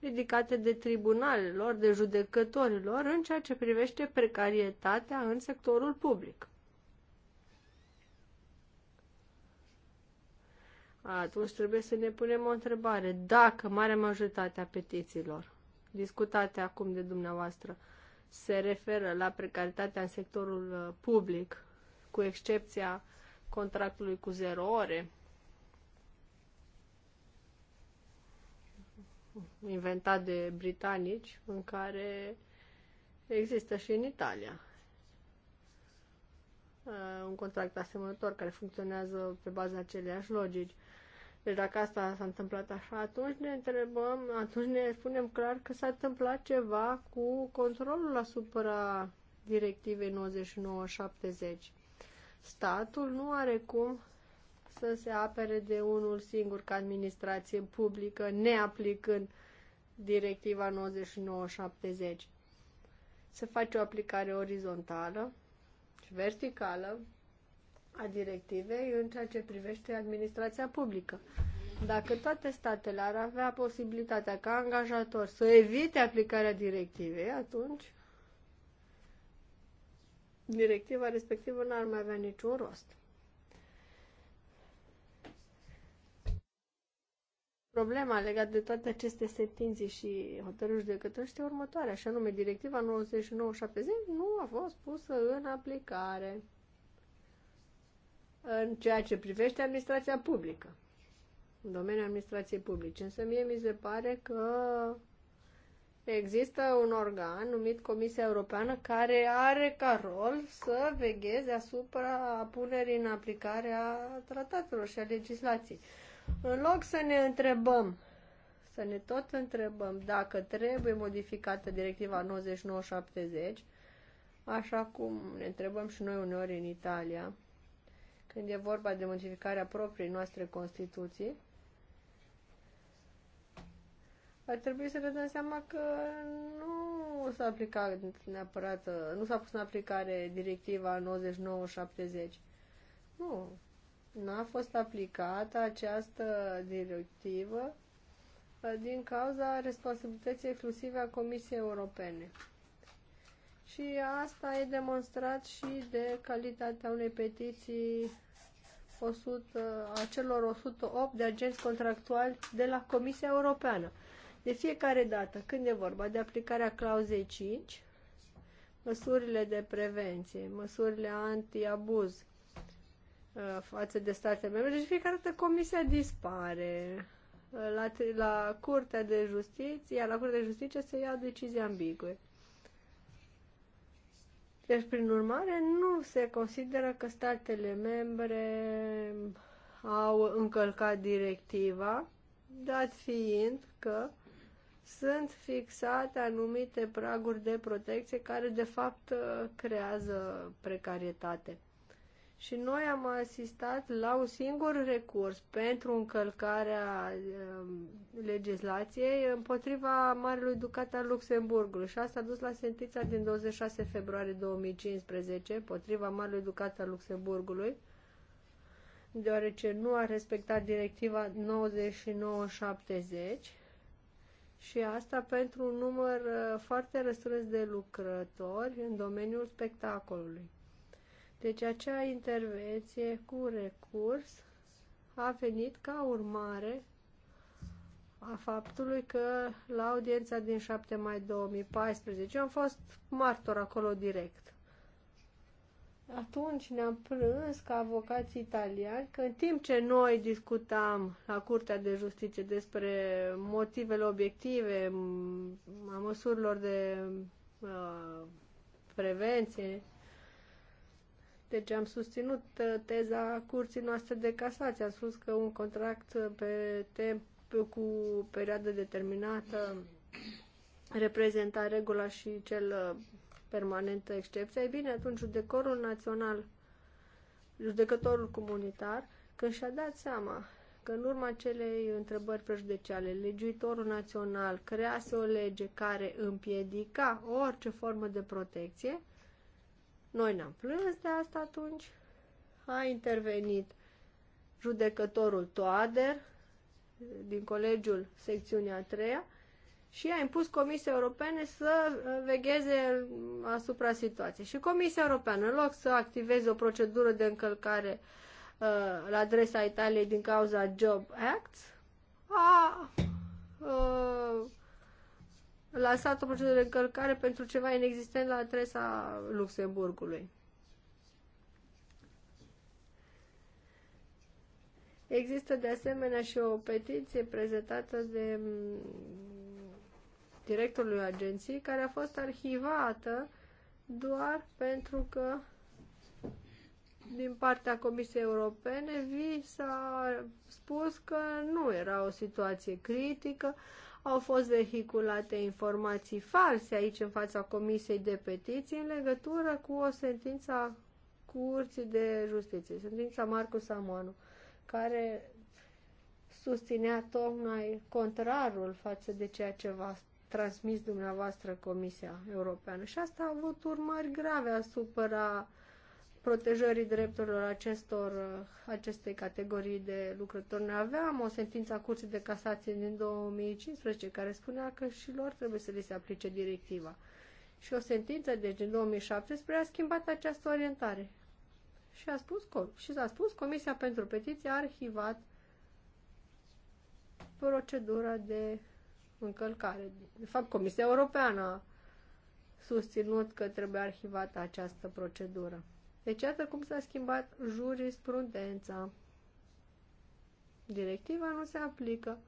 ridicate de tribunalelor, de judecătorilor, în ceea ce privește precarietatea în sectorul public. atunci trebuie să ne punem o întrebare. Dacă marea majoritate a petițiilor discutate acum de dumneavoastră se referă la precaritatea în sectorul uh, public, cu excepția contractului cu zero ore, inventat de britanici, în care există și în Italia uh, un contract asemănător care funcționează pe baza aceleași logici. Deci dacă asta s-a întâmplat așa, atunci ne întrebăm, atunci ne spunem clar că s-a întâmplat ceva cu controlul asupra directivei 9970. Statul nu are cum să se apere de unul singur ca administrație publică, neaplicând directiva 9970. Se face o aplicare orizontală și verticală a directivei în ceea ce privește administrația publică. Dacă toate statele ar avea posibilitatea ca angajator să evite aplicarea directivei, atunci directiva respectivă n-ar mai avea niciun rost. Problema legată de toate aceste sentinții și de judecători este următoarea, și anume directiva 9970 nu a fost pusă în aplicare în ceea ce privește administrația publică, în domeniul administrației publice. Însă mie mi se pare că există un organ numit Comisia Europeană care are ca rol să vegheze asupra punerii în aplicare a tratatelor și a legislației. În loc să ne întrebăm, să ne tot întrebăm dacă trebuie modificată directiva 9970, așa cum ne întrebăm și noi uneori în Italia, când e vorba de modificarea proprii noastre Constituții, ar trebui să ne dăm seama că nu s-a aplicat neapărat, nu s-a pus în aplicare directiva 9970. Nu. N-a fost aplicată această directivă uh, din cauza responsabilității exclusive a Comisiei Europene. Și asta e demonstrat și de calitatea unei petiții 100, a celor 108 de agenți contractuali de la Comisia Europeană. De fiecare dată, când e vorba de aplicarea clauzei 5, măsurile de prevenție, măsurile anti-abuz uh, față de state membre, deci de fiecare dată Comisia dispare uh, la, la Curtea de Justiție, iar la Curtea de Justiție se ia decizii ambigue. Deci, prin urmare, nu se consideră că statele membre au încălcat directiva, dat fiind că sunt fixate anumite praguri de protecție care, de fapt, creează precarietate și noi am asistat la un singur recurs pentru încălcarea um, legislației împotriva Marelui Ducat al Luxemburgului și asta a dus la sentința din 26 februarie 2015 împotriva Marelui Ducat al Luxemburgului deoarece nu a respectat directiva 9970 și asta pentru un număr uh, foarte restrâns de lucrători în domeniul spectacolului. Deci acea intervenție cu recurs a venit ca urmare a faptului că la audiența din 7 mai 2014 am fost martor acolo direct. Atunci ne-am plâns ca avocați italiani că în timp ce noi discutam la Curtea de Justiție despre motivele obiective a măsurilor de uh, prevenție deci am susținut uh, teza curții noastre de casație. Am spus că un contract uh, pe timp cu perioadă determinată reprezenta regula și cel uh, permanentă excepție. Ei bine, atunci judecătorul național, judecătorul comunitar, când și-a dat seama că în urma acelei întrebări prejudiciale, legiuitorul național crease o lege care împiedica orice formă de protecție, noi ne-am plâns de asta atunci. A intervenit judecătorul Toader din colegiul secțiunii a treia și a impus Comisia Europene să uh, vegheze asupra situației. Și Comisia Europeană, în loc să activeze o procedură de încălcare uh, la adresa Italiei din cauza Job Act, a uh, lansat o procedură de încălcare pentru ceva inexistent la adresa Luxemburgului. Există de asemenea și o petiție prezentată de mm, directorului agenției care a fost arhivată doar pentru că din partea Comisiei Europene vi s-a spus că nu era o situație critică, au fost vehiculate informații false aici în fața Comisiei de Petiții în legătură cu o sentință a Curții de Justiție, sentința Marcu Samoanu, care susținea tocmai contrarul față de ceea ce v-a transmis dumneavoastră Comisia Europeană. Și asta a avut urmări grave asupra protejării drepturilor acestor, acestei categorii de lucrători. Noi aveam o sentință a Curții de Casație din 2015 care spunea că și lor trebuie să li se aplice directiva. Și o sentință, deci din 2017, a schimbat această orientare. Și a spus, și s-a spus, Comisia pentru Petiție a arhivat procedura de încălcare. De fapt, Comisia Europeană a susținut că trebuie arhivată această procedură. Deci iată cum s-a schimbat jurisprudența. Directiva nu se aplică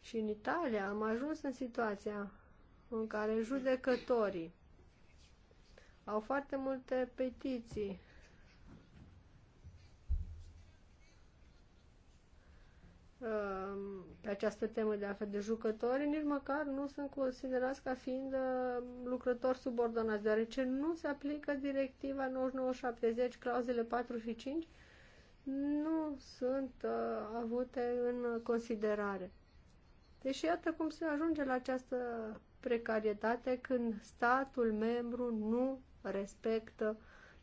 și în Italia am ajuns în situația în care judecătorii au foarte multe petiții Um, pe această temă de altfel de jucători, nici măcar nu sunt considerați ca fiind um, lucrători subordonați, deoarece nu se aplică directiva 9970, clauzele 4 și 5, nu sunt uh, avute în considerare. Deci iată cum se ajunge la această precarietate când statul membru nu respectă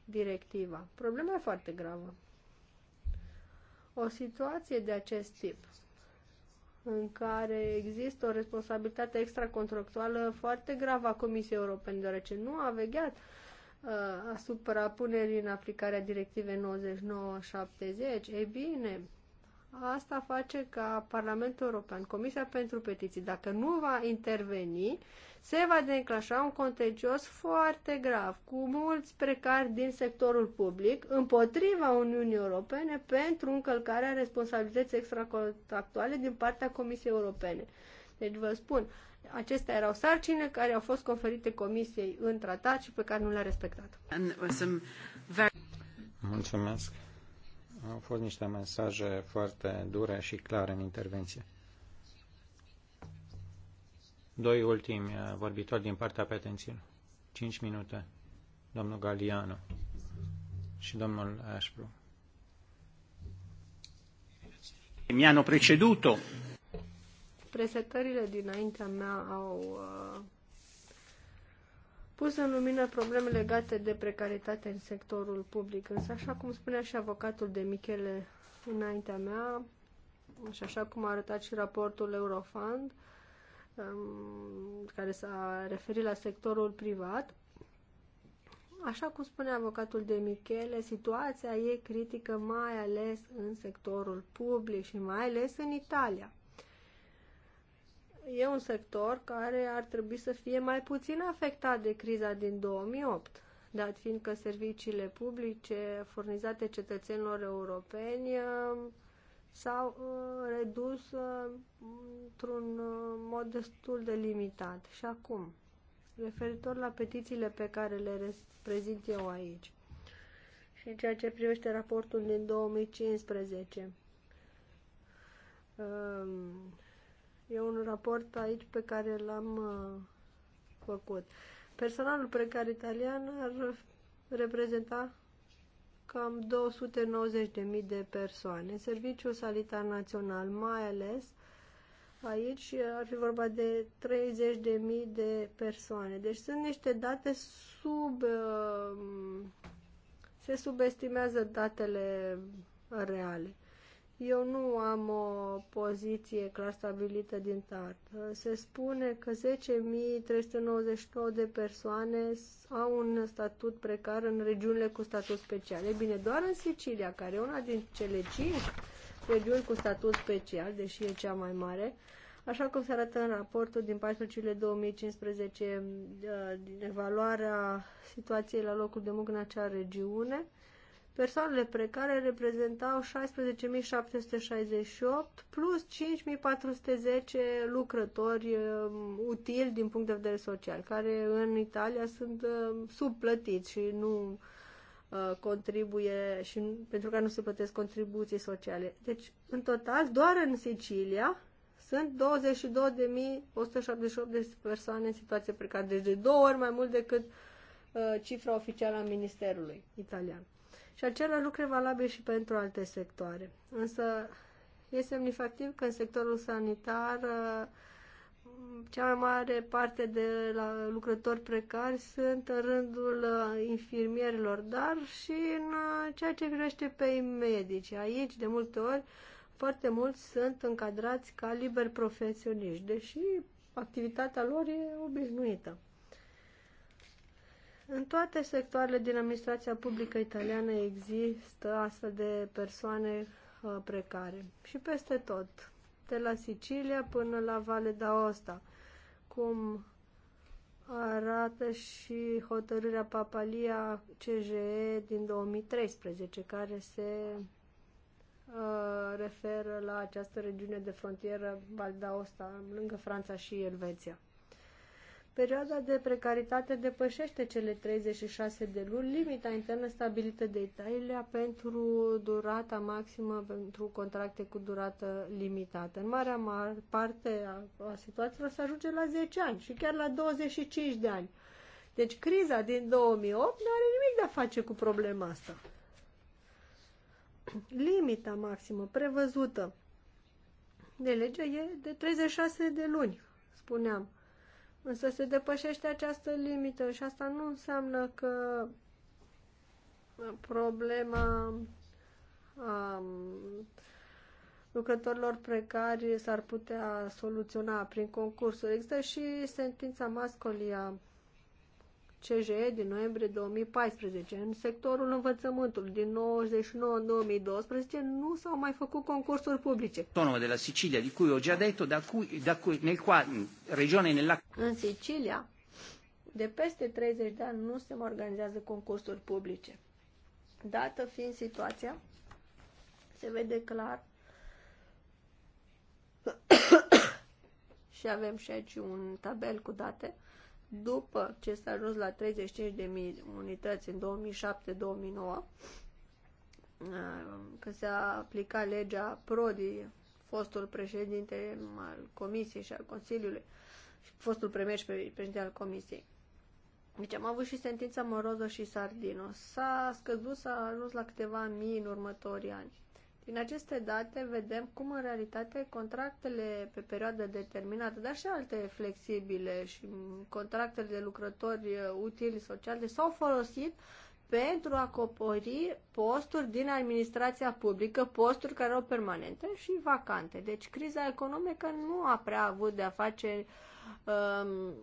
directiva. Problema e foarte gravă o situație de acest tip în care există o responsabilitate extracontractuală foarte gravă a Comisiei Europene, deoarece nu a vegheat uh, asupra punerii în aplicare a directivei 9970. Ei bine, asta face ca Parlamentul European, Comisia pentru Petiții, dacă nu va interveni, se va declanșa un contencios foarte grav cu mulți precari din sectorul public împotriva Uniunii Europene pentru încălcarea responsabilității extracontractuale din partea Comisiei Europene. Deci vă spun, acestea erau sarcine care au fost conferite Comisiei în tratat și pe care nu le-a respectat. Mulțumesc. Au fost niște mesaje foarte dure și clare în intervenție. Doi ultimi uh, vorbitori din partea petenților. Cinci minute. Domnul Galiano și domnul Ashbro. Mi-hanno preceduto. Prezentările dinaintea mea au uh, pus în lumină probleme legate de precaritate în sectorul public, însă așa cum spunea și avocatul de Michele înaintea mea, și așa cum a arătat și raportul Eurofund, uh, Um, care s-a referit la sectorul privat. Așa cum spune avocatul de Michele, situația e critică mai ales în sectorul public și mai ales în Italia. E un sector care ar trebui să fie mai puțin afectat de criza din 2008, dat fiindcă serviciile publice furnizate cetățenilor europeni um, s-au uh, redus uh, într-un uh, mod destul de limitat. Și acum, referitor la petițiile pe care le prezint eu aici și în ceea ce privește raportul din 2015, um, e un raport aici pe care l-am uh, făcut. Personalul precar italian ar reprezenta cam 290.000 de persoane. Serviciul Sanitar Național, mai ales aici, ar fi vorba de 30.000 de persoane. Deci sunt niște date sub... Uh, se subestimează datele reale. Eu nu am o poziție clar stabilită din TART. Se spune că 10.399 de persoane au un statut precar în regiunile cu statut special. E bine, doar în Sicilia, care e una din cele 5 regiuni cu statut special, deși e cea mai mare, Așa cum se arată în raportul din 14 iulie 2015, uh, evaluarea situației la locul de muncă în acea regiune, Persoanele precare reprezentau 16.768 plus 5.410 lucrători um, utili din punct de vedere social, care în Italia sunt um, subplătiți și nu uh, contribuie și pentru că nu se plătesc contribuții sociale. Deci, în total, doar în Sicilia sunt 22.178 de persoane în situație precară, deci de două ori mai mult decât uh, cifra oficială a Ministerului Italian. Și același lucru e valabil și pentru alte sectoare. Însă e semnificativ că în sectorul sanitar uh, cea mai mare parte de la lucrători precari sunt în rândul uh, infirmierilor, dar și în uh, ceea ce privește pe medici. Aici, de multe ori, foarte mulți sunt încadrați ca liberi profesioniști, deși activitatea lor e obișnuită. În toate sectoarele din administrația publică italiană există astfel de persoane uh, precare și peste tot, de la Sicilia până la Vale d'Aosta, cum arată și hotărârea Papalia CGE din 2013, care se uh, referă la această regiune de frontieră Val d'Aosta, lângă Franța și Elveția. Perioada de precaritate depășește cele 36 de luni, limita internă stabilită de Italia pentru durata maximă pentru contracte cu durată limitată. În marea parte a, a situațiilor se ajunge la 10 ani și chiar la 25 de ani. Deci criza din 2008 nu are nimic de a face cu problema asta. Limita maximă prevăzută de lege e de 36 de luni, spuneam. Însă se depășește această limită și asta nu înseamnă că uh, problema a um, lucrătorilor precari s-ar putea soluționa prin concursuri. Există și sentința Mascolia CJ din noiembrie 2014. În sectorul învățământului din 99-2012 nu s-au mai făcut concursuri publice. Autonomă de la Sicilia, de cui ho già detto, da cui, da cui, nel qua, regione nella... În Sicilia, de peste 30 de ani nu se mai organizează concursuri publice. Dată fiind situația, se vede clar și avem și aici un tabel cu date, după ce s-a ajuns la 35.000 unități în 2007-2009, uh, că s-a aplicat legea Prodi, fostul președinte al Comisiei și al Consiliului, fostul premier și președinte al Comisiei. Deci am avut și sentința Moroză și Sardino. S-a scăzut, s-a ajuns la câteva mii în următorii ani. Din aceste date vedem cum în realitate contractele pe perioadă determinată, dar și alte flexibile și contractele de lucrători uh, utili sociale deci s-au folosit pentru a acoperi posturi din administrația publică, posturi care erau permanente și vacante. Deci criza economică nu a prea avut de a face um,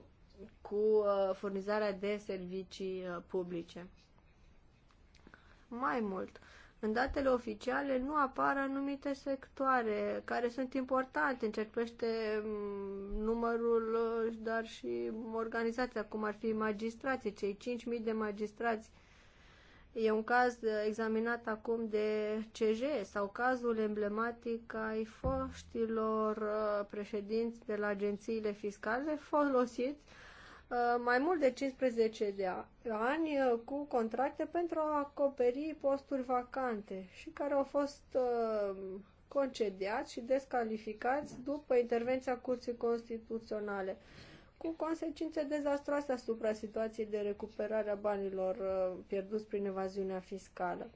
cu uh, furnizarea de servicii uh, publice. Mai mult, uh, în datele oficiale nu apar anumite sectoare care sunt importante încercăște mm, numărul, uh, dar și organizația, cum ar fi magistrații, cei 5.000 de magistrați. E un caz uh, examinat acum de CJ sau cazul emblematic ai foștilor uh, președinți de la agențiile fiscale folosiți Uh, mai mult de 15 de ani uh, cu contracte pentru a acoperi posturi vacante și care au fost uh, concediați și descalificați după intervenția Curții Constituționale, cu consecințe dezastroase asupra situației de recuperare a banilor pierduți prin evaziunea fiscală.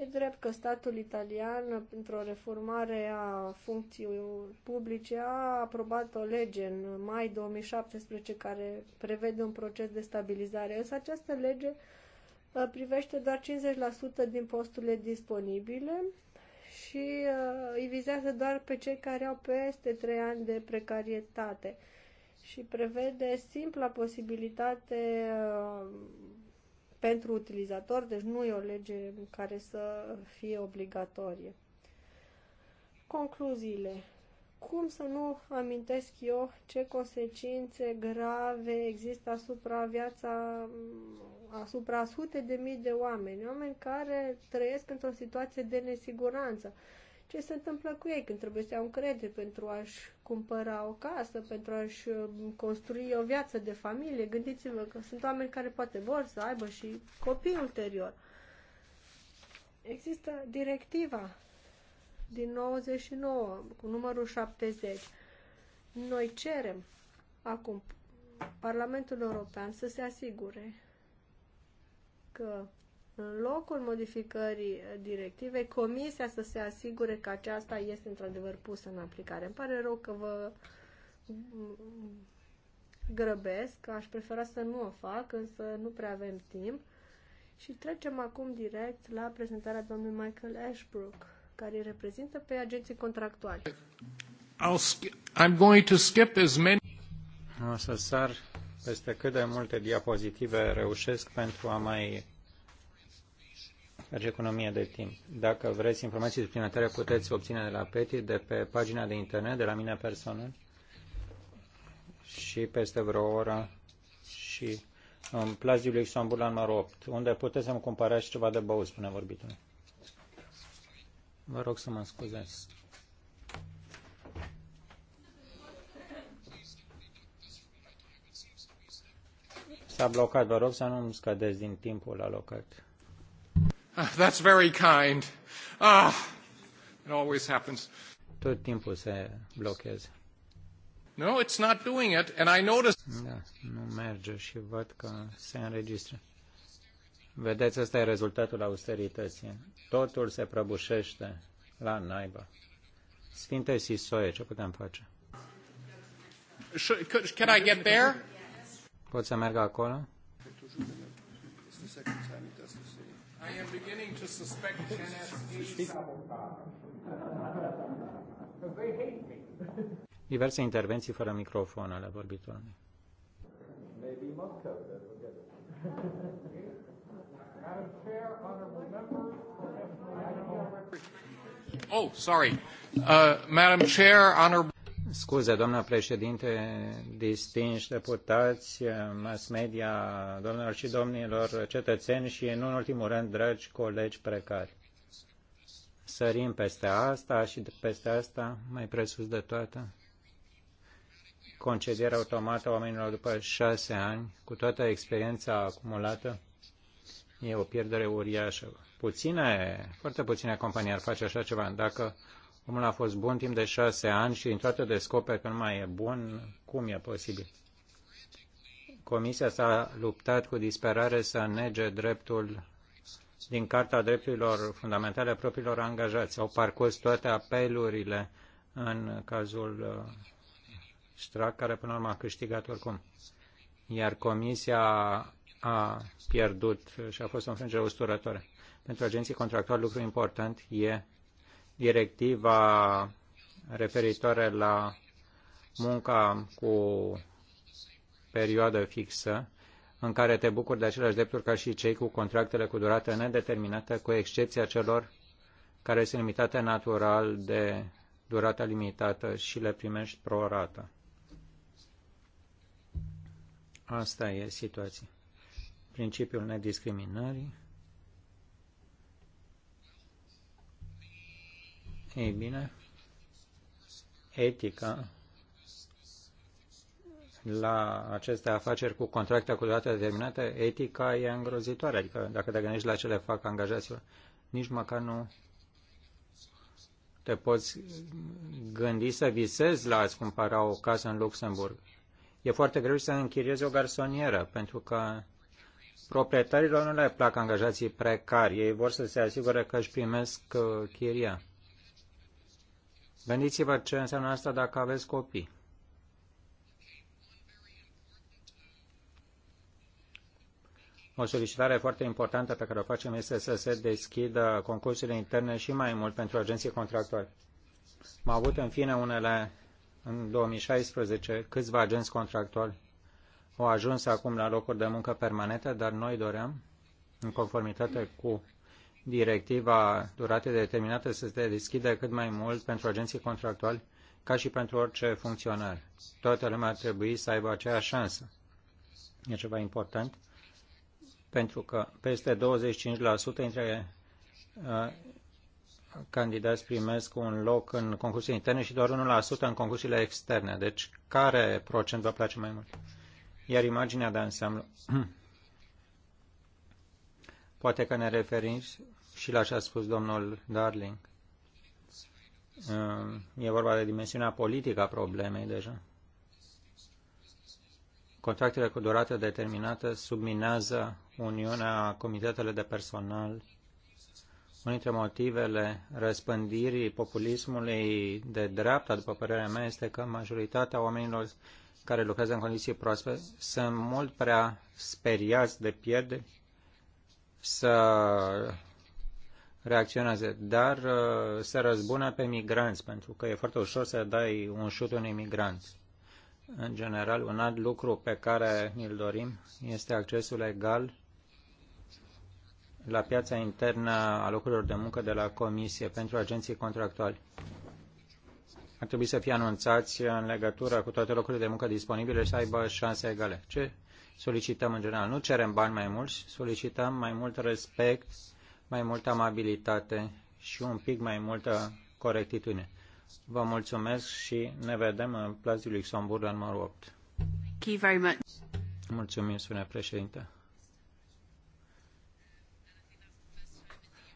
E drept că statul italian, pentru o reformare a funcției publice, a aprobat o lege în mai 2017 care prevede un proces de stabilizare, însă această lege uh, privește doar 50% din posturile disponibile și uh, îi vizează doar pe cei care au peste 3 ani de precarietate și prevede simpla posibilitate uh, pentru utilizator, deci nu e o lege care să fie obligatorie. Concluziile. Cum să nu amintesc eu ce consecințe grave există asupra viața, asupra sute de mii de oameni, oameni care trăiesc într-o situație de nesiguranță, ce se întâmplă cu ei când trebuie să iau un credit pentru a-și cumpăra o casă, pentru a-și uh, construi o viață de familie. Gândiți-vă că sunt oameni care poate vor să aibă și copii ulterior. Există directiva din 99 cu numărul 70. Noi cerem acum Parlamentul European să se asigure că în locul modificării directivei, comisia să se asigure că aceasta este într-adevăr pusă în aplicare. Îmi pare rău că vă grăbesc, aș prefera să nu o fac, însă nu prea avem timp. Și trecem acum direct la prezentarea domnului Michael Ashbrook, care reprezintă pe agenții contractuali. I'll I'm going to skip as many... O să sar peste cât de multe diapozitive reușesc pentru a mai deci economie de timp. Dacă vreți informații suplimentare, puteți obține de la PETI, de pe pagina de internet, de la mine personal și peste vreo oră și în plaziul du Luxembourg la numărul 8, unde puteți să-mi cumpărați ceva de băut, spune vorbitul. Vă rog să mă scuzați. S-a blocat, vă rog să nu-mi scădeți din timpul alocat. Ah, that's very kind. Ah, it always happens. Tot timpul se blochează. No, it's not doing it, and I noticed... Da, nu merge și văd că se înregistră. Vedeți, ăsta e rezultatul austerității. Totul se prăbușește la naiba. Sfinte Sisoie, ce putem face? Can I get there? Pot să merg acolo? I am beginning to suspect Diverse intervenții fără microfon ale vorbitorului. Maybe Moscow, Oh, sorry. Uh, Madam Chair, honorable... Scuze, doamnă președinte, distinși deputați, mass media, domnilor și domnilor cetățeni și, în ultimul rând, dragi colegi precari. Sărim peste asta și peste asta, mai presus de toate, concedierea automată a oamenilor după șase ani, cu toată experiența acumulată, e o pierdere uriașă. Puține, foarte puține companii ar face așa ceva. Dacă omul a fost bun timp de șase ani și în toate descoperi că nu mai e bun, cum e posibil? Comisia s-a luptat cu disperare să nege dreptul din Carta Drepturilor Fundamentale a propriilor angajați. Au parcurs toate apelurile în cazul uh, Strac, care până la urmă a câștigat oricum. Iar Comisia a pierdut și a fost o înfrângere usturătoare. Pentru agenții contractuali lucru important e directiva referitoare la munca cu perioadă fixă, în care te bucuri de aceleași drepturi ca și cei cu contractele cu durată nedeterminată, cu excepția celor care sunt limitate natural de durata limitată și le primești pro-rată. Asta e situația. Principiul nediscriminării. Ei bine, etica la aceste afaceri cu contracte cu dată determinată, etica e îngrozitoare. Adică dacă te gândești la ce le fac angajaților, nici măcar nu te poți gândi să visezi la a-ți cumpăra o casă în Luxemburg. E foarte greu să închiriezi o garsonieră, pentru că proprietarilor nu le plac angajații precari. Ei vor să se asigure că își primesc uh, chiria. Gândiți-vă ce înseamnă asta dacă aveți copii. O solicitare foarte importantă pe care o facem este să se deschidă concursurile interne și mai mult pentru agenții contractuali. Am avut în fine unele în 2016 câțiva agenți contractuali au ajuns acum la locuri de muncă permanente, dar noi doream, în conformitate cu directiva durate determinată să se deschidă cât mai mult pentru agenții contractuali, ca și pentru orice funcționar. Toată lumea ar trebui să aibă aceeași șansă. E ceva important, pentru că peste 25% dintre uh, candidați primesc un loc în concursurile interne și doar 1% în concursurile externe. Deci, care procent vă place mai mult? Iar imaginea de ansamblu. Poate că ne referim și l ce a spus domnul Darling. E vorba de dimensiunea politică a problemei deja. Contractele cu durată determinată subminează Uniunea, comitetele de personal. Unul dintre motivele răspândirii populismului de dreapta, după părerea mea, este că majoritatea oamenilor care lucrează în condiții proaspete sunt mult prea speriați de pierde să reacționează, dar uh, se răzbună pe migranți, pentru că e foarte ușor să dai un șut unui migrant. În general, un alt lucru pe care îl dorim este accesul egal la piața internă a locurilor de muncă de la Comisie pentru agenții contractuali. Ar trebui să fie anunțați în legătură cu toate locurile de muncă disponibile și să aibă șanse egale. Ce solicităm în general? Nu cerem bani mai mulți, solicităm mai mult respect mai multă amabilitate și un pic mai multă corectitudine. Vă mulțumesc și ne vedem în Plaza Luxemburg la numărul 8. Thank you very much. Mulțumim, spune președinte.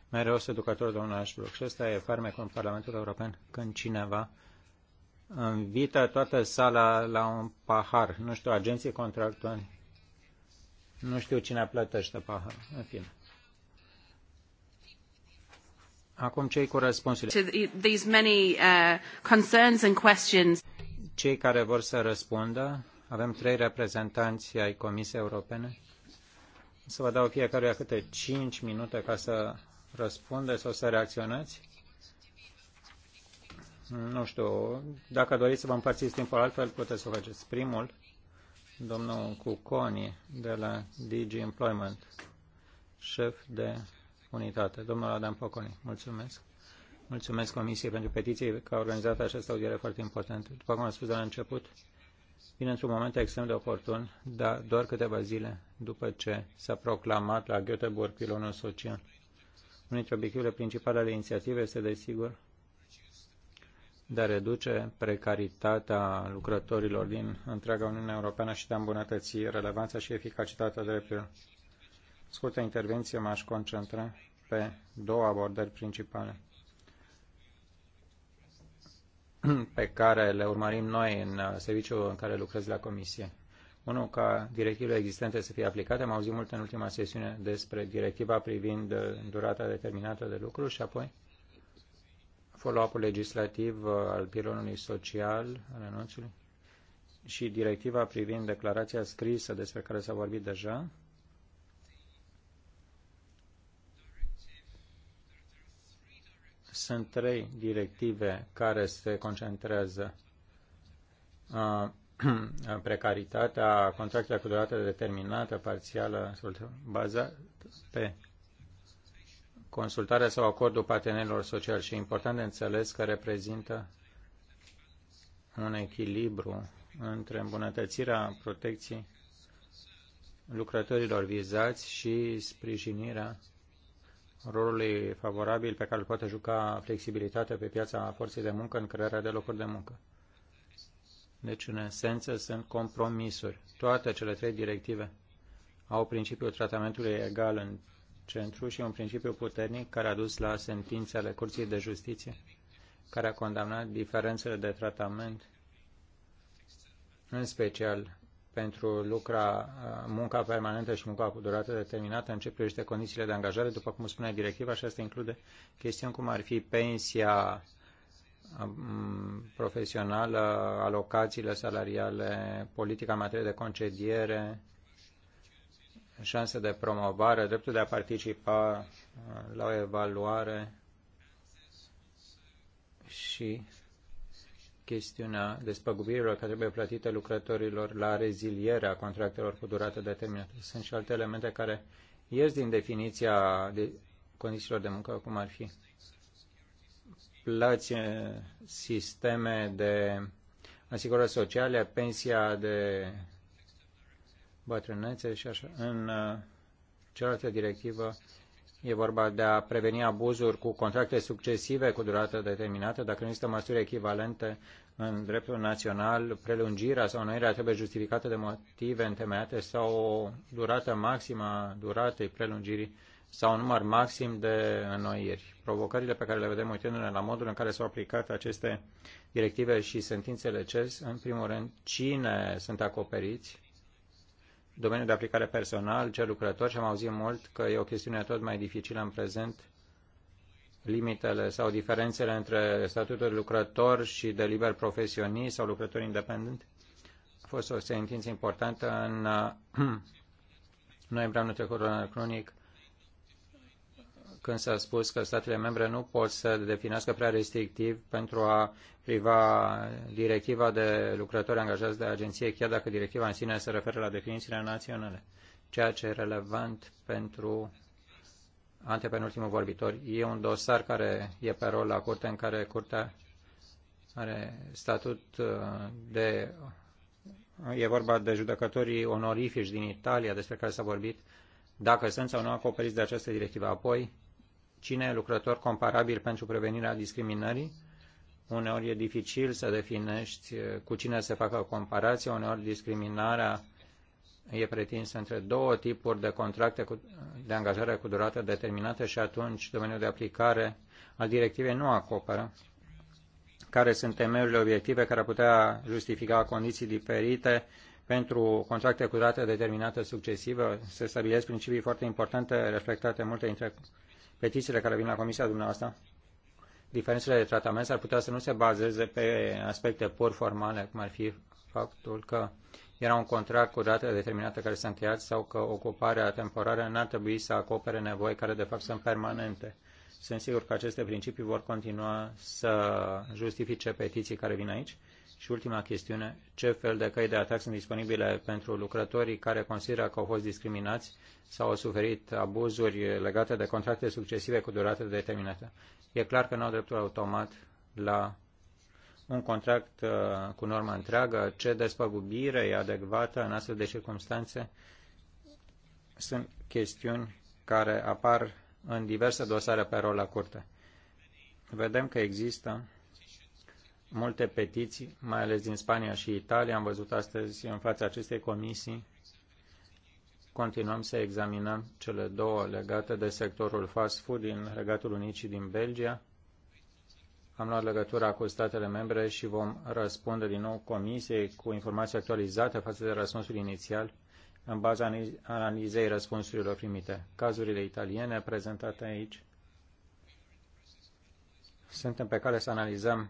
Mereu sunt educator, domnul Ashbrook. Și ăsta e farmecul în Parlamentul European când cineva invită toată sala la un pahar. Nu știu, agenții contractuali. Nu știu cine plătește paharul. În fine. Acum cei cu răspunsurile. These many uh, concerns and questions. Cei care vor să răspundă, avem trei reprezentanți ai Comisiei Europene. Să vă dau fiecare câte 5 minute ca să răspunde sau să reacționați. Nu știu, dacă doriți să vă împărțiți timpul altfel, puteți să o faceți. Primul, domnul Cuconi de la DG Employment, șef de unitate. Domnul Adam Poconi, mulțumesc. Mulțumesc Comisiei pentru petiție că a organizat această audiere foarte importantă. După cum am spus de la început, vine într-un moment extrem de oportun, dar doar câteva zile după ce s-a proclamat la Göteborg pilonul social. Unul dintre obiectivele principale ale inițiativei este, desigur, de a reduce precaritatea lucrătorilor din întreaga Uniune Europeană și de a îmbunătăți relevanța și eficacitatea drepturilor scurtă intervenție m-aș concentra pe două abordări principale pe care le urmărim noi în uh, serviciul în care lucrez la Comisie. Unul, ca directivele existente să fie aplicate. Am auzit mult în ultima sesiune despre directiva privind uh, durata determinată de lucru și apoi follow-up-ul legislativ uh, al pilonului social al anunțului și directiva privind declarația scrisă despre care s-a vorbit deja Sunt trei directive care se concentrează uh, precaritatea, contractele cu durată determinată, parțială, bazată pe consultarea sau acordul partenerilor sociali și important de înțeles că reprezintă un echilibru între îmbunătățirea protecției lucrătorilor vizați și sprijinirea rolului favorabil pe care îl poate juca flexibilitatea pe piața forței de muncă în crearea de locuri de muncă. Deci, în esență, sunt compromisuri. Toate cele trei directive au principiul tratamentului egal în centru și un principiu puternic care a dus la ale Curții de Justiție, care a condamnat diferențele de tratament, în special pentru lucra, uh, munca permanentă și munca cu durată determinată în ce privește condițiile de angajare, după cum spune directiva, și asta include chestiuni cum ar fi pensia um, profesională, alocațiile salariale, politica în materie de concediere, șanse de promovare, dreptul de a participa uh, la o evaluare și chestiunea despăgubirilor care trebuie plătite lucrătorilor la rezilierea contractelor cu durată determinată. Sunt și alte elemente care ies din definiția de condițiilor de muncă, cum ar fi plăți eh, sisteme de asigurări sociale, pensia de bătrânețe și așa. În eh, cealaltă directivă e vorba de a preveni abuzuri cu contracte succesive cu durată determinată, dacă nu există măsuri echivalente în dreptul național, prelungirea sau înnoirea trebuie justificată de motive întemeiate sau o durată maximă a duratei prelungirii sau un număr maxim de înnoiri. Provocările pe care le vedem uitându-ne la modul în care s-au aplicat aceste directive și sentințele CES, în primul rând, cine sunt acoperiți, domeniul de aplicare personal, ce lucrători și am auzit mult că e o chestiune tot mai dificilă în prezent limitele sau diferențele între statutul de lucrător și de liber profesionist sau lucrător independent. A fost o sentință importantă în noiembrie anul trecut în cronic când s-a spus că statele membre nu pot să definească prea restrictiv pentru a priva directiva de lucrători angajați de agenție, chiar dacă directiva în sine se referă la definițiile naționale, ceea ce e relevant pentru antepenultimul vorbitor. E un dosar care e pe rol la curte, în care curtea are statut uh, de... E vorba de judecătorii onorifici din Italia despre care s-a vorbit, dacă sunt sau nu acoperiți de această directivă. Apoi, cine e lucrător comparabil pentru prevenirea discriminării? Uneori e dificil să definești uh, cu cine se facă comparație, uneori discriminarea e pretinsă între două tipuri de contracte cu, de angajare cu durată determinată și atunci domeniul de aplicare al directivei nu acoperă care sunt temerile obiective care ar putea justifica condiții diferite pentru contracte cu durată determinată succesivă. Se stabilesc principii foarte importante reflectate în multe dintre petițiile care vin la Comisia dumneavoastră. Diferențele de tratament ar putea să nu se bazeze pe aspecte pur formale, cum ar fi faptul că uh, era un contract cu dată determinată care s-a încheiat sau că ocuparea temporară n-ar trebui să acopere nevoi care de fapt sunt permanente. Sunt sigur că aceste principii vor continua să justifice petiții care vin aici. Și ultima chestiune, ce fel de căi de atac sunt disponibile pentru lucrătorii care consideră că au fost discriminați sau au suferit abuzuri legate de contracte succesive cu durată determinată? E clar că nu au dreptul automat la un contract uh, cu norma întreagă, ce despăgubire e adecvată în astfel de circunstanțe, sunt chestiuni care apar în diverse dosare pe rol la curte. Vedem că există multe petiții, mai ales din Spania și Italia. Am văzut astăzi în fața acestei comisii. Continuăm să examinăm cele două legate de sectorul fast food din Regatul Unit și din Belgia. Am luat legătura cu statele membre și vom răspunde din nou comisiei cu informații actualizate față de răspunsul inițial în baza analizei răspunsurilor primite. Cazurile italiene prezentate aici suntem pe cale să analizăm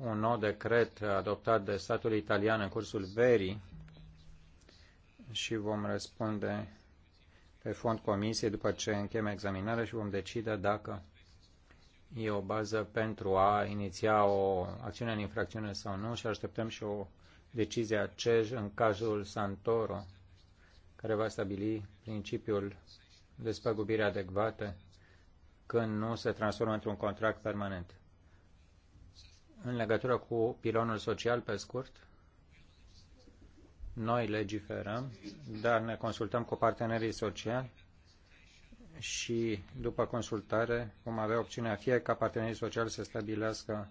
un nou decret adoptat de statul italian în cursul verii și vom răspunde pe fond comisiei după ce încheiem examinarea și vom decide dacă e o bază pentru a iniția o acțiune în infracțiune sau nu și așteptăm și o decizie a CEJ în cazul Santoro, care va stabili principiul despăgubire adecvată când nu se transformă într-un contract permanent. În legătură cu pilonul social, pe scurt, noi legiferăm, dar ne consultăm cu partenerii sociali și după consultare vom avea opțiunea fie ca partenerii sociali să stabilească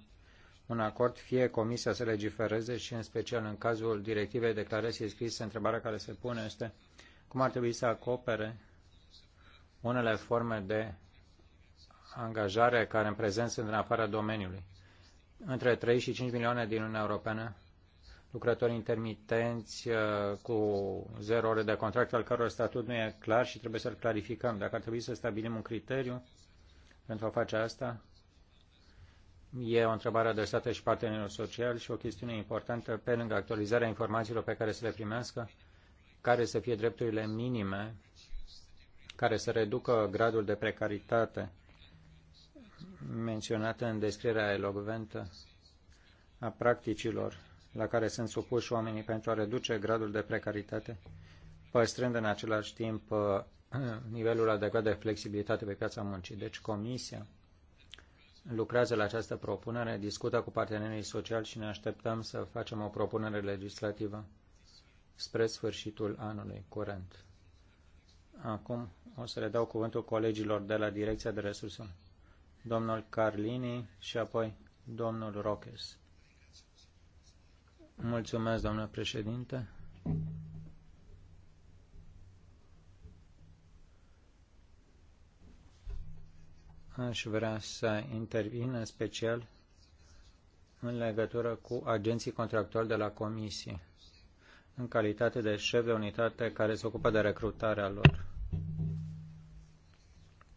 un acord, fie comisia să legifereze și în special în cazul directivei declarației scrise, întrebarea care se pune este cum ar trebui să acopere unele forme de angajare care în prezent sunt în afara domeniului. Între 3 și 5 milioane din Uniunea Europeană lucrători intermitenți uh, cu zero ore de contract, al căror statut nu e clar și trebuie să-l clarificăm. Dacă ar trebui să stabilim un criteriu pentru a face asta, e o întrebare adresată și partenerilor sociali și o chestiune importantă pe lângă actualizarea informațiilor pe care să le primească, care să fie drepturile minime, care să reducă gradul de precaritate menționată în descrierea elogventă a practicilor la care sunt supuși oamenii pentru a reduce gradul de precaritate, păstrând în același timp uh, nivelul adecvat de flexibilitate pe piața muncii. Deci Comisia lucrează la această propunere, discută cu partenerii sociali și ne așteptăm să facem o propunere legislativă spre sfârșitul anului curent. Acum o să le dau cuvântul colegilor de la Direcția de Resurse, domnul Carlini și apoi domnul Roches. Mulțumesc, doamnă președinte. Aș vrea să intervin în special în legătură cu agenții contractuali de la Comisie, în calitate de șef de unitate care se ocupă de recrutarea lor.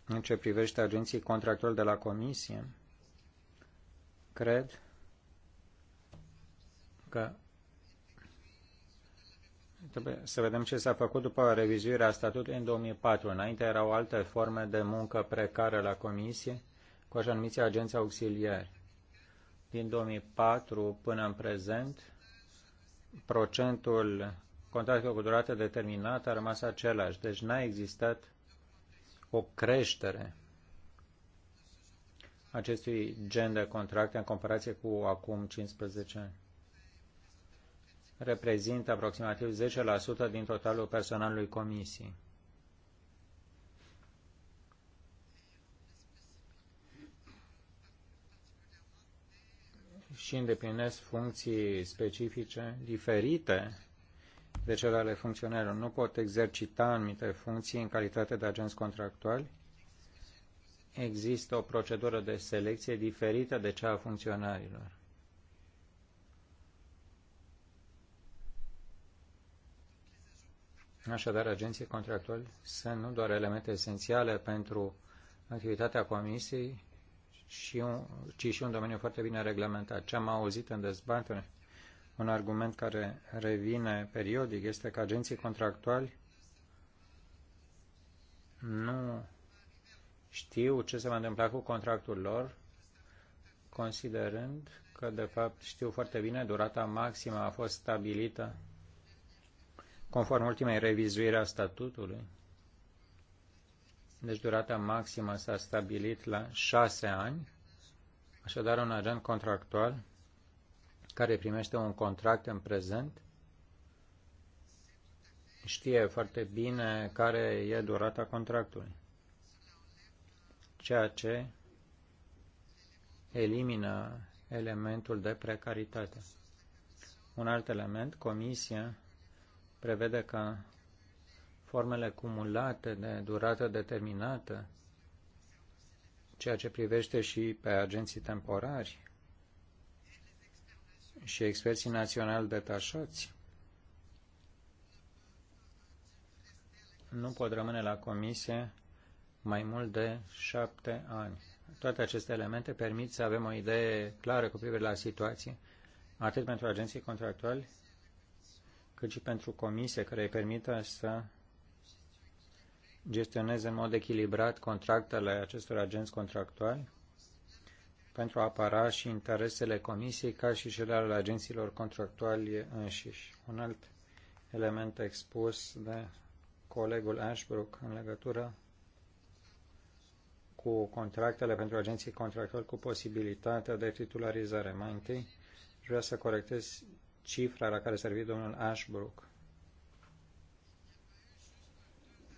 În ce privește agenții contractuali de la Comisie, cred că trebuie să vedem ce s-a făcut după revizuirea statutului în 2004. Înainte erau alte forme de muncă precară la comisie cu așa numiți agenți auxiliari. Din 2004 până în prezent, procentul contractelor cu durată determinată a rămas același, deci n-a existat o creștere acestui gen de contracte în comparație cu acum 15 ani reprezintă aproximativ 10% din totalul personalului comisiei. și îndeplinesc funcții specifice diferite de cele ale funcționarilor. Nu pot exercita anumite funcții în calitate de agenți contractuali. Există o procedură de selecție diferită de cea a funcționarilor. Așadar, agenții contractuali sunt nu doar elemente esențiale pentru activitatea comisiei, și un, ci și un domeniu foarte bine reglementat. Ce am auzit în dezbatere, un argument care revine periodic, este că agenții contractuali nu știu ce se va întâmpla cu contractul lor, considerând că, de fapt, știu foarte bine, durata maximă a fost stabilită conform ultimei revizuiri a statutului. Deci durata maximă s-a stabilit la șase ani, așadar un agent contractual care primește un contract în prezent știe foarte bine care e durata contractului, ceea ce elimină elementul de precaritate. Un alt element, comisia prevede ca formele cumulate de durată determinată, ceea ce privește și pe agenții temporari și experții naționali detașați, nu pot rămâne la comisie mai mult de șapte ani. Toate aceste elemente permit să avem o idee clară cu privire la situație, atât pentru agenții contractuali, cât și pentru comisie care îi permită să gestioneze în mod echilibrat contractele acestor agenți contractuali pentru a apăra și interesele comisiei ca și cele ale agenților contractuali înșiși. Un alt element expus de colegul Ashbrook în legătură cu contractele pentru agenții contractuali cu posibilitatea de titularizare. Mai întâi, vreau să corectez cifra la care s-a servit domnul Ashbrook.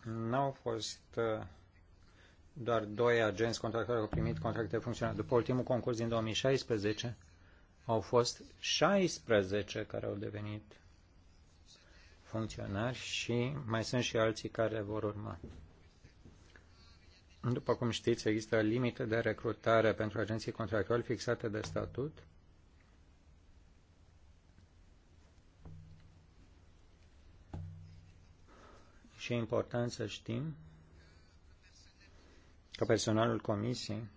Nu au fost uh, doar doi agenți contractori au primit contracte funcționale. După ultimul concurs din 2016, au fost 16 care au devenit funcționari și mai sunt și alții care vor urma. După cum știți, există limite de recrutare pentru agenții contractuali fixate de statut și e important să știm că personalul comisiei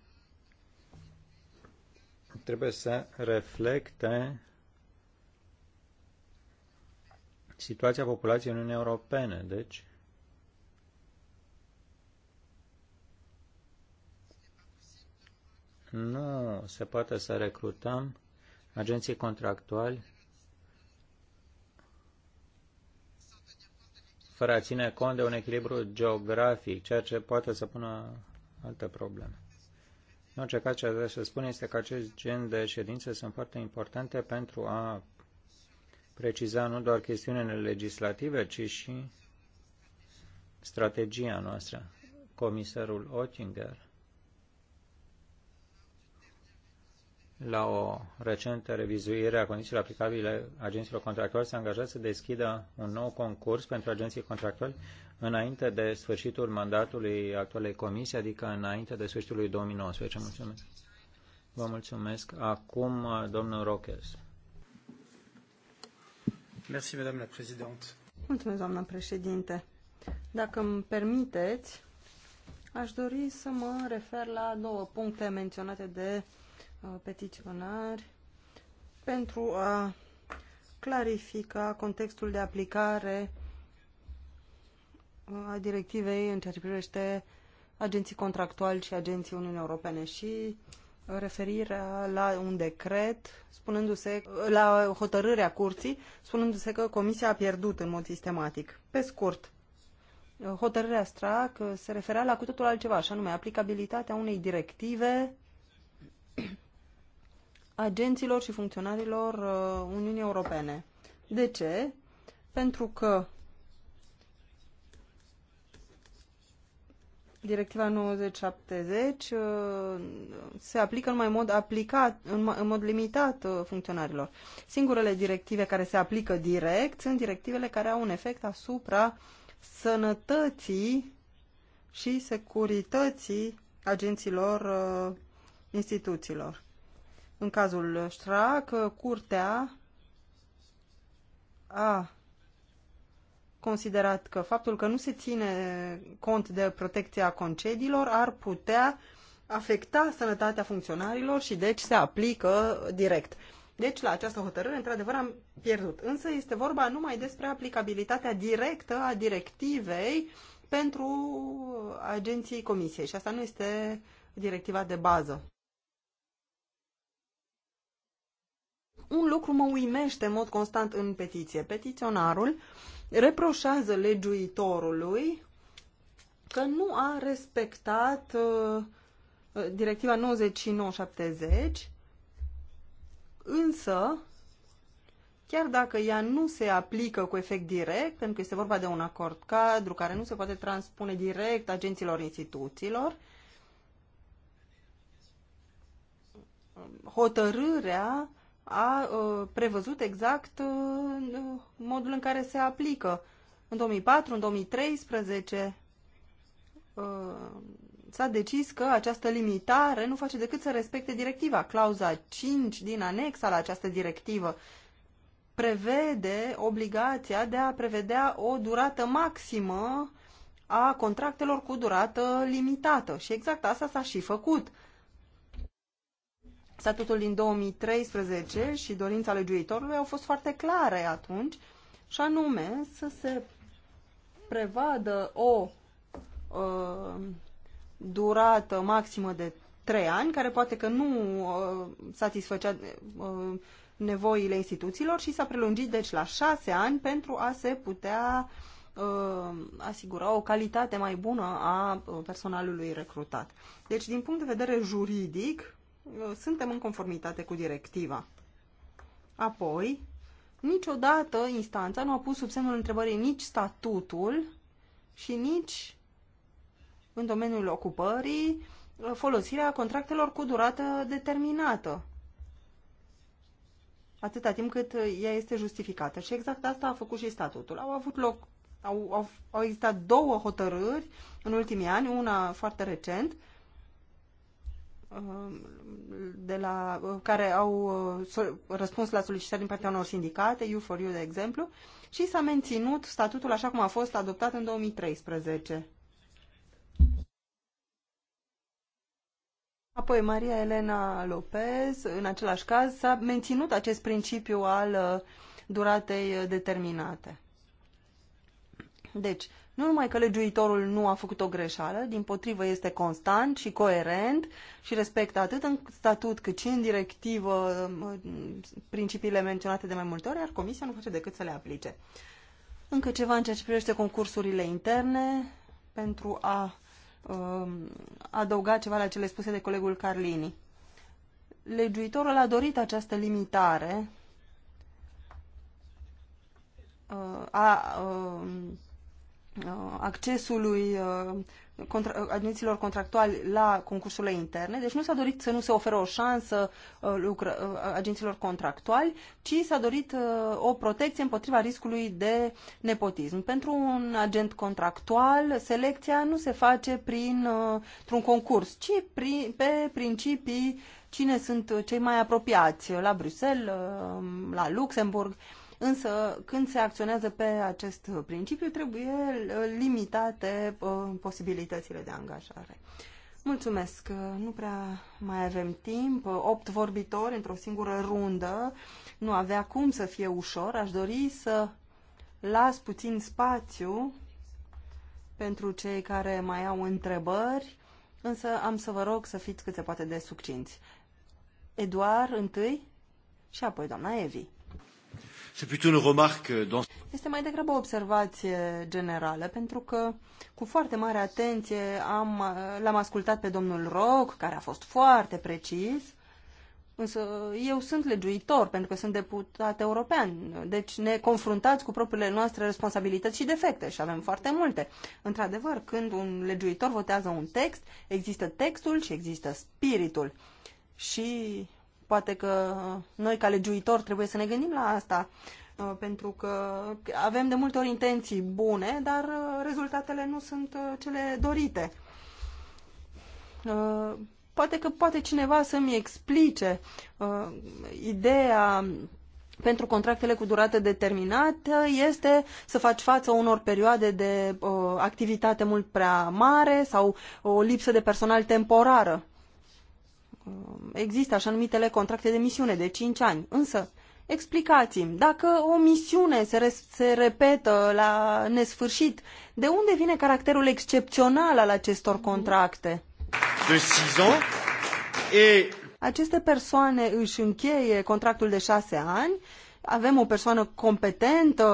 trebuie să reflecte situația populației Uniunii Europene. Deci, nu se poate să recrutăm agenții contractuali fără a ține cont de un echilibru geografic, ceea ce poate să pună alte probleme. În orice caz, ce vreau să spun este că acest gen de ședințe sunt foarte importante pentru a preciza nu doar chestiunile legislative, ci și strategia noastră. Comisarul Oettinger la o recentă revizuire a condițiilor aplicabile agenților contractuali, s-a angajat să deschidă un nou concurs pentru agenții contractuali înainte de sfârșitul mandatului actualei comisii, adică înainte de sfârșitul lui 2019. Mulțumesc. Vă mulțumesc. Acum, domnul Roches. Merci, madame la présidente. Mulțumesc, doamnă președinte. Dacă îmi permiteți, aș dori să mă refer la două puncte menționate de Uh, petiționari pentru a clarifica contextul de aplicare uh, a directivei în ceea ce privește agenții contractuali și agenții Uniunii Europene și uh, referirea la un decret, spunându-se la hotărârea curții, spunându-se că Comisia a pierdut în mod sistematic. Pe scurt, hotărârea STRAC se referea la cu totul altceva, și anume aplicabilitatea unei directive agenților și funcționarilor uh, Uniunii Europene. De ce? Pentru că Directiva 9070 uh, se aplică numai în mod aplicat, în mod limitat uh, funcționarilor. Singurele directive care se aplică direct sunt directivele care au un efect asupra sănătății și securității agenților instituțiilor. În cazul Strac, curtea a considerat că faptul că nu se ține cont de protecția concediilor ar putea afecta sănătatea funcționarilor și deci se aplică direct. Deci la această hotărâre, într-adevăr, am pierdut. Însă este vorba numai despre aplicabilitatea directă a directivei pentru agenții comisiei și asta nu este directiva de bază. un lucru mă uimește în mod constant în petiție. Petiționarul reproșează legiuitorului că nu a respectat uh, directiva 9970, însă chiar dacă ea nu se aplică cu efect direct, pentru că este vorba de un acord cadru care nu se poate transpune direct agenților instituțiilor, hotărârea a uh, prevăzut exact uh, uh, modul în care se aplică. În 2004, în 2013 s-a decis că această limitare nu face decât să respecte directiva. Clauza 5 din anexa la această directivă prevede obligația de a prevedea o durată maximă a contractelor cu durată limitată. Și exact asta s-a și făcut. Statutul din 2013 și dorința legiuitorului au fost foarte clare atunci, și anume să se prevadă o uh, durată maximă de 3 ani, care poate că nu uh, satisfăcea uh, nevoile instituțiilor și s-a prelungit deci la 6 ani pentru a se putea uh, asigura o calitate mai bună a uh, personalului recrutat. Deci, din punct de vedere juridic, suntem în conformitate cu directiva. Apoi, niciodată instanța nu a pus sub semnul întrebării nici statutul și nici în domeniul ocupării uh, folosirea contractelor cu durată determinată. Atâta timp cât uh, ea este justificată. Și exact asta a făcut și statutul. Au avut loc, au, au, au existat două hotărâri în ultimii ani, una foarte recent, Um, de la, uh, care au uh, răspuns la solicitări din partea unor sindicate, u 4 de exemplu, și s-a menținut statutul așa cum a fost adoptat în 2013. Apoi Maria Elena Lopez, în același caz, s-a menținut acest principiu al uh, duratei determinate. Deci, nu numai că legiuitorul nu a făcut o greșeală, din potrivă este constant și coerent și respectă atât în statut cât și în directivă um, principiile menționate de mai multe ori, iar Comisia nu face decât să le aplice. Încă ceva în ceea ce privește concursurile interne pentru a um, adăuga ceva la cele spuse de colegul Carlini. Legiuitorul a dorit această limitare uh, a, a, um, Uh, accesului uh, agenților uh, contractuali la concursurile interne. Deci nu s-a dorit să nu se oferă o șansă lucră, agenților contractuali, ci s-a dorit o protecție împotriva riscului de nepotism. Pentru un agent contractual, selecția nu se face prin, un concurs, ci prin, pe principii cine sunt cei mai apropiați la Bruxelles, la Luxemburg. Însă, când se acționează pe acest principiu, trebuie uh, limitate uh, posibilitățile de angajare. Mulțumesc. Nu prea mai avem timp. Opt vorbitori într-o singură rundă. Nu avea cum să fie ușor. Aș dori să las puțin spațiu pentru cei care mai au întrebări, însă am să vă rog să fiți cât se poate de succinți. Eduard întâi și apoi doamna Evi. Euh, este mai degrabă o observație generală, pentru că cu foarte mare atenție am, uh, l-am ascultat pe domnul Roc, care a fost foarte precis, însă eu sunt legiuitor, pentru că sunt deputat european, deci ne confruntați cu propriile noastre responsabilități și defecte și avem foarte multe. Într-adevăr, când un legiuitor votează un text, există textul și există spiritul. Și Poate că noi, ca legiuitori, trebuie să ne gândim la asta, uh, pentru că avem de multe ori intenții bune, dar uh, rezultatele nu sunt uh, cele dorite. Poate că poate cineva să-mi explice ideea pentru contractele cu durată determinată este să faci față unor perioade de uh, activitate mult prea mare sau o lipsă de personal temporară. Um, există așa numitele contracte de misiune de 5 ani. Însă, explicați-mi, dacă o misiune se, re- se repetă la nesfârșit, de unde vine caracterul excepțional al acestor mhm. contracte? De 6 ani et... Aceste persoane își încheie contractul de 6 ani, avem o persoană competentă,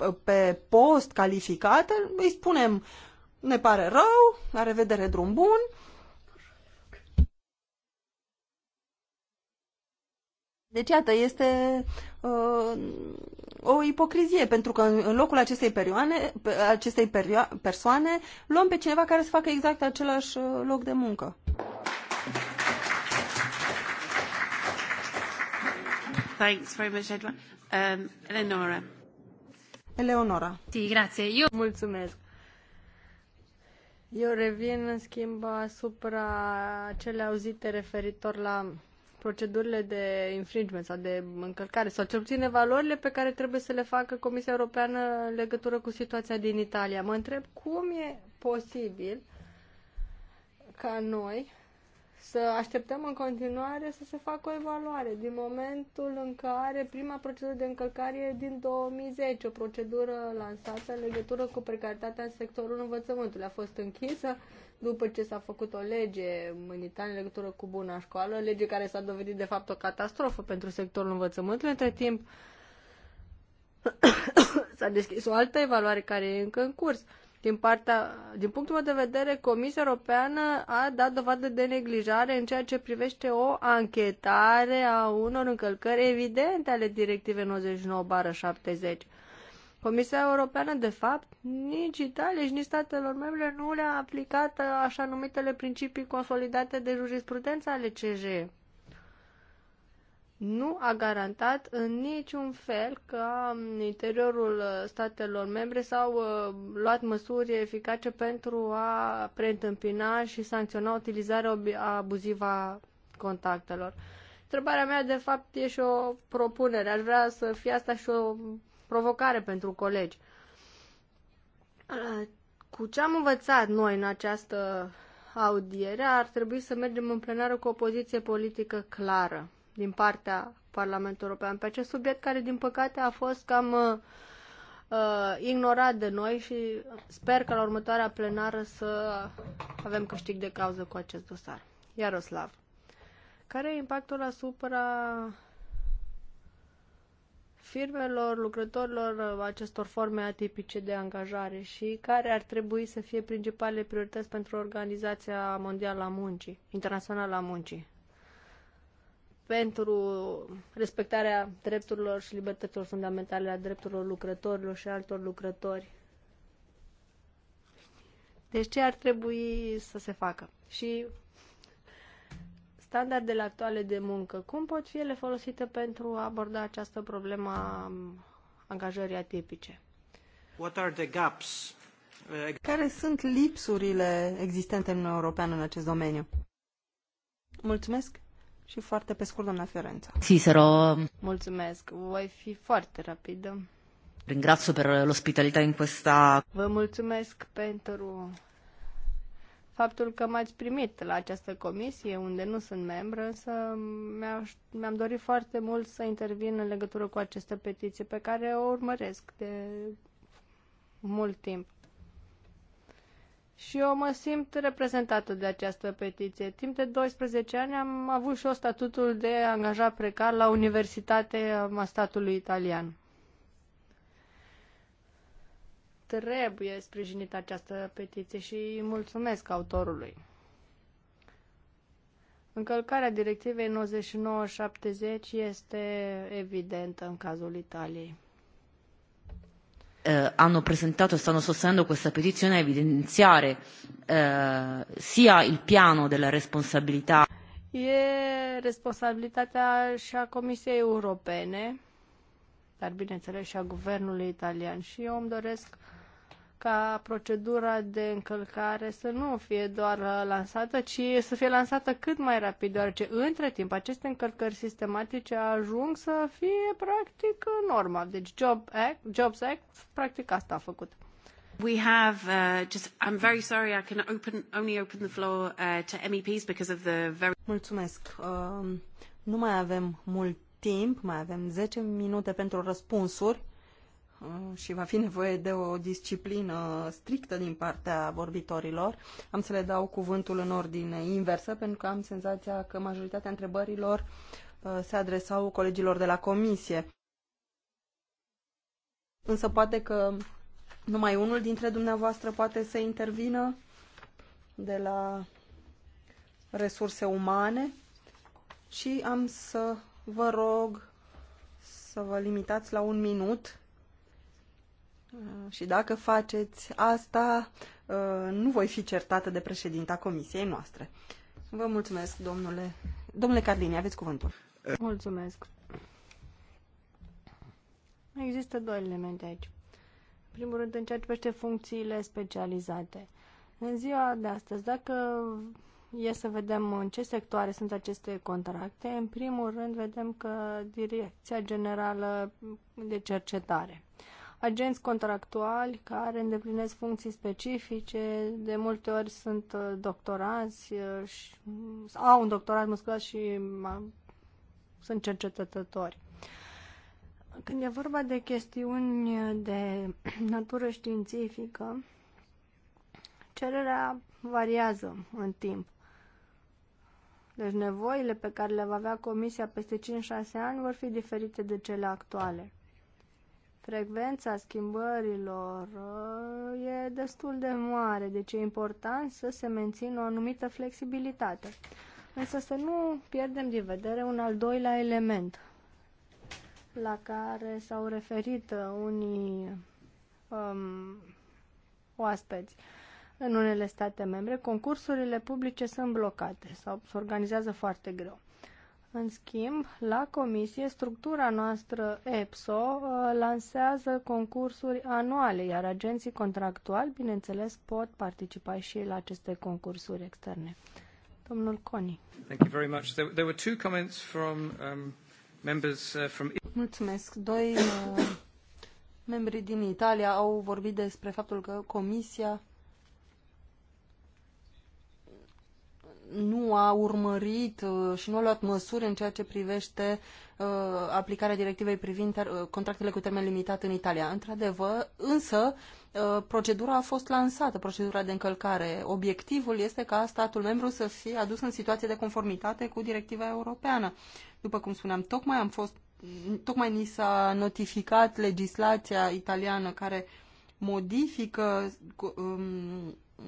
uh, pe post, calificată, îi spunem ne pare rău, la revedere drum bun, Deci, iată, este uh, o ipocrizie, pentru că în, locul acestei, perioane, acestei perio persoane luăm pe cineva care să facă exact același uh, loc de muncă. Thanks very much, Edward. Um, Eleonora. Eleonora. Sì, grazie. Io... Mulțumesc. Eu revin, în schimb, asupra cele auzite referitor la procedurile de infringement sau de încălcare sau cel puțin evaluările pe care trebuie să le facă Comisia Europeană în legătură cu situația din Italia. Mă întreb cum e posibil ca noi să așteptăm în continuare să se facă o evaluare din momentul în care prima procedură de încălcare e din 2010, o procedură lansată în legătură cu precaritatea în sectorul învățământului. A fost închisă după ce s-a făcut o lege în Italia în legătură cu buna școală, lege care s-a dovedit de fapt o catastrofă pentru sectorul învățământului, între timp s-a deschis o altă evaluare care e încă în curs. Din, partea, din punctul meu de vedere, Comisia Europeană a dat dovadă de neglijare în ceea ce privește o anchetare a unor încălcări evidente ale Directivei 99-70 Comisia Europeană, de fapt, nici Italia și nici statelor membre nu le-a aplicat uh, așa numitele principii consolidate de jurisprudență ale CJ. Nu a garantat în niciun fel că în um, interiorul uh, statelor membre s-au uh, luat măsuri eficace pentru a preîntâmpina și sancționa utilizarea abuzivă a contactelor. Întrebarea mea, de fapt, e și o propunere. Aș vrea să fie asta și o provocare pentru colegi. Ah, cu ce am învățat noi în această audiere, ar trebui să mergem în plenară cu o poziție politică clară din partea Parlamentului European pe acest subiect care, din păcate, a fost cam uh, uh ignorat de noi și sper că la următoarea plenară să avem câștig de cauză cu acest dosar. Iaroslav, care e impactul asupra firmelor, lucrătorilor uh, acestor forme atipice de angajare și care ar trebui să fie principalele priorități pentru Organizația Mondială a Muncii, Internațională a Muncii, pentru respectarea drepturilor și libertăților fundamentale a drepturilor lucrătorilor și altor lucrători. Deci ce ar trebui să se facă? Și standardele actuale de muncă, cum pot fi ele folosite pentru a aborda această problemă a angajării atipice? What are the gaps? Care sunt lipsurile existente în Uniunea Europeană în acest domeniu? Mulțumesc și foarte pe scurt, doamna Fiorența. Cicero. Mulțumesc, voi fi foarte rapidă. Ringrazio per l'ospitalità in questa... Vă mulțumesc pentru faptul că m-ați primit la această comisie, unde nu sunt membră, însă mi-am dorit foarte mult să intervin în legătură cu această petiție pe care o urmăresc de mult timp. Și eu mă simt reprezentată de această petiție. Timp de 12 ani am avut și eu statutul de angajat precar la Universitatea Statului Italian trebuie sprijinită această petiție și îi mulțumesc autorului. Încălcarea directivei 9970 este evidentă în cazul Italiei. Eh, hanno presentato e stanno sostenendo questa petizione a evidenziare eh, sia il piano della responsabilità. E responsabilitatea și a Comisiei Europene, dar bineînțeles și a guvernului italian. Și eu îmi doresc ca procedura de încălcare să nu fie doar lansată, ci să fie lansată cât mai rapid, deoarece între timp aceste încălcări sistematice ajung să fie practic norma. Deci Job Act, Jobs Act, practic asta a făcut. We have uh, just I'm very sorry I can open only open the floor uh, to MEPs because of the very Mulțumesc. Uh, nu mai avem mult timp, mai avem 10 minute pentru răspunsuri. Uh, și va fi nevoie de o disciplină strictă din partea vorbitorilor. Am să le dau cuvântul în ordine inversă, pentru că am senzația că majoritatea întrebărilor uh, se adresau colegilor de la comisie. Însă poate că numai unul dintre dumneavoastră poate să intervină de la resurse umane și am să vă rog să vă limitați la un minut Uh, și dacă faceți asta, uh, nu voi fi certată de președinta comisiei noastre. Vă mulțumesc, domnule. Domnule Cardini, aveți cuvântul. Mulțumesc. Există două elemente aici. În primul rând, în ceea ce privește funcțiile specializate. În ziua de astăzi, dacă e să vedem în ce sectoare sunt aceste contracte, în primul rând vedem că Direcția Generală de Cercetare agenți contractuali care îndeplinesc funcții specifice, de multe ori sunt uh, doctorați, uh, și, mm, au un doctorat, musculat și sunt cercetători. Când e vorba de chestiuni de natură științifică, cererea variază în timp. Deci nevoile pe care le va avea Comisia peste 5-6 ani vor fi diferite de cele actuale frecvența schimbărilor uh, e destul de mare, deci e important să se mențină o anumită flexibilitate. Însă să nu pierdem din vedere un al doilea element la care s-au referit uh, unii um, oaspeți. În unele state membre, concursurile publice sunt blocate sau se organizează foarte greu. În schimb, la comisie, structura noastră EPSO uh, lansează concursuri anuale, iar agenții contractuali, bineînțeles, pot participa și la aceste concursuri externe. Domnul Coni. Thank you very much. There, were two comments from um, members uh, from Mulțumesc. Doi uh, membri din Italia au vorbit despre faptul că comisia nu a urmărit uh, și nu a luat măsuri în ceea ce privește uh, aplicarea directivei privind uh, contractele cu termen limitat în Italia. Într-adevăr, însă, procedura a fost lansată, procedura de încălcare. Obiectivul este ca statul membru să fie adus în situație de conformitate cu directiva europeană. După cum spuneam, tocmai am fost tocmai ni s-a notificat legislația italiană care modifică um,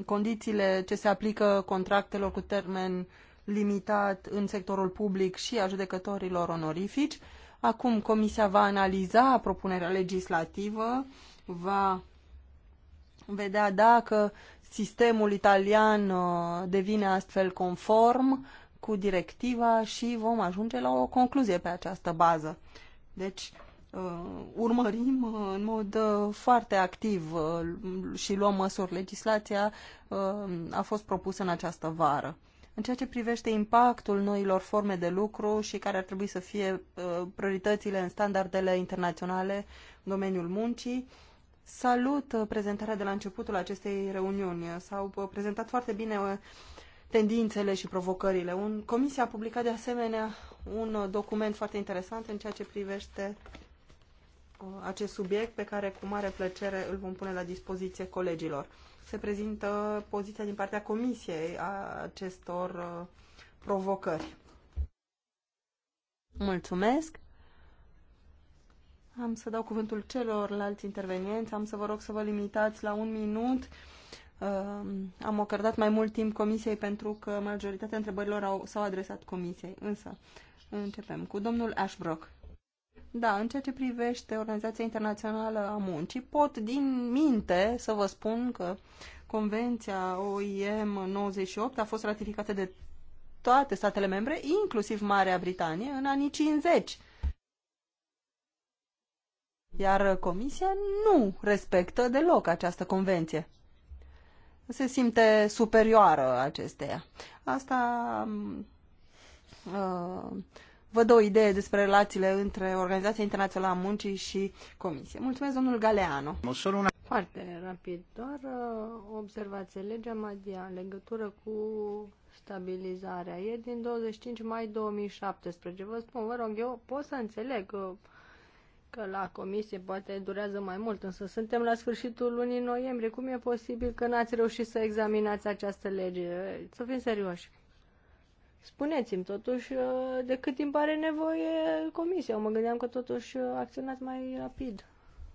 condițiile ce se aplică contractelor cu termen limitat în sectorul public și a judecătorilor onorifici. Acum Comisia va analiza propunerea legislativă, va vedea dacă sistemul italian uh, devine astfel conform cu directiva și vom ajunge la o concluzie pe această bază. Deci, Uh, urmărim uh, în mod uh, foarte activ și luăm măsuri. Legislația a fost propusă în această vară. În ceea ce privește impactul noilor forme de lucru și care ar trebui să fie prioritățile în standardele internaționale în domeniul muncii, salut prezentarea de la începutul acestei reuniuni. S-au prezentat foarte bine tendințele și provocările. Un, comisia a publicat de asemenea un document foarte interesant în ceea ce privește acest subiect pe care cu mare plăcere îl vom pune la dispoziție colegilor. Se prezintă poziția din partea Comisiei a acestor uh, provocări. Mulțumesc! Am să dau cuvântul celorlalți intervenienți. Am să vă rog să vă limitați la un minut. Uh, am ocărdat mai mult timp Comisiei pentru că majoritatea întrebărilor s-au adresat Comisiei. Însă, începem cu domnul Ashbrook. Da, în ceea ce privește Organizația Internațională a Muncii, pot din minte să vă spun că Convenția OIM 98 a fost ratificată de toate statele membre, inclusiv Marea Britanie, în anii 50. Iar Comisia nu respectă deloc această convenție. Se simte superioară acesteia. Asta uh, vă dă o idee despre relațiile între Organizația Internațională a Muncii și Comisie. Mulțumesc, domnul Galeano. Foarte rapid, doar uh, observație. Legea Madia în legătură cu stabilizarea e din 25 mai 2017. Vă spun, vă rog, eu pot să înțeleg că, uh, că la comisie poate durează mai mult, însă suntem la sfârșitul lunii noiembrie. Cum e posibil că n-ați reușit să examinați această lege? Să fim serioși. Spuneți-mi totuși uh, de cât timp are nevoie comisia. mă gândeam că totuși uh, acționați mai rapid.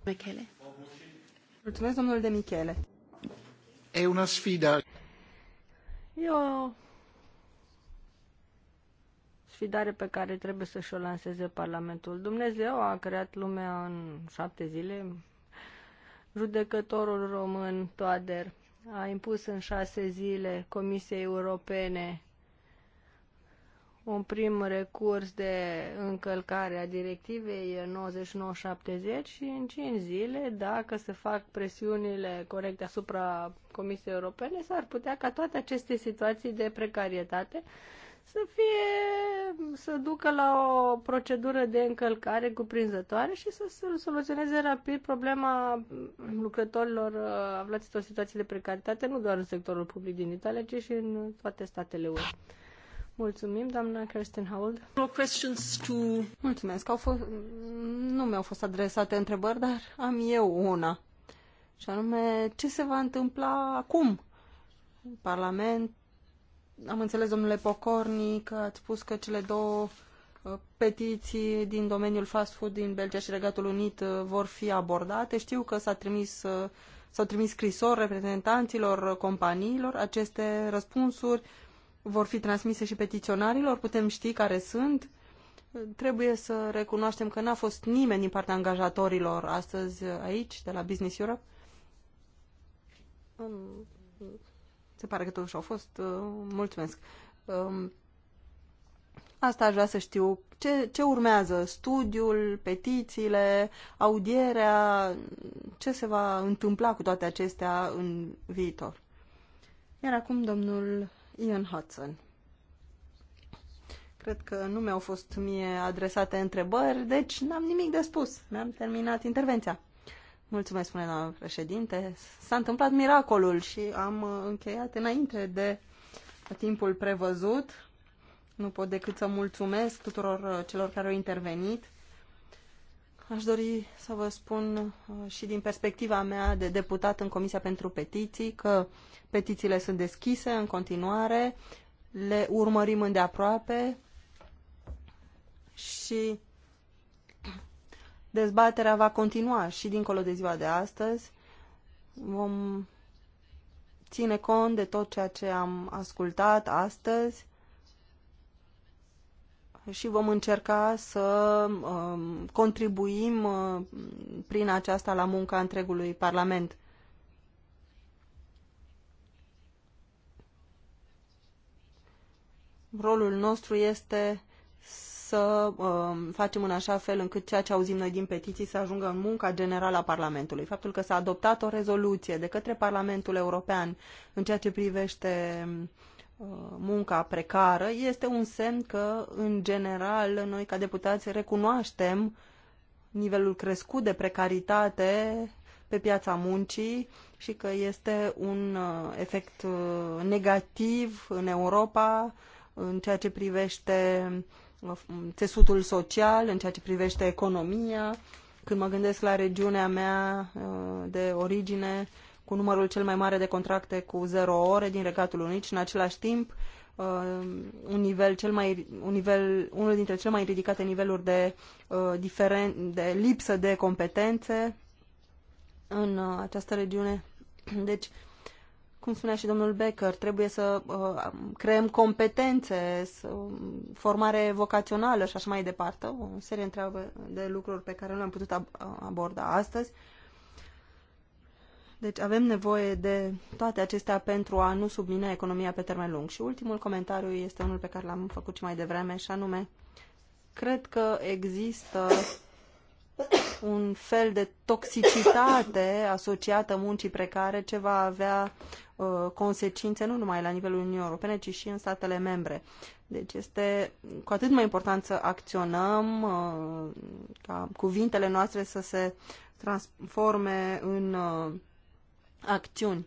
Michele. Mulțumesc, domnul de Michele. E una sfida. Eu... o sfidare pe care trebuie să și-o lanseze Parlamentul. Dumnezeu a creat lumea în șapte zile. Judecătorul român, Toader, a impus în șase zile Comisiei Europene un prim recurs de încălcare a directivei 9970 și în 5 zile, dacă se fac presiunile corecte asupra Comisiei Europene, s-ar putea ca toate aceste situații de precarietate să fie, să ducă la o procedură de încălcare cuprinzătoare și să soluționeze rapid problema lucrătorilor uh, aflați într-o situație de precaritate, nu doar în sectorul public din Italia, ci și în toate statele UE. Mulțumim, doamna Kirsten Howard. No questions to... Mulțumesc. Au fost... Nu mi-au fost adresate întrebări, dar am eu una. Și anume, ce se va întâmpla acum? Parlament... Am înțeles, domnule Pocorni, că ați spus că cele două uh, petiții din domeniul fast food din Belgia și Regatul Unit uh, vor fi abordate. Știu că s-a trimis, uh, s-au trimis scrisori reprezentanților companiilor. Aceste răspunsuri vor fi transmise și petiționarilor? Putem ști care sunt? Trebuie să recunoaștem că n-a fost nimeni din partea angajatorilor astăzi aici, de la Business Europe. Se pare că totuși au fost. Uh, mulțumesc. Um, asta aș vrea să știu. Ce, ce urmează? Studiul, petițiile, audierea? Ce se va întâmpla cu toate acestea în viitor? Iar acum domnul Ian Hudson. Cred că nu mi-au fost mie adresate întrebări, deci n-am nimic de spus. Mi-am terminat intervenția. Mulțumesc, spune doamna președinte. S-a întâmplat miracolul și am uh, încheiat înainte de timpul prevăzut. Nu pot decât să mulțumesc tuturor uh, celor care au intervenit Aș dori să vă spun uh, și din perspectiva mea de deputat în Comisia pentru Petiții că petițiile sunt deschise în continuare, le urmărim îndeaproape și dezbaterea va continua și dincolo de ziua de astăzi. Vom ține cont de tot ceea ce am ascultat astăzi și vom încerca să um, contribuim uh, prin aceasta la munca întregului Parlament. Rolul nostru este să um, facem în așa fel încât ceea ce auzim noi din petiții să ajungă în munca generală a Parlamentului. Faptul că s-a adoptat o rezoluție de către Parlamentul European în ceea ce privește uh, munca precară, este un semn că, în general, noi ca deputați recunoaștem nivelul crescut de precaritate pe piața muncii și că este un uh, efect uh, negativ în Europa în ceea ce privește uh, țesutul social, în ceea ce privește economia. Când mă gândesc la regiunea mea de origine, cu numărul cel mai mare de contracte cu zero ore din Regatul Unit și în același timp uh, un nivel cel mai, un nivel, unul dintre cele mai ridicate niveluri de, uh, de lipsă de competențe în uh, această regiune. Deci, cum spunea și domnul Becker, trebuie să uh, creăm competențe, să, formare vocațională și așa mai departe, o serie întreabă de lucruri pe care nu le-am putut ab aborda astăzi. Uh, deci avem nevoie de toate acestea pentru a nu submina economia pe termen lung. Și ultimul comentariu este unul pe care l-am făcut și mai devreme, și anume, cred că există un fel de toxicitate asociată muncii precare ce va avea uh, consecințe nu numai la nivelul Uniunii Europene, ci și în statele membre. Deci este cu atât mai important să acționăm, uh, ca cuvintele noastre să se transforme în uh, acțiuni.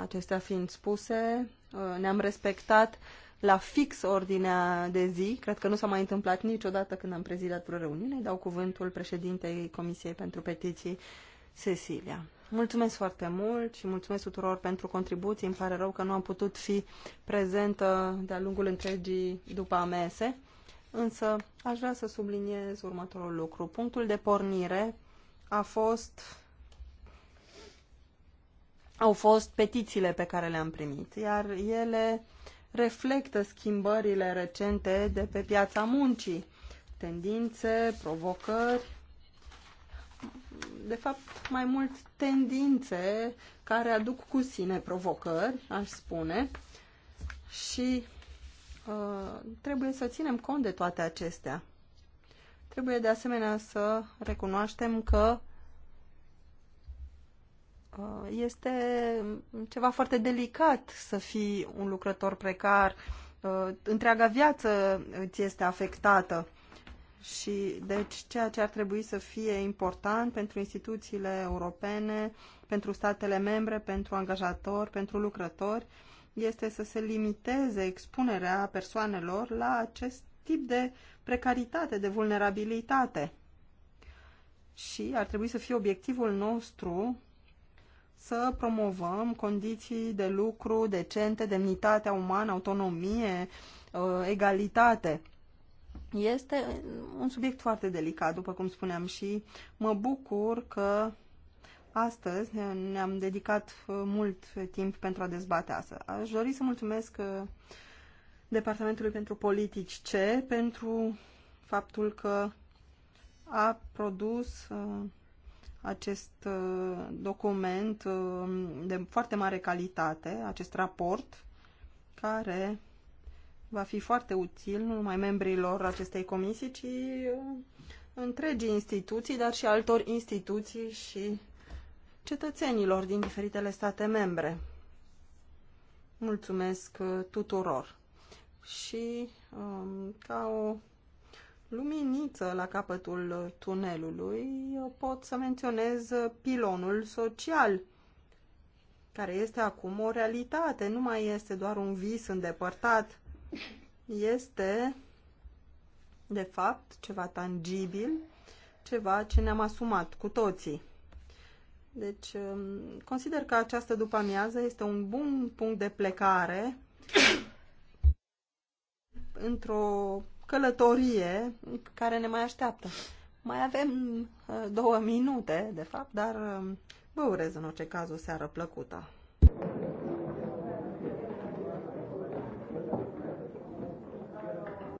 Acestea fiind spuse, ne-am respectat la fix ordinea de zi. Cred că nu s-a mai întâmplat niciodată când am prezidat vreo reuniune. Dau cuvântul președintei Comisiei pentru Petiții, Cecilia. Mulțumesc foarte mult și mulțumesc tuturor pentru contribuții. Îmi pare rău că nu am putut fi prezentă de-a lungul întregii după amese, însă aș vrea să subliniez următorul lucru. Punctul de pornire a fost au fost petițiile pe care le-am primit, iar ele reflectă schimbările recente de pe piața muncii, tendințe, provocări, de fapt mai mult tendințe care aduc cu sine provocări, aș spune, și uh, trebuie să ținem cont de toate acestea. Trebuie de asemenea să recunoaștem că Uh, este ceva foarte delicat să fii un lucrător precar. Uh, întreaga viață îți este afectată. Și deci ceea ce ar trebui să fie important pentru instituțiile europene, pentru statele membre, pentru angajatori, pentru lucrători, este să se limiteze expunerea persoanelor la acest tip de precaritate, de vulnerabilitate. Și ar trebui să fie obiectivul nostru să promovăm condiții de lucru decente, demnitatea umană, autonomie, uh, egalitate. Este un subiect foarte delicat, după cum spuneam și mă bucur că astăzi ne-am dedicat uh, mult timp pentru a dezbate asta. Aș dori să mulțumesc uh, Departamentului pentru Politici C pentru faptul că a produs acest uh, document uh, de foarte mare calitate, acest raport, care va fi foarte util nu numai membrilor acestei comisii, ci uh, întregii instituții, dar și altor instituții și cetățenilor din diferitele state membre. Mulțumesc tuturor! Și um, ca o luminiță la capătul tunelului, pot să menționez pilonul social, care este acum o realitate, nu mai este doar un vis îndepărtat, este de fapt ceva tangibil, ceva ce ne-am asumat cu toții. Deci, um, consider că această după-amiază este un bun punct de plecare într-o călătorie care ne mai așteaptă. Mai avem uh, două minute, de fapt, dar uh, vă urez în orice caz o seară plăcută.